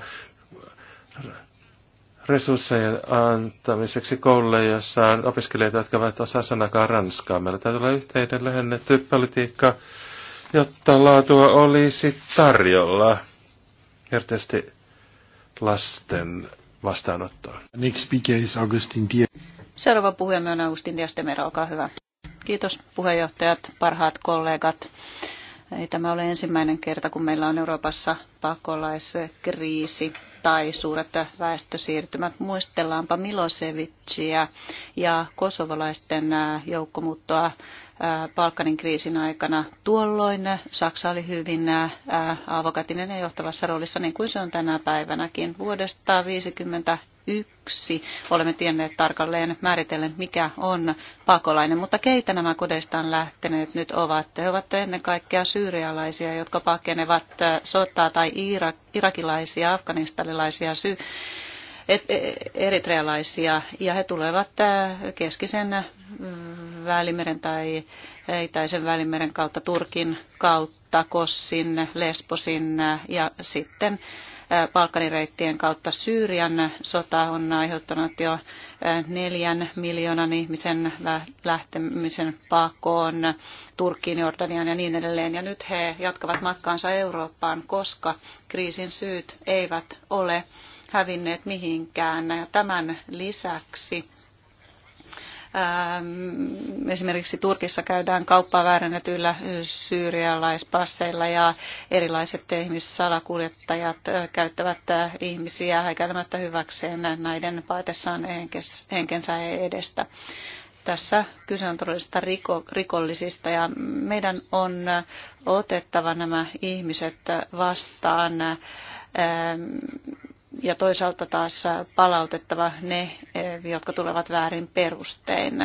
resursseja antamiseksi koululle, jossa on opiskelijoita, jotka ovat osaa sanakaan ranskaa. Meillä täytyy olla yhteinen lähennetty politiikka, jotta laatua olisi tarjolla. Erityisesti lasten vastaanottoa. Next speaker is Augustin Tie. Seuraava puhujamme on Augustin Diastemera, olkaa hyvä. Kiitos puheenjohtajat, parhaat kollegat. Ei tämä ole ensimmäinen kerta, kun meillä on Euroopassa pakolaiskriisi tai suuret väestösiirtymät. Muistellaanpa Milosevicia ja kosovolaisten joukkomuuttoa Balkanin kriisin aikana. Tuolloin Saksa oli hyvin avokatinen ja johtavassa roolissa, niin kuin se on tänä päivänäkin. Vuodesta 50 yksi olemme tienneet tarkalleen määritellen, mikä on pakolainen. Mutta keitä nämä kodeistaan lähteneet nyt ovat? He ovat ennen kaikkea syyrialaisia, jotka pakenevat sotaa tai irak, irakilaisia, afganistanilaisia, sy- e-, e-, eritrealaisia ja he tulevat keskisen välimeren tai itäisen välimeren kautta Turkin kautta, Kossin, Lesbosin ja sitten Balkanireittien kautta. Syyrian sota on aiheuttanut jo neljän miljoonan ihmisen lähtemisen pakoon Turkkiin, Jordaniaan ja niin edelleen. Ja nyt he jatkavat matkaansa Eurooppaan, koska kriisin syyt eivät ole hävinneet mihinkään. Ja tämän lisäksi Ähm, esimerkiksi Turkissa käydään kauppaa väärennetyillä syyrialaispasseilla ja erilaiset ihmissalakuljettajat käyttävät ihmisiä häikäilemättä hyväkseen näiden paitessaan henkensä edestä. Tässä kyse on todellisista riko, rikollisista ja meidän on otettava nämä ihmiset vastaan ja toisaalta taas palautettava ne, eh, jotka tulevat väärin perustein.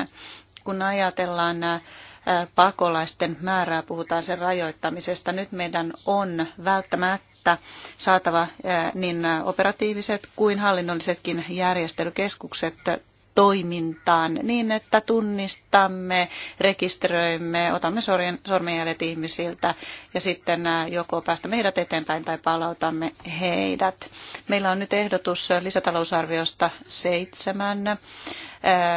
Kun ajatellaan eh, pakolaisten määrää, puhutaan sen rajoittamisesta, nyt meidän on välttämättä saatava eh, niin operatiiviset kuin hallinnollisetkin järjestelykeskukset toimintaan niin, että tunnistamme, rekisteröimme, otamme sormenjäljet ihmisiltä ja sitten joko päästämme heidät eteenpäin tai palautamme heidät. Meillä on nyt ehdotus lisätalousarviosta seitsemän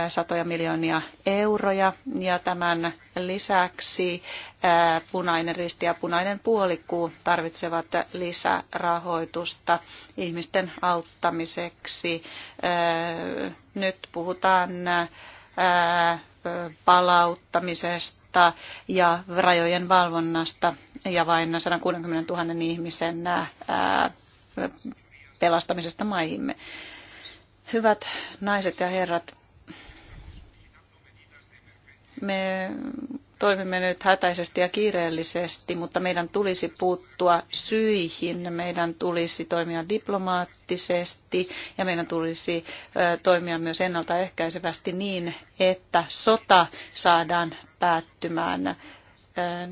satoja miljoonia euroja ja tämän lisäksi äh, punainen risti ja punainen puolikuu tarvitsevat lisärahoitusta ihmisten auttamiseksi. Äh, nyt puhutaan äh, palauttamisesta ja rajojen valvonnasta ja vain 160 000 ihmisen pelastamisesta maihimme. Hyvät naiset ja herrat, me toimimme nyt hätäisesti ja kiireellisesti, mutta meidän tulisi puuttua syihin, meidän tulisi toimia diplomaattisesti ja meidän tulisi toimia myös ennaltaehkäisevästi niin, että sota saadaan päättymään.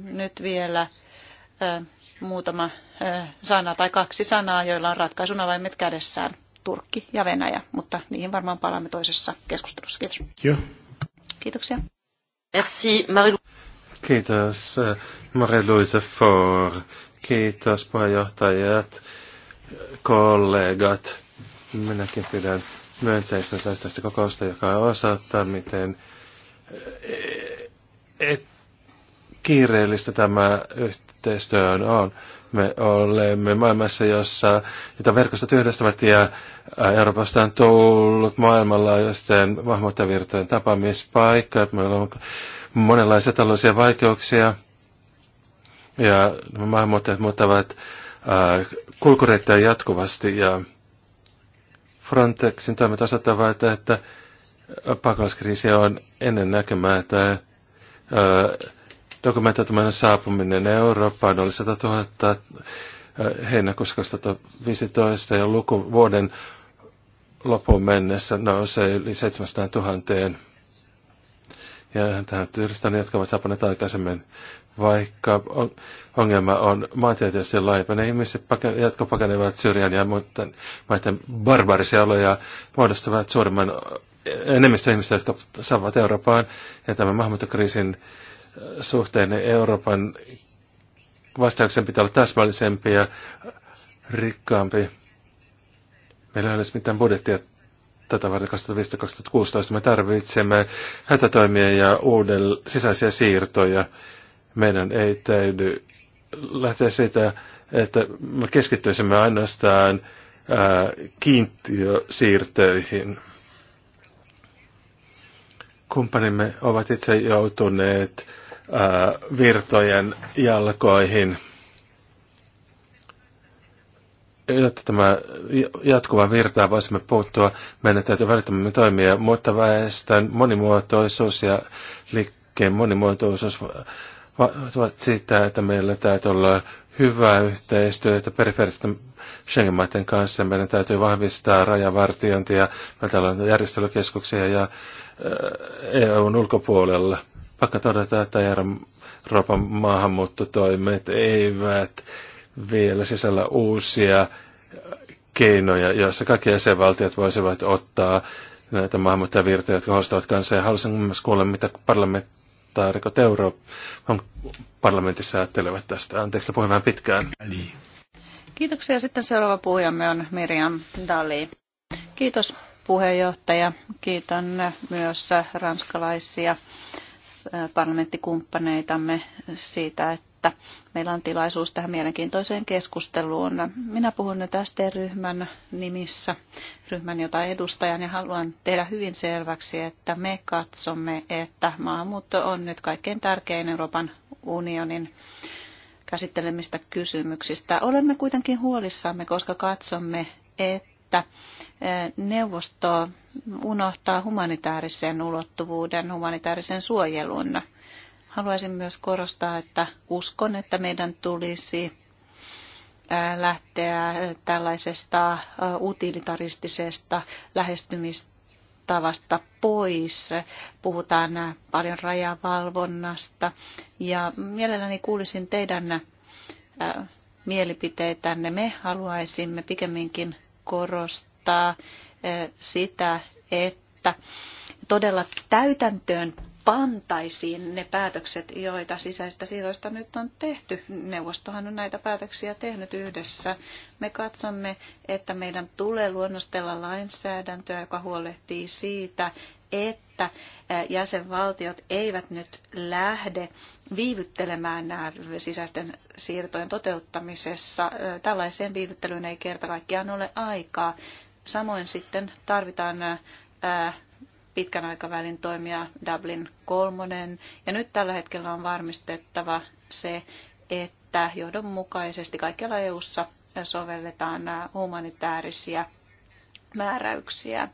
Nyt vielä muutama sana tai kaksi sanaa, joilla on ratkaisun avaimet kädessään. Turkki ja Venäjä, mutta niihin varmaan palaamme toisessa keskustelussa. Kiitos. Joo. Kiitoksia. Merci, Marie Kiitos, eh, Marie-Louise Faure. Kiitos, puheenjohtajat, kollegat. Minäkin pidän myönteistä tästä kokousta, joka osoittaa, miten eh, et kiireellistä tämä yhteistyöhön on. Me olemme maailmassa, jossa jota verkosta yhdistävät ja Euroopasta on tullut maailmanlaajuisten maahanmuuttajavirtojen tapaamispaikka. Meillä on monenlaisia taloudellisia vaikeuksia ja maahanmuuttajat muuttavat kulkureittejä jatkuvasti ja Frontexin toimet osoittavat, että pakolaiskriisi on ennen että dokumentoituminen saapuminen Eurooppaan oli 100 000 äh, heinäkuussa 2015 ja luku vuoden lopun mennessä nousee yli 700 000. Ja tähän tyylistään, jotka ovat saapuneet aikaisemmin, vaikka ongelma on maantieteellisesti laajempi. Ne ihmiset, jotka pakenevat Syyrian ja muiden maiden barbarisia oloja, muodostavat suurimman enemmistö ihmistä, jotka saavat Eurooppaan. Ja tämän maahanmuuttokriisin suhteen niin Euroopan vastauksen pitää olla täsmällisempi ja rikkaampi. Meillä ei ole mitään budjettia tätä varten 2015-2016. Me tarvitsemme hätätoimia ja uuden sisäisiä siirtoja. Meidän ei täydy lähteä siitä, että me keskittyisimme ainoastaan kiintiösiirtöihin. Kumppanimme ovat itse joutuneet virtojen jalkoihin, jotta tämä jatkuva virtaa voisimme puuttua, meidän täytyy välittömämme toimia, mutta väestön monimuotoisuus ja liikkeen monimuotoisuus ovat siitä, että meillä täytyy olla hyvää yhteistyötä periferisten Schengen-maiden kanssa. Meidän täytyy vahvistaa rajavartiointia, meillä on järjestelykeskuksia ja EUn ulkopuolella – Pakko todeta, että Euroopan maahanmuuttotoimet eivät vielä sisällä uusia keinoja, joissa kaikki jäsenvaltiot voisivat ottaa näitä maahanmuuttajavirtoja, jotka hostavat kansaa. Ja haluaisin myös kuulla, mitä parlamentaarikot Euroopan parlamentissa ajattelevat tästä. Anteeksi, puhuin vähän pitkään. Kiitoksia. Sitten seuraava puhujamme on Miriam Dali. Kiitos puheenjohtaja. Kiitän myös ranskalaisia parlamenttikumppaneitamme siitä, että meillä on tilaisuus tähän mielenkiintoiseen keskusteluun. Minä puhun nyt ST-ryhmän nimissä, ryhmän jota edustajan, ja haluan tehdä hyvin selväksi, että me katsomme, että maahanmuutto on nyt kaikkein tärkein Euroopan unionin käsittelemistä kysymyksistä. Olemme kuitenkin huolissamme, koska katsomme, että että neuvosto unohtaa humanitaarisen ulottuvuuden, humanitaarisen suojelun. Haluaisin myös korostaa, että uskon, että meidän tulisi lähteä tällaisesta utilitaristisesta lähestymistavasta pois. Puhutaan paljon rajavalvonnasta ja mielelläni kuulisin teidän mielipiteitänne. Me haluaisimme pikemminkin korostaa eh, sitä, että todella täytäntöön pantaisiin ne päätökset, joita sisäistä siirroista nyt on tehty. Neuvostohan on näitä päätöksiä tehnyt yhdessä. Me katsomme, että meidän tulee luonnostella lainsäädäntöä, joka huolehtii siitä, että jäsenvaltiot eivät nyt lähde viivyttelemään nämä sisäisten siirtojen toteuttamisessa. Tällaiseen viivyttelyyn ei kerta kaikkiaan ole aikaa. Samoin sitten tarvitaan pitkän aikavälin toimia Dublin kolmonen. Ja nyt tällä hetkellä on varmistettava se, että johdonmukaisesti kaikkialla EU-ssa sovelletaan äh, humanitaarisia määräyksiä.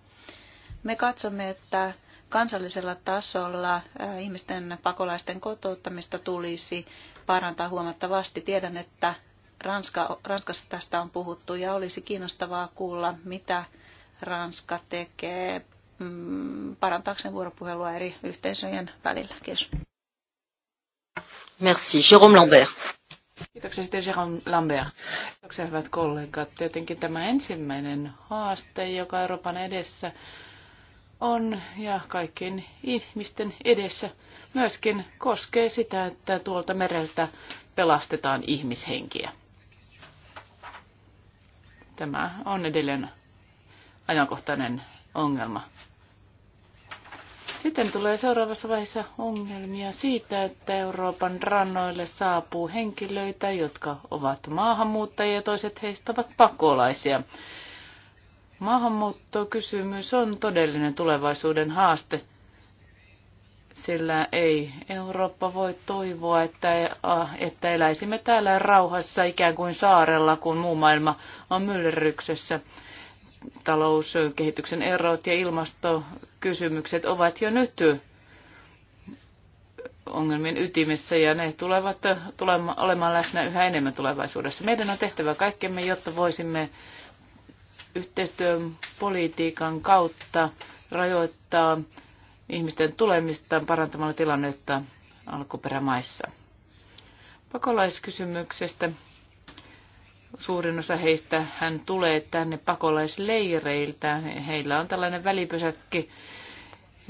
Me katsomme, että kansallisella tasolla äh, ihmisten pakolaisten kotouttamista tulisi parantaa huomattavasti. Tiedän, että Ranska, Ranskassa tästä on puhuttu ja olisi kiinnostavaa kuulla, mitä Ranska tekee Mm, parantaakseen vuoropuhelua eri yhteisöjen välillä. Kiitos. Merci. Jérôme Lambert. Kiitoksia sitten Jérôme Lambert. Kiitoksia hyvät kollegat. Tietenkin tämä ensimmäinen haaste, joka Euroopan edessä on ja kaikkien ihmisten edessä myöskin koskee sitä, että tuolta mereltä pelastetaan ihmishenkiä. Tämä on edelleen ajankohtainen ongelma. Sitten tulee seuraavassa vaiheessa ongelmia siitä, että Euroopan rannoille saapuu henkilöitä, jotka ovat maahanmuuttajia ja toiset heistä ovat pakolaisia. Maahanmuuttokysymys on todellinen tulevaisuuden haaste, sillä ei Eurooppa voi toivoa, että, että eläisimme täällä rauhassa ikään kuin saarella, kun muu maailma on myllerryksessä talouskehityksen erot ja ilmastokysymykset ovat jo nyt ongelmien ytimessä ja ne tulevat tulema, olemaan läsnä yhä enemmän tulevaisuudessa. Meidän on tehtävä kaikkemme, jotta voisimme yhteistyön politiikan kautta rajoittaa ihmisten tulemista parantamalla tilannetta alkuperämaissa. Pakolaiskysymyksestä Suurin osa heistä hän tulee tänne pakolaisleireiltä. Heillä on tällainen välipysäkki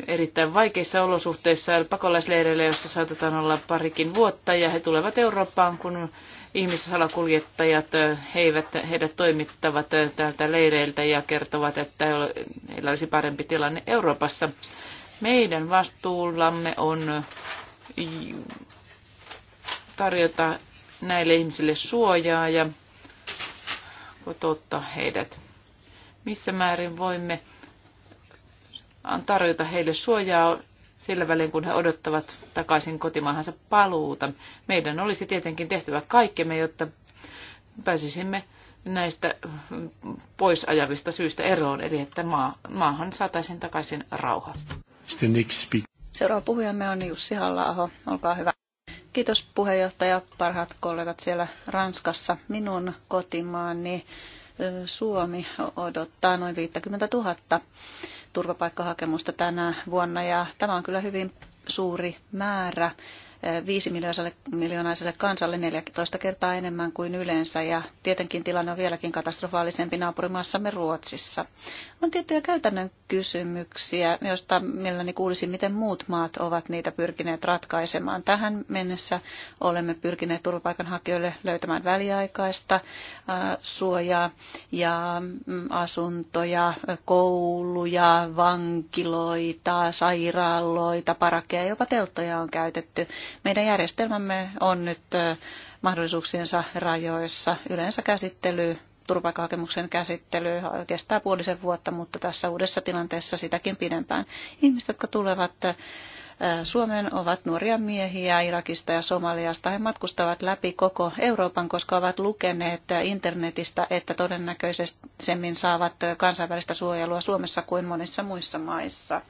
erittäin vaikeissa olosuhteissa pakolaisleireillä, jossa saatetaan olla parikin vuotta, ja he tulevat Eurooppaan, kun ihmissalakuljettajat heivät, heidät toimittavat täältä leireiltä ja kertovat, että heillä olisi parempi tilanne Euroopassa. Meidän vastuullamme on tarjota näille ihmisille suojaa ja kotouttaa heidät. Missä määrin voimme tarjota heille suojaa sillä välin, kun he odottavat takaisin kotimaahansa paluuta. Meidän olisi tietenkin tehtävä kaikkemme, jotta pääsisimme näistä pois ajavista syistä eroon, eli että maa, maahan saataisiin takaisin rauha. Seuraava puhujamme on Jussi halla -aho. Olkaa hyvä. Kiitos puheenjohtaja, parhaat kollegat siellä Ranskassa. Minun kotimaani Suomi odottaa noin 50 000 turvapaikkahakemusta tänä vuonna ja tämä on kyllä hyvin suuri määrä viisi miljoonaiselle kansalle 14 kertaa enemmän kuin yleensä ja tietenkin tilanne on vieläkin katastrofaalisempi naapurimaassamme Ruotsissa. On tiettyjä käytännön kysymyksiä, joista mielelläni kuulisin, miten muut maat ovat niitä pyrkineet ratkaisemaan. Tähän mennessä olemme pyrkineet turvapaikanhakijoille löytämään väliaikaista äh, suojaa ja mm, asuntoja, kouluja, vankiloita, sairaaloita, parakkeja, jopa telttoja on käytetty meidän järjestelmämme on nyt mahdollisuuksiensa rajoissa. Yleensä käsittely, turvapaikkahakemuksen käsittely kestää puolisen vuotta, mutta tässä uudessa tilanteessa sitäkin pidempään. Ihmiset, jotka tulevat Suomeen ovat nuoria miehiä Irakista ja Somaliasta. He matkustavat läpi koko Euroopan, koska ovat lukeneet internetistä, että todennäköisemmin saavat kansainvälistä suojelua Suomessa kuin monissa muissa maissa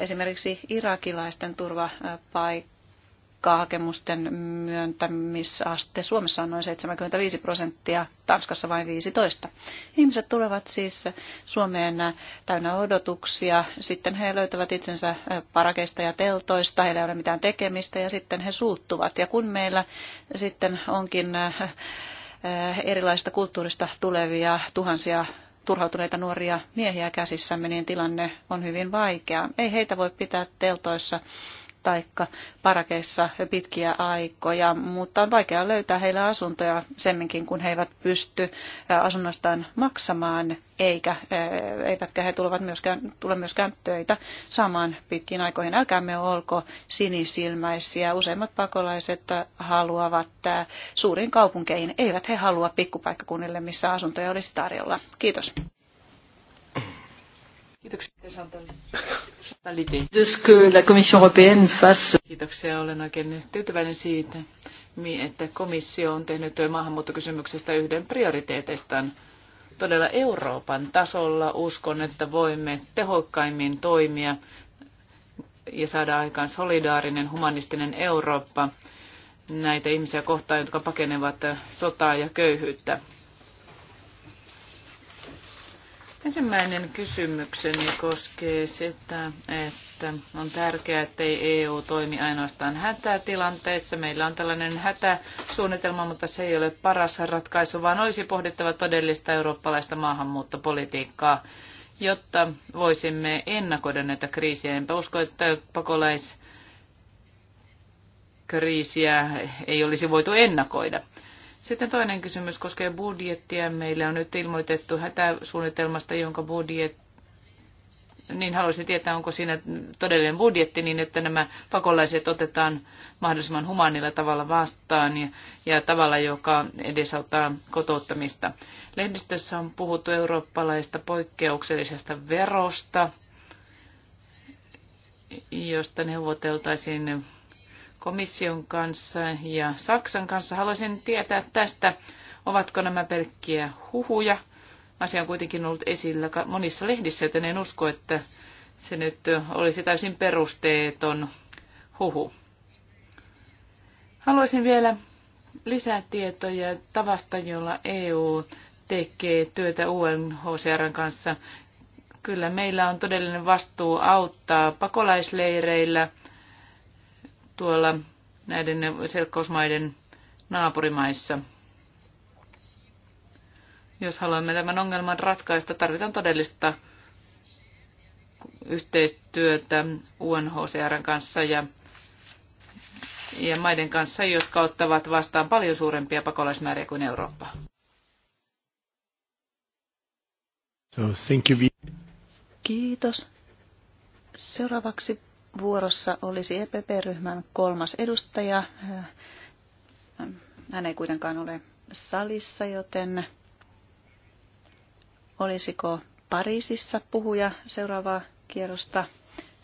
esimerkiksi irakilaisten turvapaikkahakemusten myöntämisaste Suomessa on noin 75 prosenttia, Tanskassa vain 15. Ihmiset tulevat siis Suomeen täynnä odotuksia, sitten he löytävät itsensä parakeista ja teltoista, heillä ei ole mitään tekemistä ja sitten he suuttuvat. Ja kun meillä sitten onkin erilaista kulttuurista tulevia tuhansia turhautuneita nuoria miehiä käsissämme, niin tilanne on hyvin vaikea. Ei heitä voi pitää teltoissa taikka parakeissa pitkiä aikoja, mutta on vaikea löytää heille asuntoja semminkin, kun he eivät pysty asunnostaan maksamaan, eikä, eivätkä he tulevat myöskään, tule myöskään töitä saamaan pitkiin aikoihin. Älkäämme olko sinisilmäisiä. Useimmat pakolaiset haluavat suuriin kaupunkeihin, eivät he halua pikkupaikkakunnille, missä asuntoja olisi tarjolla. Kiitos. Kiitoksia Chantal. la Commission européenne fasse... Kiitoksia, olen oikein tyytyväinen siitä, että komissio on tehnyt maahanmuuttokysymyksestä yhden prioriteeteistaan. Todella Euroopan tasolla uskon, että voimme tehokkaimmin toimia ja saada aikaan solidaarinen, humanistinen Eurooppa näitä ihmisiä kohtaan, jotka pakenevat sotaa ja köyhyyttä. Ensimmäinen kysymykseni koskee sitä, että on tärkeää, ei EU toimi ainoastaan hätätilanteissa. Meillä on tällainen hätäsuunnitelma, mutta se ei ole paras ratkaisu, vaan olisi pohdittava todellista eurooppalaista maahanmuuttopolitiikkaa, jotta voisimme ennakoida näitä kriisiä. Enpä usko, että pakolaiskriisiä ei olisi voitu ennakoida. Sitten toinen kysymys koskee budjettia. Meillä on nyt ilmoitettu hätäsuunnitelmasta, jonka budjet niin haluaisin tietää, onko siinä todellinen budjetti niin, että nämä pakolaiset otetaan mahdollisimman humanilla tavalla vastaan ja, ja tavalla, joka edesauttaa kotouttamista. Lehdistössä on puhuttu eurooppalaista poikkeuksellisesta verosta, josta neuvoteltaisiin komission kanssa ja Saksan kanssa. Haluaisin tietää tästä, ovatko nämä pelkkiä huhuja. Asia on kuitenkin ollut esillä monissa lehdissä, joten en usko, että se nyt olisi täysin perusteeton huhu. Haluaisin vielä lisää tietoja tavasta, jolla EU tekee työtä UNHCRn kanssa. Kyllä meillä on todellinen vastuu auttaa pakolaisleireillä – tuolla näiden selkkausmaiden naapurimaissa. Jos haluamme tämän ongelman ratkaista, tarvitaan todellista yhteistyötä UNHCRn kanssa ja, ja maiden kanssa, jotka ottavat vastaan paljon suurempia pakolaismääriä kuin Eurooppa. So, thank you. Kiitos. Seuraavaksi vuorossa olisi EPP-ryhmän kolmas edustaja. Hän ei kuitenkaan ole salissa, joten olisiko Pariisissa puhuja seuraavaa kierrosta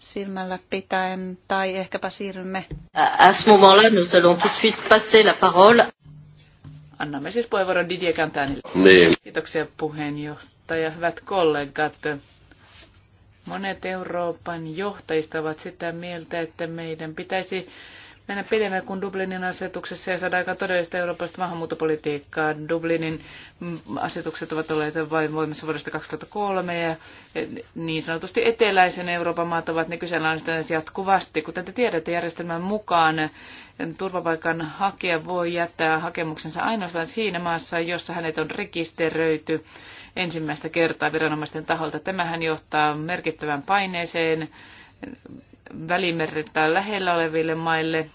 silmällä pitäen, tai ehkäpä siirrymme. À ce moment-là, nous allons tout de suite passer la parole. Annamme siis puheenvuoron Didier Cantanille. Niin. Kiitoksia puheenjohtaja, hyvät kollegat. Monet Euroopan johtajista ovat sitä mieltä, että meidän pitäisi mennä pidemmälle kuin Dublinin asetuksessa ja saada aika todellista eurooppalaista maahanmuuttopolitiikkaa. Dublinin mm, asetukset ovat olleet vain voimassa vuodesta 2003 ja e, niin sanotusti eteläisen Euroopan maat ovat ne kyseenalaistaneet jatkuvasti. Kuten te tiedätte, järjestelmän mukaan turvapaikan hakija voi jättää hakemuksensa ainoastaan siinä maassa, jossa hänet on rekisteröity ensimmäistä kertaa viranomaisten taholta. Tämähän johtaa merkittävään paineeseen välimerrettä lähellä oleville maille.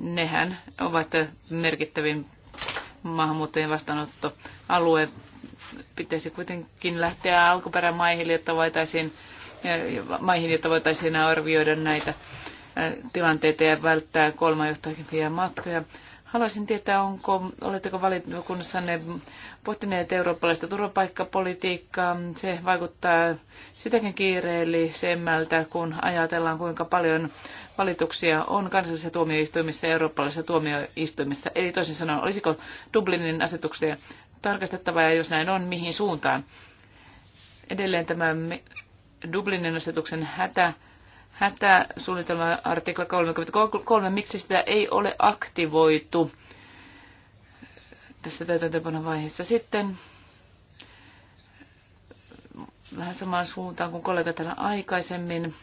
Nehän ovat merkittävin maahanmuuttajien vastaanottoalue. Pitäisi kuitenkin lähteä alkuperämaihin, jotta voitaisiin, maihin, jotta voitaisiin arvioida näitä tilanteita ja välttää kolmajohtavia matkoja. Haluaisin tietää, onko, oletteko valiokunnassanne pohtineet eurooppalaista turvapaikkapolitiikkaa. Se vaikuttaa sitäkin kiireellisemmältä, kun ajatellaan, kuinka paljon valituksia on kansallisessa tuomioistuimissa ja eurooppalaisessa tuomioistuimissa. Eli toisin sanoen, olisiko Dublinin asetuksia tarkastettava ja jos näin on, mihin suuntaan? Edelleen tämä Dublinin asetuksen hätä hätäsuunnitelman artikla 33, miksi sitä ei ole aktivoitu tässä täytäntöpanon vaiheessa. Sitten vähän samaan suuntaan kuin kollega täällä aikaisemmin.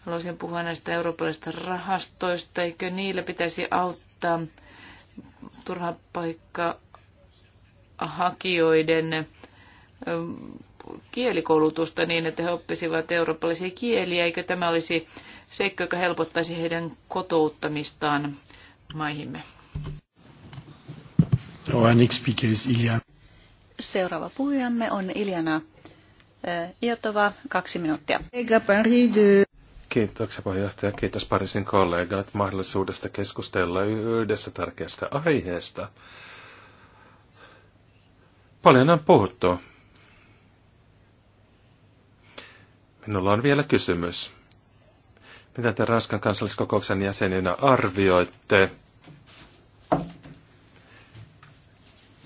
Haluaisin puhua näistä eurooppalaisista rahastoista. Eikö niillä pitäisi auttaa turhapaikkahakijoiden kielikoulutusta niin, että he oppisivat eurooppalaisia kieliä, eikö tämä olisi seikka, joka helpottaisi heidän kotouttamistaan maihimme? Oh, Seuraava puhujamme on Iljana eh, Iotova, kaksi minuuttia. Kiitoksia puheenjohtaja. Kiitos Parisin kollegat mahdollisuudesta keskustella yhdessä tärkeästä aiheesta. Paljon on puhuttu Minulla on vielä kysymys. Mitä te Ranskan kansalliskokouksen jäseninä arvioitte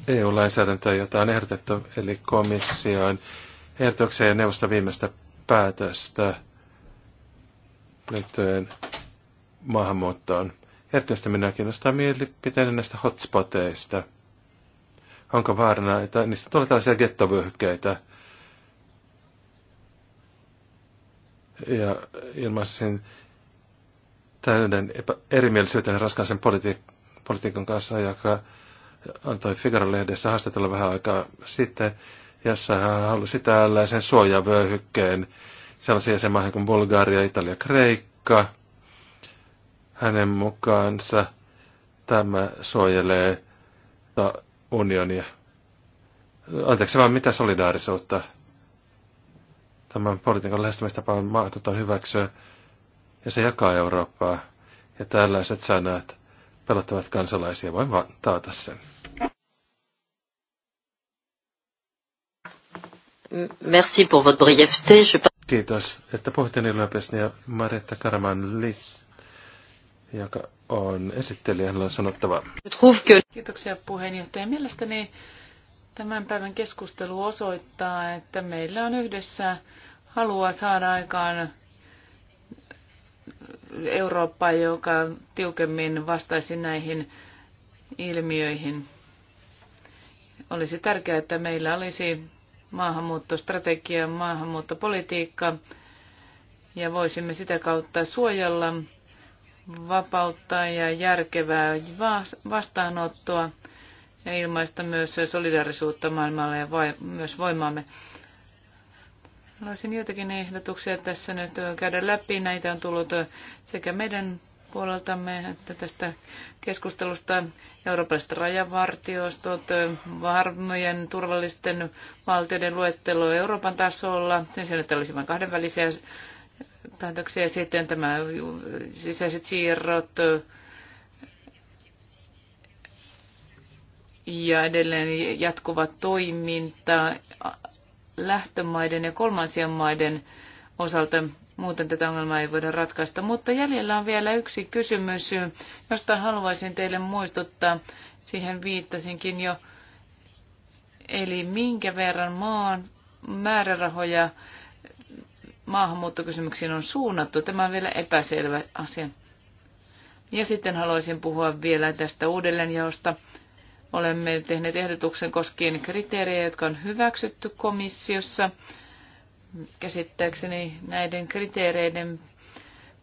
EU-lainsäädäntöä, jota on ehdotettu, eli komission ehdotuksen ja neuvoston viimeistä päätöstä liittyen maahanmuuttoon? Erityisesti minä kiinnostaa mielipiteen näistä hotspoteista. Onko vaarana, että niistä tulee tällaisia gettovyöhykkeitä, ja ilmaisin täyden epä, erimielisyyteen raskaisen politi- politiikan kanssa, joka antoi Figaro-lehdessä haastatella vähän aikaa sitten, jossa hän halusi tällaisen suojavyöhykkeen sellaisia jäsenmaihin kuin Bulgaria, Italia, Kreikka. Hänen mukaansa tämä suojelee unionia. Anteeksi vaan, mitä solidaarisuutta? Tämän politiikan lähestymistapa on mahdoton tota, hyväksyä ja se jakaa Eurooppaa. Ja tällaiset sanat pelottavat kansalaisia, voin vaan taata sen. Merci pour votre brièveté. Je... Kiitos, että puhuttiin niin Ja Marietta Karamanli, joka on esittelijä, on sanottava. Kiitoksia puheenjohtaja. Mielestäni Tämän päivän keskustelu osoittaa, että meillä on yhdessä halua saada aikaan Eurooppa, joka tiukemmin vastaisi näihin ilmiöihin. Olisi tärkeää, että meillä olisi maahanmuuttostrategia, maahanmuuttopolitiikka ja voisimme sitä kautta suojella vapautta ja järkevää vastaanottoa ja ilmaista myös solidaarisuutta maailmalle ja vai, myös voimaamme. Haluaisin joitakin ehdotuksia tässä nyt käydä läpi. Näitä on tullut sekä meidän puoleltamme että tästä keskustelusta Euroopasta rajavartiostot, varmojen turvallisten valtioiden luettelo Euroopan tasolla. Sen sijaan, että olisi vain kahdenvälisiä päätöksiä sitten tämä sisäiset siirrot, ja edelleen jatkuva toiminta lähtömaiden ja kolmansien maiden osalta. Muuten tätä ongelmaa ei voida ratkaista. Mutta jäljellä on vielä yksi kysymys, josta haluaisin teille muistuttaa. Siihen viittasinkin jo. Eli minkä verran maan määrärahoja maahanmuuttokysymyksiin on suunnattu. Tämä on vielä epäselvä asia. Ja sitten haluaisin puhua vielä tästä uudelleenjaosta. Olemme tehneet ehdotuksen koskien kriteerejä, jotka on hyväksytty komissiossa. Käsittääkseni näiden kriteereiden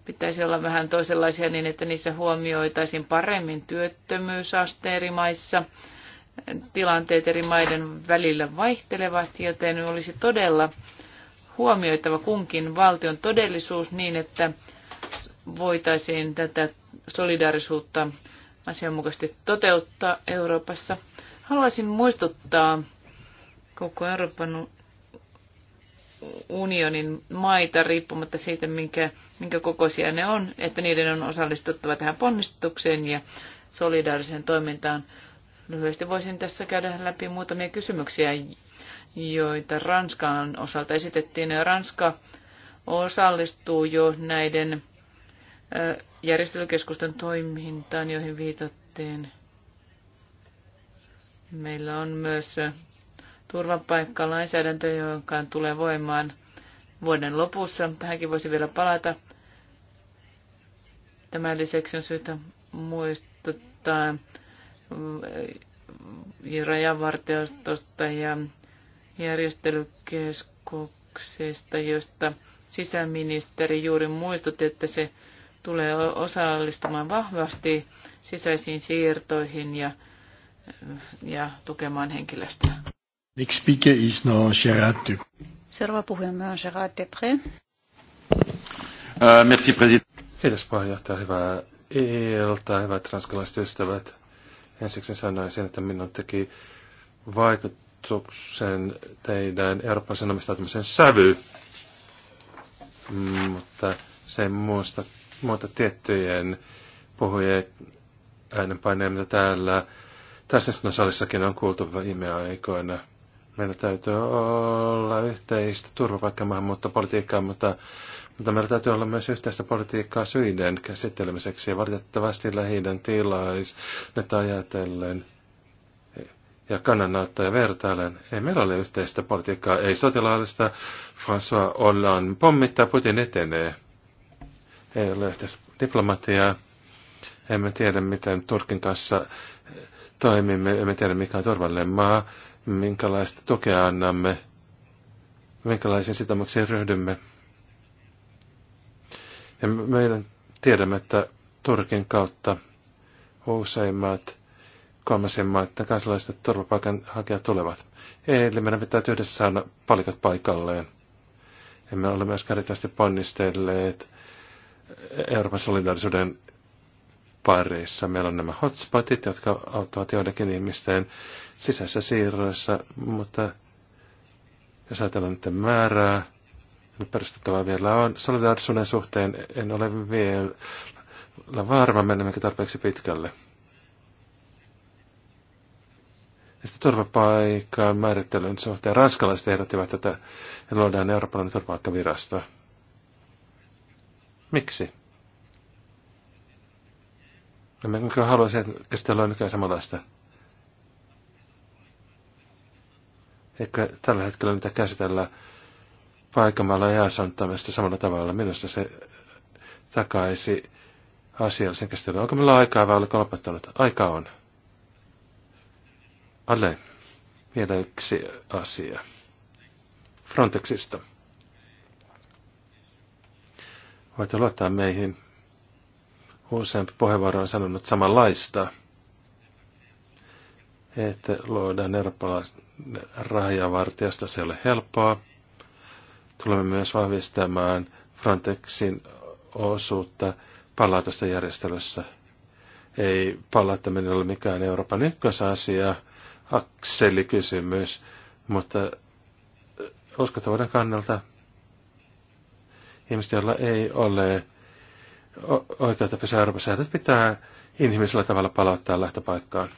pitäisi olla vähän toisenlaisia niin, että niissä huomioitaisiin paremmin työttömyysaste eri maissa. Tilanteet eri maiden välillä vaihtelevat, joten olisi todella huomioitava kunkin valtion todellisuus niin, että voitaisiin tätä solidaarisuutta asianmukaisesti toteuttaa Euroopassa. Haluaisin muistuttaa koko Euroopan unionin maita, riippumatta siitä, minkä, minkä kokoisia ne on, että niiden on osallistuttava tähän ponnistukseen ja solidaariseen toimintaan. Lyhyesti voisin tässä käydä läpi muutamia kysymyksiä, joita Ranskan osalta esitettiin. Ranska osallistuu jo näiden järjestelykeskusten toimintaan, joihin viitattiin. Meillä on myös turvapaikkalainsäädäntö, joka tulee voimaan vuoden lopussa. Tähänkin voisi vielä palata. Tämän lisäksi on syytä muistuttaa rajavartiostosta ja järjestelykeskuksesta, josta sisäministeri juuri muistutti, että se tulee osallistumaan vahvasti sisäisiin siirtoihin ja, ja tukemaan henkilöstöä. Next speaker is now Gerard Dupré. Seuraava puhuja on Gerard Dupré. Uh, merci, president. Kiitos puheenjohtaja, hyvää iltaa, hyvät ranskalaiset ystävät. Ensiksi sanoisin, että minun teki vaikutuksen teidän Euroopan sanomistautumisen sävy, mm, mutta se ei muusta monta tiettyjen puhujien äänenpaineja, mitä täällä tässä salissakin on kuultu viime aikoina. Meillä täytyy olla yhteistä turvapaikkamaahanmuuttopolitiikkaa, mutta, mutta meillä täytyy olla myös yhteistä politiikkaa syiden käsittelemiseksi. Ja valitettavasti lähiden tilais, nyt ajatellen ja kannanottoja vertailen. Ei meillä ole yhteistä politiikkaa, ei sotilaallista. François Hollande pommittaa, Putin etenee ei ole diplomatiaa, emme tiedä miten Turkin kanssa toimimme, emme tiedä mikä on turvallinen maa, minkälaista tukea annamme, minkälaisiin sitoumuksiin ryhdymme. Ja meidän tiedämme, että Turkin kautta useimmat kolmasen maiden kansalaiset turvapaikanhakijat tulevat. Eli meidän pitää yhdessä saada palikat paikalleen. Emme ole myöskään riittävästi ponnistelleet Euroopan solidaarisuuden pareissa. Meillä on nämä hotspotit, jotka auttavat joidenkin ihmisten sisässä siirroissa, mutta jos ajatellaan nyt määrää, niin perustettavaa vielä on. Solidaarisuuden suhteen en ole vielä varma, menemmekö tarpeeksi pitkälle. sitten turvapaikan määrittelyn suhteen ranskalaiset ehdottivat tätä ja luodaan Euroopan turvapaikkavirastoa. Miksi? No, mä kyllä haluaisin, että käsitellä on nykyään samanlaista. Eikö tällä hetkellä niitä käsitellä paikamalla ja sanottamista samalla tavalla? Minusta se takaisi asiallisen käsittelyn. Onko meillä aikaa vai oliko lopettanut? Aika on. Alle, vielä yksi asia. Frontexista. Voitte luottaa meihin. Useampi puheenvuoro on sanonut samanlaista, että luodaan Eurooppalaisen rajavartijasta. Se ei ole helppoa. Tulemme myös vahvistamaan Frontexin osuutta palautusta järjestelyssä. Ei palauttaminen ole mikään Euroopan ykkösasia, akselikysymys, mutta uskottavuuden kannalta ihmiset, joilla ei ole oikeutta pysyä Euroopassa, heidät pitää inhimillisellä tavalla palauttaa lähtöpaikkaan.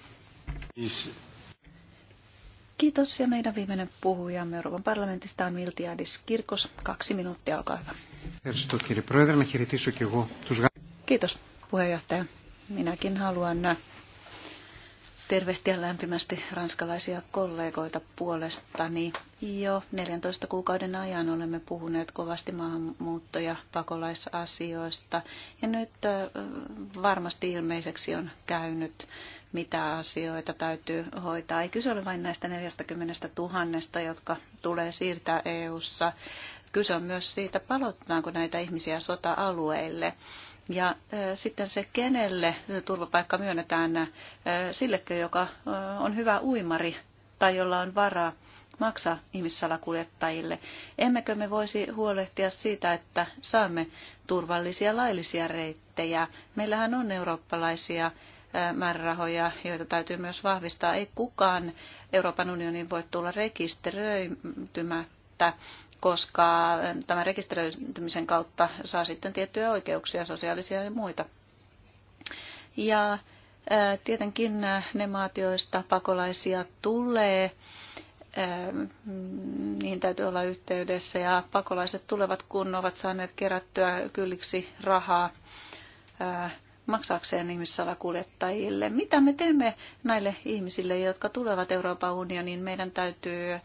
Kiitos ja meidän viimeinen puhujamme Euroopan parlamentista on Miltiadis Kirkos. Kaksi minuuttia, olkaa hyvä. Kiitos puheenjohtaja. Minäkin haluan tervehtiä lämpimästi ranskalaisia kollegoita puolestani. Jo 14 kuukauden ajan olemme puhuneet kovasti maahanmuutto- ja pakolaisasioista. Ja nyt varmasti ilmeiseksi on käynyt, mitä asioita täytyy hoitaa. Ei kyse ole vain näistä 40 000, jotka tulee siirtää EU-ssa. Kyse on myös siitä, palotetaanko näitä ihmisiä sota-alueille ja sitten se, kenelle se turvapaikka myönnetään, sillekö, joka on hyvä uimari tai jolla on varaa maksaa ihmissalakuljettajille. Emmekö me voisi huolehtia siitä, että saamme turvallisia laillisia reittejä? Meillähän on eurooppalaisia määrärahoja, joita täytyy myös vahvistaa. Ei kukaan Euroopan unionin voi tulla rekisteröitymättä koska tämän rekisteröitymisen kautta saa sitten tiettyjä oikeuksia, sosiaalisia ja muita. Ja tietenkin ne maat, joista pakolaisia tulee, niihin täytyy olla yhteydessä ja pakolaiset tulevat, kun ovat saaneet kerättyä kylliksi rahaa maksaakseen ihmissalakuljettajille. Mitä me teemme näille ihmisille, jotka tulevat Euroopan unioniin? Meidän täytyy äh,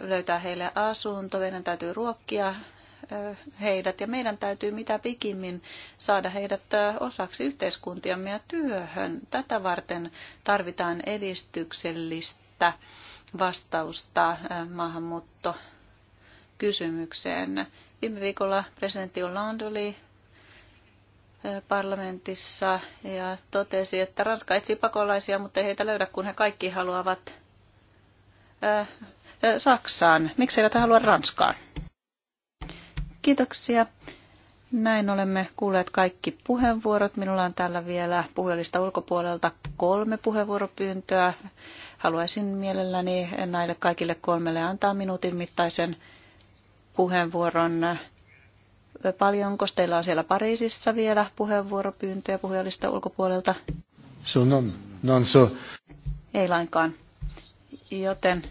löytää heille asunto, meidän täytyy ruokkia äh, heidät ja meidän täytyy mitä pikimmin saada heidät äh, osaksi yhteiskuntiamme ja työhön. Tätä varten tarvitaan edistyksellistä vastausta maahanmuuttokysymykseen. Viime viikolla presidentti Hollande oli parlamentissa ja totesi, että Ranska etsii pakolaisia, mutta ei heitä löydä, kun he kaikki haluavat Saksaan. Miksi eivät halua Ranskaan? Kiitoksia. Näin olemme kuulleet kaikki puheenvuorot. Minulla on täällä vielä puhujalista ulkopuolelta kolme puheenvuoropyyntöä. Haluaisin mielelläni näille kaikille kolmelle antaa minuutin mittaisen puheenvuoron Paljonko teillä on siellä Pariisissa vielä puheenvuoropyyntöjä puhujalista ulkopuolelta? So non, non so. Ei lainkaan. Joten...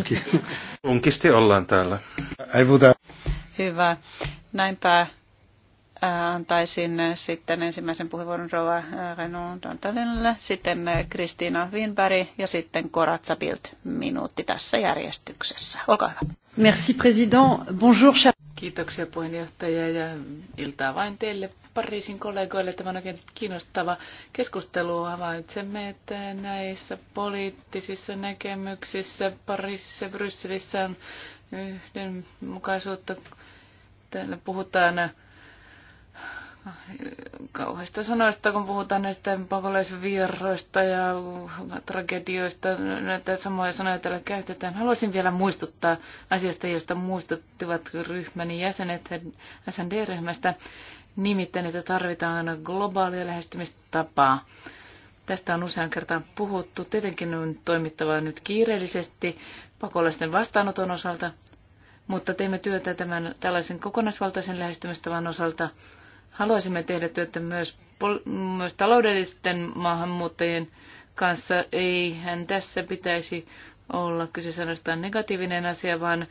Okay. Unkisti ollaan täällä. I would... Uh, hyvä. Näinpä äh, antaisin sitten ensimmäisen puheenvuoron Rova äh, Renaud Dantalenille, sitten Kristiina äh, Winberg ja sitten Koratsa Bild minuutti tässä järjestyksessä. Olkaa hyvä. Merci, président. Bonjour, Kiitoksia puheenjohtaja ja iltaa vain teille Pariisin kollegoille. Tämä on oikein kiinnostava keskustelu. Havaitsemme, että näissä poliittisissa näkemyksissä Pariisissa ja Brysselissä on yhdenmukaisuutta. Täällä puhutaan kauheista sanoista, kun puhutaan näistä pakolaisvirroista ja tragedioista, näitä samoja sanoja täällä käytetään. Haluaisin vielä muistuttaa asiasta, josta muistuttivat ryhmäni jäsenet SND-ryhmästä, nimittäin, että tarvitaan globaalia lähestymistapaa. Tästä on usean kertaan puhuttu. Tietenkin on toimittava nyt kiireellisesti pakolaisten vastaanoton osalta, mutta teemme työtä tämän tällaisen kokonaisvaltaisen lähestymistavan osalta – Haluaisimme tehdä työtä myös, myös taloudellisten maahanmuuttajien kanssa. Eihän tässä pitäisi olla kyse ainoastaan negatiivinen asia, vaan,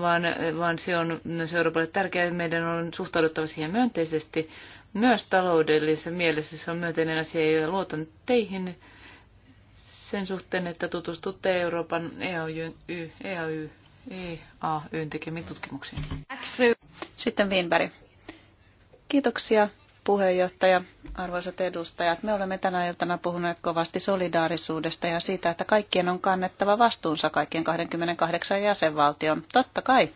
vaan, vaan se on myös Euroopalle tärkeää. Meidän on suhtauduttava siihen myönteisesti. Myös taloudellisessa mielessä se on myönteinen asia ja luotan teihin sen suhteen, että tutustutte Euroopan EAY, EAY, EAY tekemiin tutkimuksiin. Sitten Winberg. Kiitoksia puheenjohtaja, arvoisat edustajat. Me olemme tänä iltana puhuneet kovasti solidaarisuudesta ja siitä, että kaikkien on kannettava vastuunsa kaikkien 28 jäsenvaltion. Totta kai,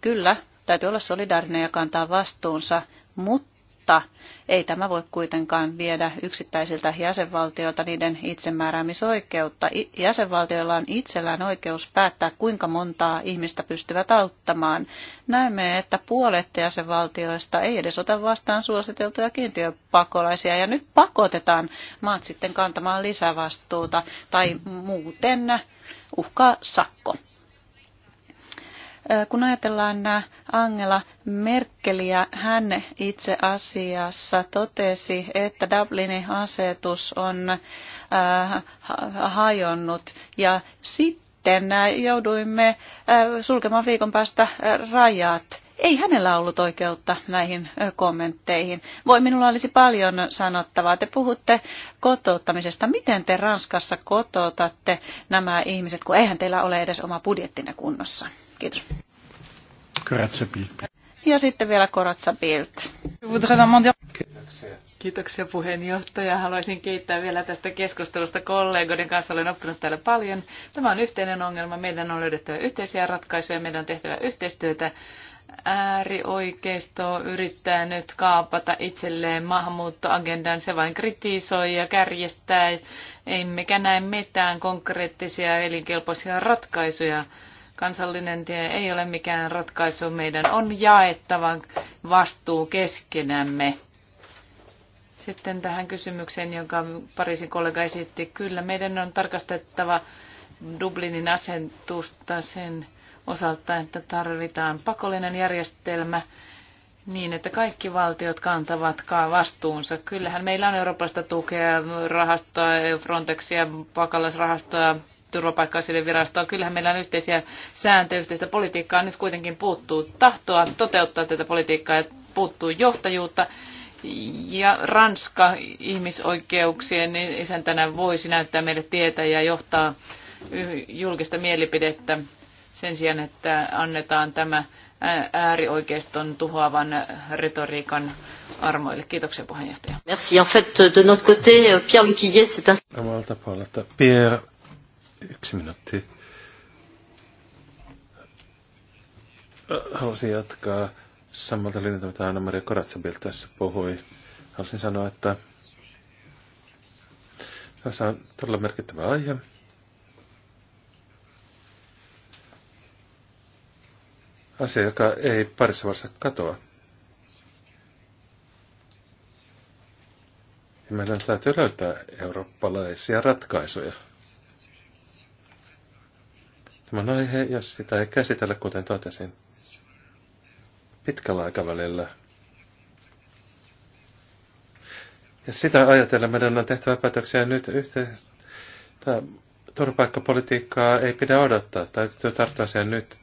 kyllä, täytyy olla solidaarinen ja kantaa vastuunsa, mutta mutta ei tämä voi kuitenkaan viedä yksittäisiltä jäsenvaltioilta niiden itsemääräämisoikeutta. Jäsenvaltioilla on itsellään oikeus päättää, kuinka montaa ihmistä pystyvät auttamaan. Näemme, että puolet jäsenvaltioista ei edes ota vastaan suositeltuja kiintiöpakolaisia, ja nyt pakotetaan maat sitten kantamaan lisävastuuta, tai muuten uhkaa sakko. Kun ajatellaan äh, Angela Merkeliä, hän itse asiassa totesi, että Dublinin asetus on äh, hajonnut ja sitten äh, jouduimme sulkemaan viikon päästä rajat ei hänellä ollut oikeutta näihin kommentteihin. Voi, minulla olisi paljon sanottavaa. Te puhutte kotouttamisesta. Miten te Ranskassa kotoutatte nämä ihmiset, kun eihän teillä ole edes oma budjettinne kunnossa? Kiitos. Ja sitten vielä Koratsa Bilt. Kiitoksia. Kiitoksia puheenjohtaja. Haluaisin kiittää vielä tästä keskustelusta kollegoiden kanssa. Olen oppinut täällä paljon. Tämä on yhteinen ongelma. Meidän on löydettävä yhteisiä ratkaisuja. Meidän on tehtävä yhteistyötä. Äärioikeisto yrittää nyt kaapata itselleen maahanmuuttoagendan. Se vain kritisoi ja kärjestää. Emmekä näe mitään konkreettisia elinkelpoisia ratkaisuja Kansallinen tie ei ole mikään ratkaisu. Meidän on jaettava vastuu keskenämme. Sitten tähän kysymykseen, jonka Pariisin kollega esitti. Kyllä, meidän on tarkastettava Dublinin asentusta sen osalta, että tarvitaan pakollinen järjestelmä niin, että kaikki valtiot kantavat vastuunsa. Kyllähän meillä on Euroopasta tukea, rahastoa, Frontexia, pakolaisrahastoa, turvapaikka virastoa. Kyllähän meillä on yhteisiä sääntöjä, yhteistä politiikkaa. Nyt kuitenkin puuttuu tahtoa toteuttaa tätä politiikkaa ja puuttuu johtajuutta. Ja Ranska ihmisoikeuksien isäntänä voisi näyttää meille tietä ja johtaa julkista mielipidettä sen sijaan, että annetaan tämä äärioikeiston tuhoavan retoriikan armoille. Kiitoksia puheenjohtaja. Merci. En fait, de notre côté, Pierre Luquillet, c'est un... Pierre Yksi minuutti. Haluaisin jatkaa samalta linjalta, mitä Anna-Maria Koratsabil tässä puhui. Haluaisin sanoa, että tässä on todella merkittävä aihe. Asia, joka ei parissa varsa katoa. Ja meidän täytyy löytää eurooppalaisia ratkaisuja. Tämä on aihe, jos sitä ei käsitellä, kuten totesin, pitkällä aikavälillä. Ja sitä ajatellen meidän on tehtävä päätöksiä nyt yhteistä. Turvapaikkapolitiikkaa ei pidä odottaa, täytyy tarttua siihen nyt.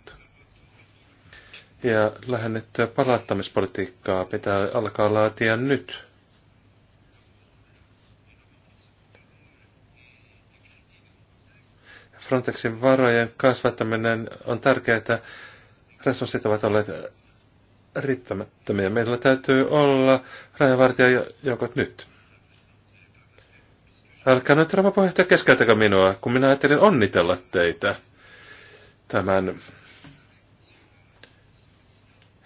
Ja lähennettyä palauttamispolitiikkaa pitää alkaa laatia nyt. Frontexin varojen kasvattaminen on tärkeää, että resurssit ovat olleet riittämättömiä. Meillä täytyy olla rajavartijajoukot nyt. Älkää nyt rouva puheenjohtaja keskeytäkö minua, kun minä ajattelin onnitella teitä tämän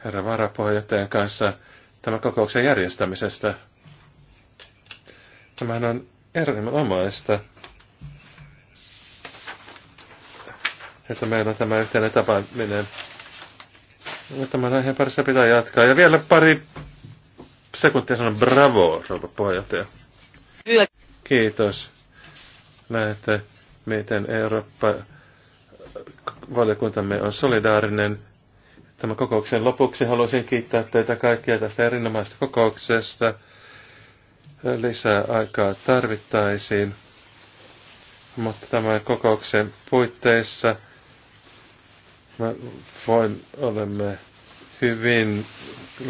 herra varapuheenjohtajan kanssa tämän kokouksen järjestämisestä. Tämähän on erinomaista. että meillä on tämä yhteinen tapaaminen. Tämän aiheen parissa pitää jatkaa. Ja vielä pari sekuntia sanon bravo, rouva puheenjohtaja. Hyvä. Kiitos. Näette, miten Eurooppa valiokuntamme on solidaarinen. Tämän kokouksen lopuksi haluaisin kiittää teitä kaikkia tästä erinomaisesta kokouksesta. Lisää aikaa tarvittaisiin, mutta tämän kokouksen puitteissa – Mä voin, olemme hyvin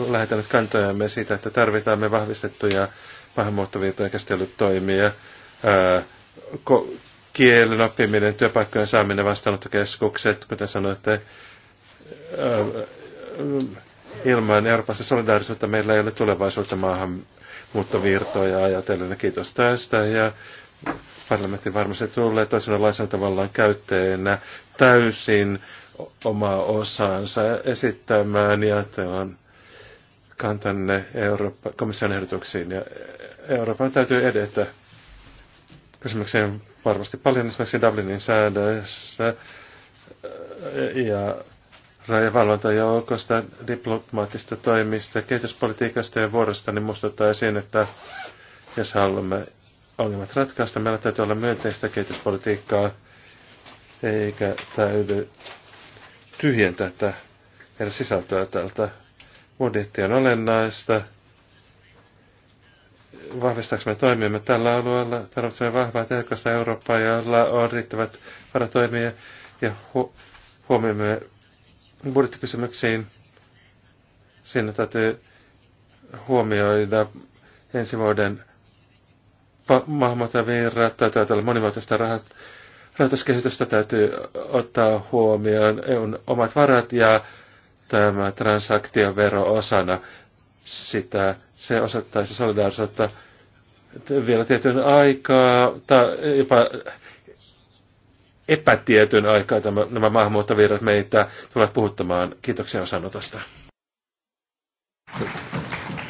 lähetäneet kantojamme siitä, että tarvitaan me vahvistettuja maahanmuuttovirtojen käsittelytoimia, kielen oppiminen, työpaikkojen saaminen, vastaanottokeskukset, kuten sanoitte, ilman Euroopassa solidaarisuutta meillä ei ole tulevaisuutta maahanmuuttovirtoja ajatellen. Kiitos tästä ja parlamentti varmasti tulee toisena tavallaan käyttäjänä täysin omaa osaansa esittämään ja tämän kantanne Eurooppa, komission ehdotuksiin. Ja Euroopan täytyy edetä. Kysymyksiä varmasti paljon esimerkiksi Dublinin säädöissä ja rajavalvontajoukosta, diplomaattista toimista, kehityspolitiikasta ja vuorosta, niin muistuttaa esiin, että jos haluamme ongelmat ratkaista, meillä täytyy olla myönteistä kehityspolitiikkaa, eikä täydy tyhjentää tätä meidän sisältöä tältä. budjettien on olennaista. Vahvistaaksemme me toimimme tällä alueella? Tarvitsemme vahvaa tehokasta Eurooppaa, jolla on riittävät varatoimia ja hu- huomioimme budjettikysymyksiin. Siinä täytyy huomioida ensi vuoden maahanmuuttajavirrat, täytyy ajatella monimuotoista rahat, rahoituskehitystä täytyy ottaa huomioon EUn omat varat ja tämä transaktiovero osana sitä. Se osoittaisi solidaarisuutta vielä tietyn aikaa, tai jopa epätietyn aikaa tämä, nämä maahanmuuttovirrat meitä tulevat puhuttamaan. Kiitoksia osanotosta.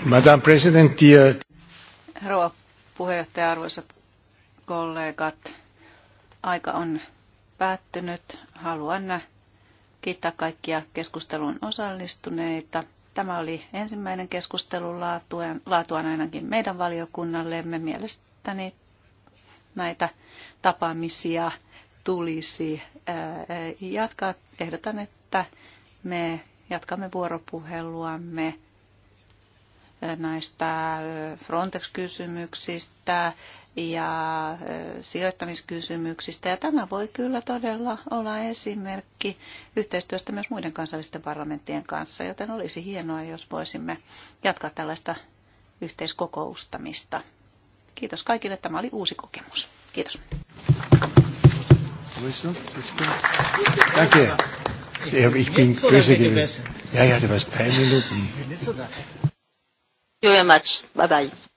Madame President, Rouva puheenjohtaja, arvoisat kollegat aika on päättynyt. Haluan kiittää kaikkia keskustelun osallistuneita. Tämä oli ensimmäinen keskustelu laatuaan ainakin meidän valiokunnallemme. Mielestäni näitä tapaamisia tulisi äh, jatkaa. Ehdotan, että me jatkamme vuoropuheluamme äh, näistä äh, Frontex-kysymyksistä, ja sijoittamiskysymyksistä. Ja tämä voi kyllä todella olla esimerkki yhteistyöstä myös muiden kansallisten parlamenttien kanssa, joten olisi hienoa, jos voisimme jatkaa tällaista yhteiskokoustamista. Kiitos kaikille, tämä oli uusi kokemus. Kiitos. Danke. Ja, ja, Bye bye.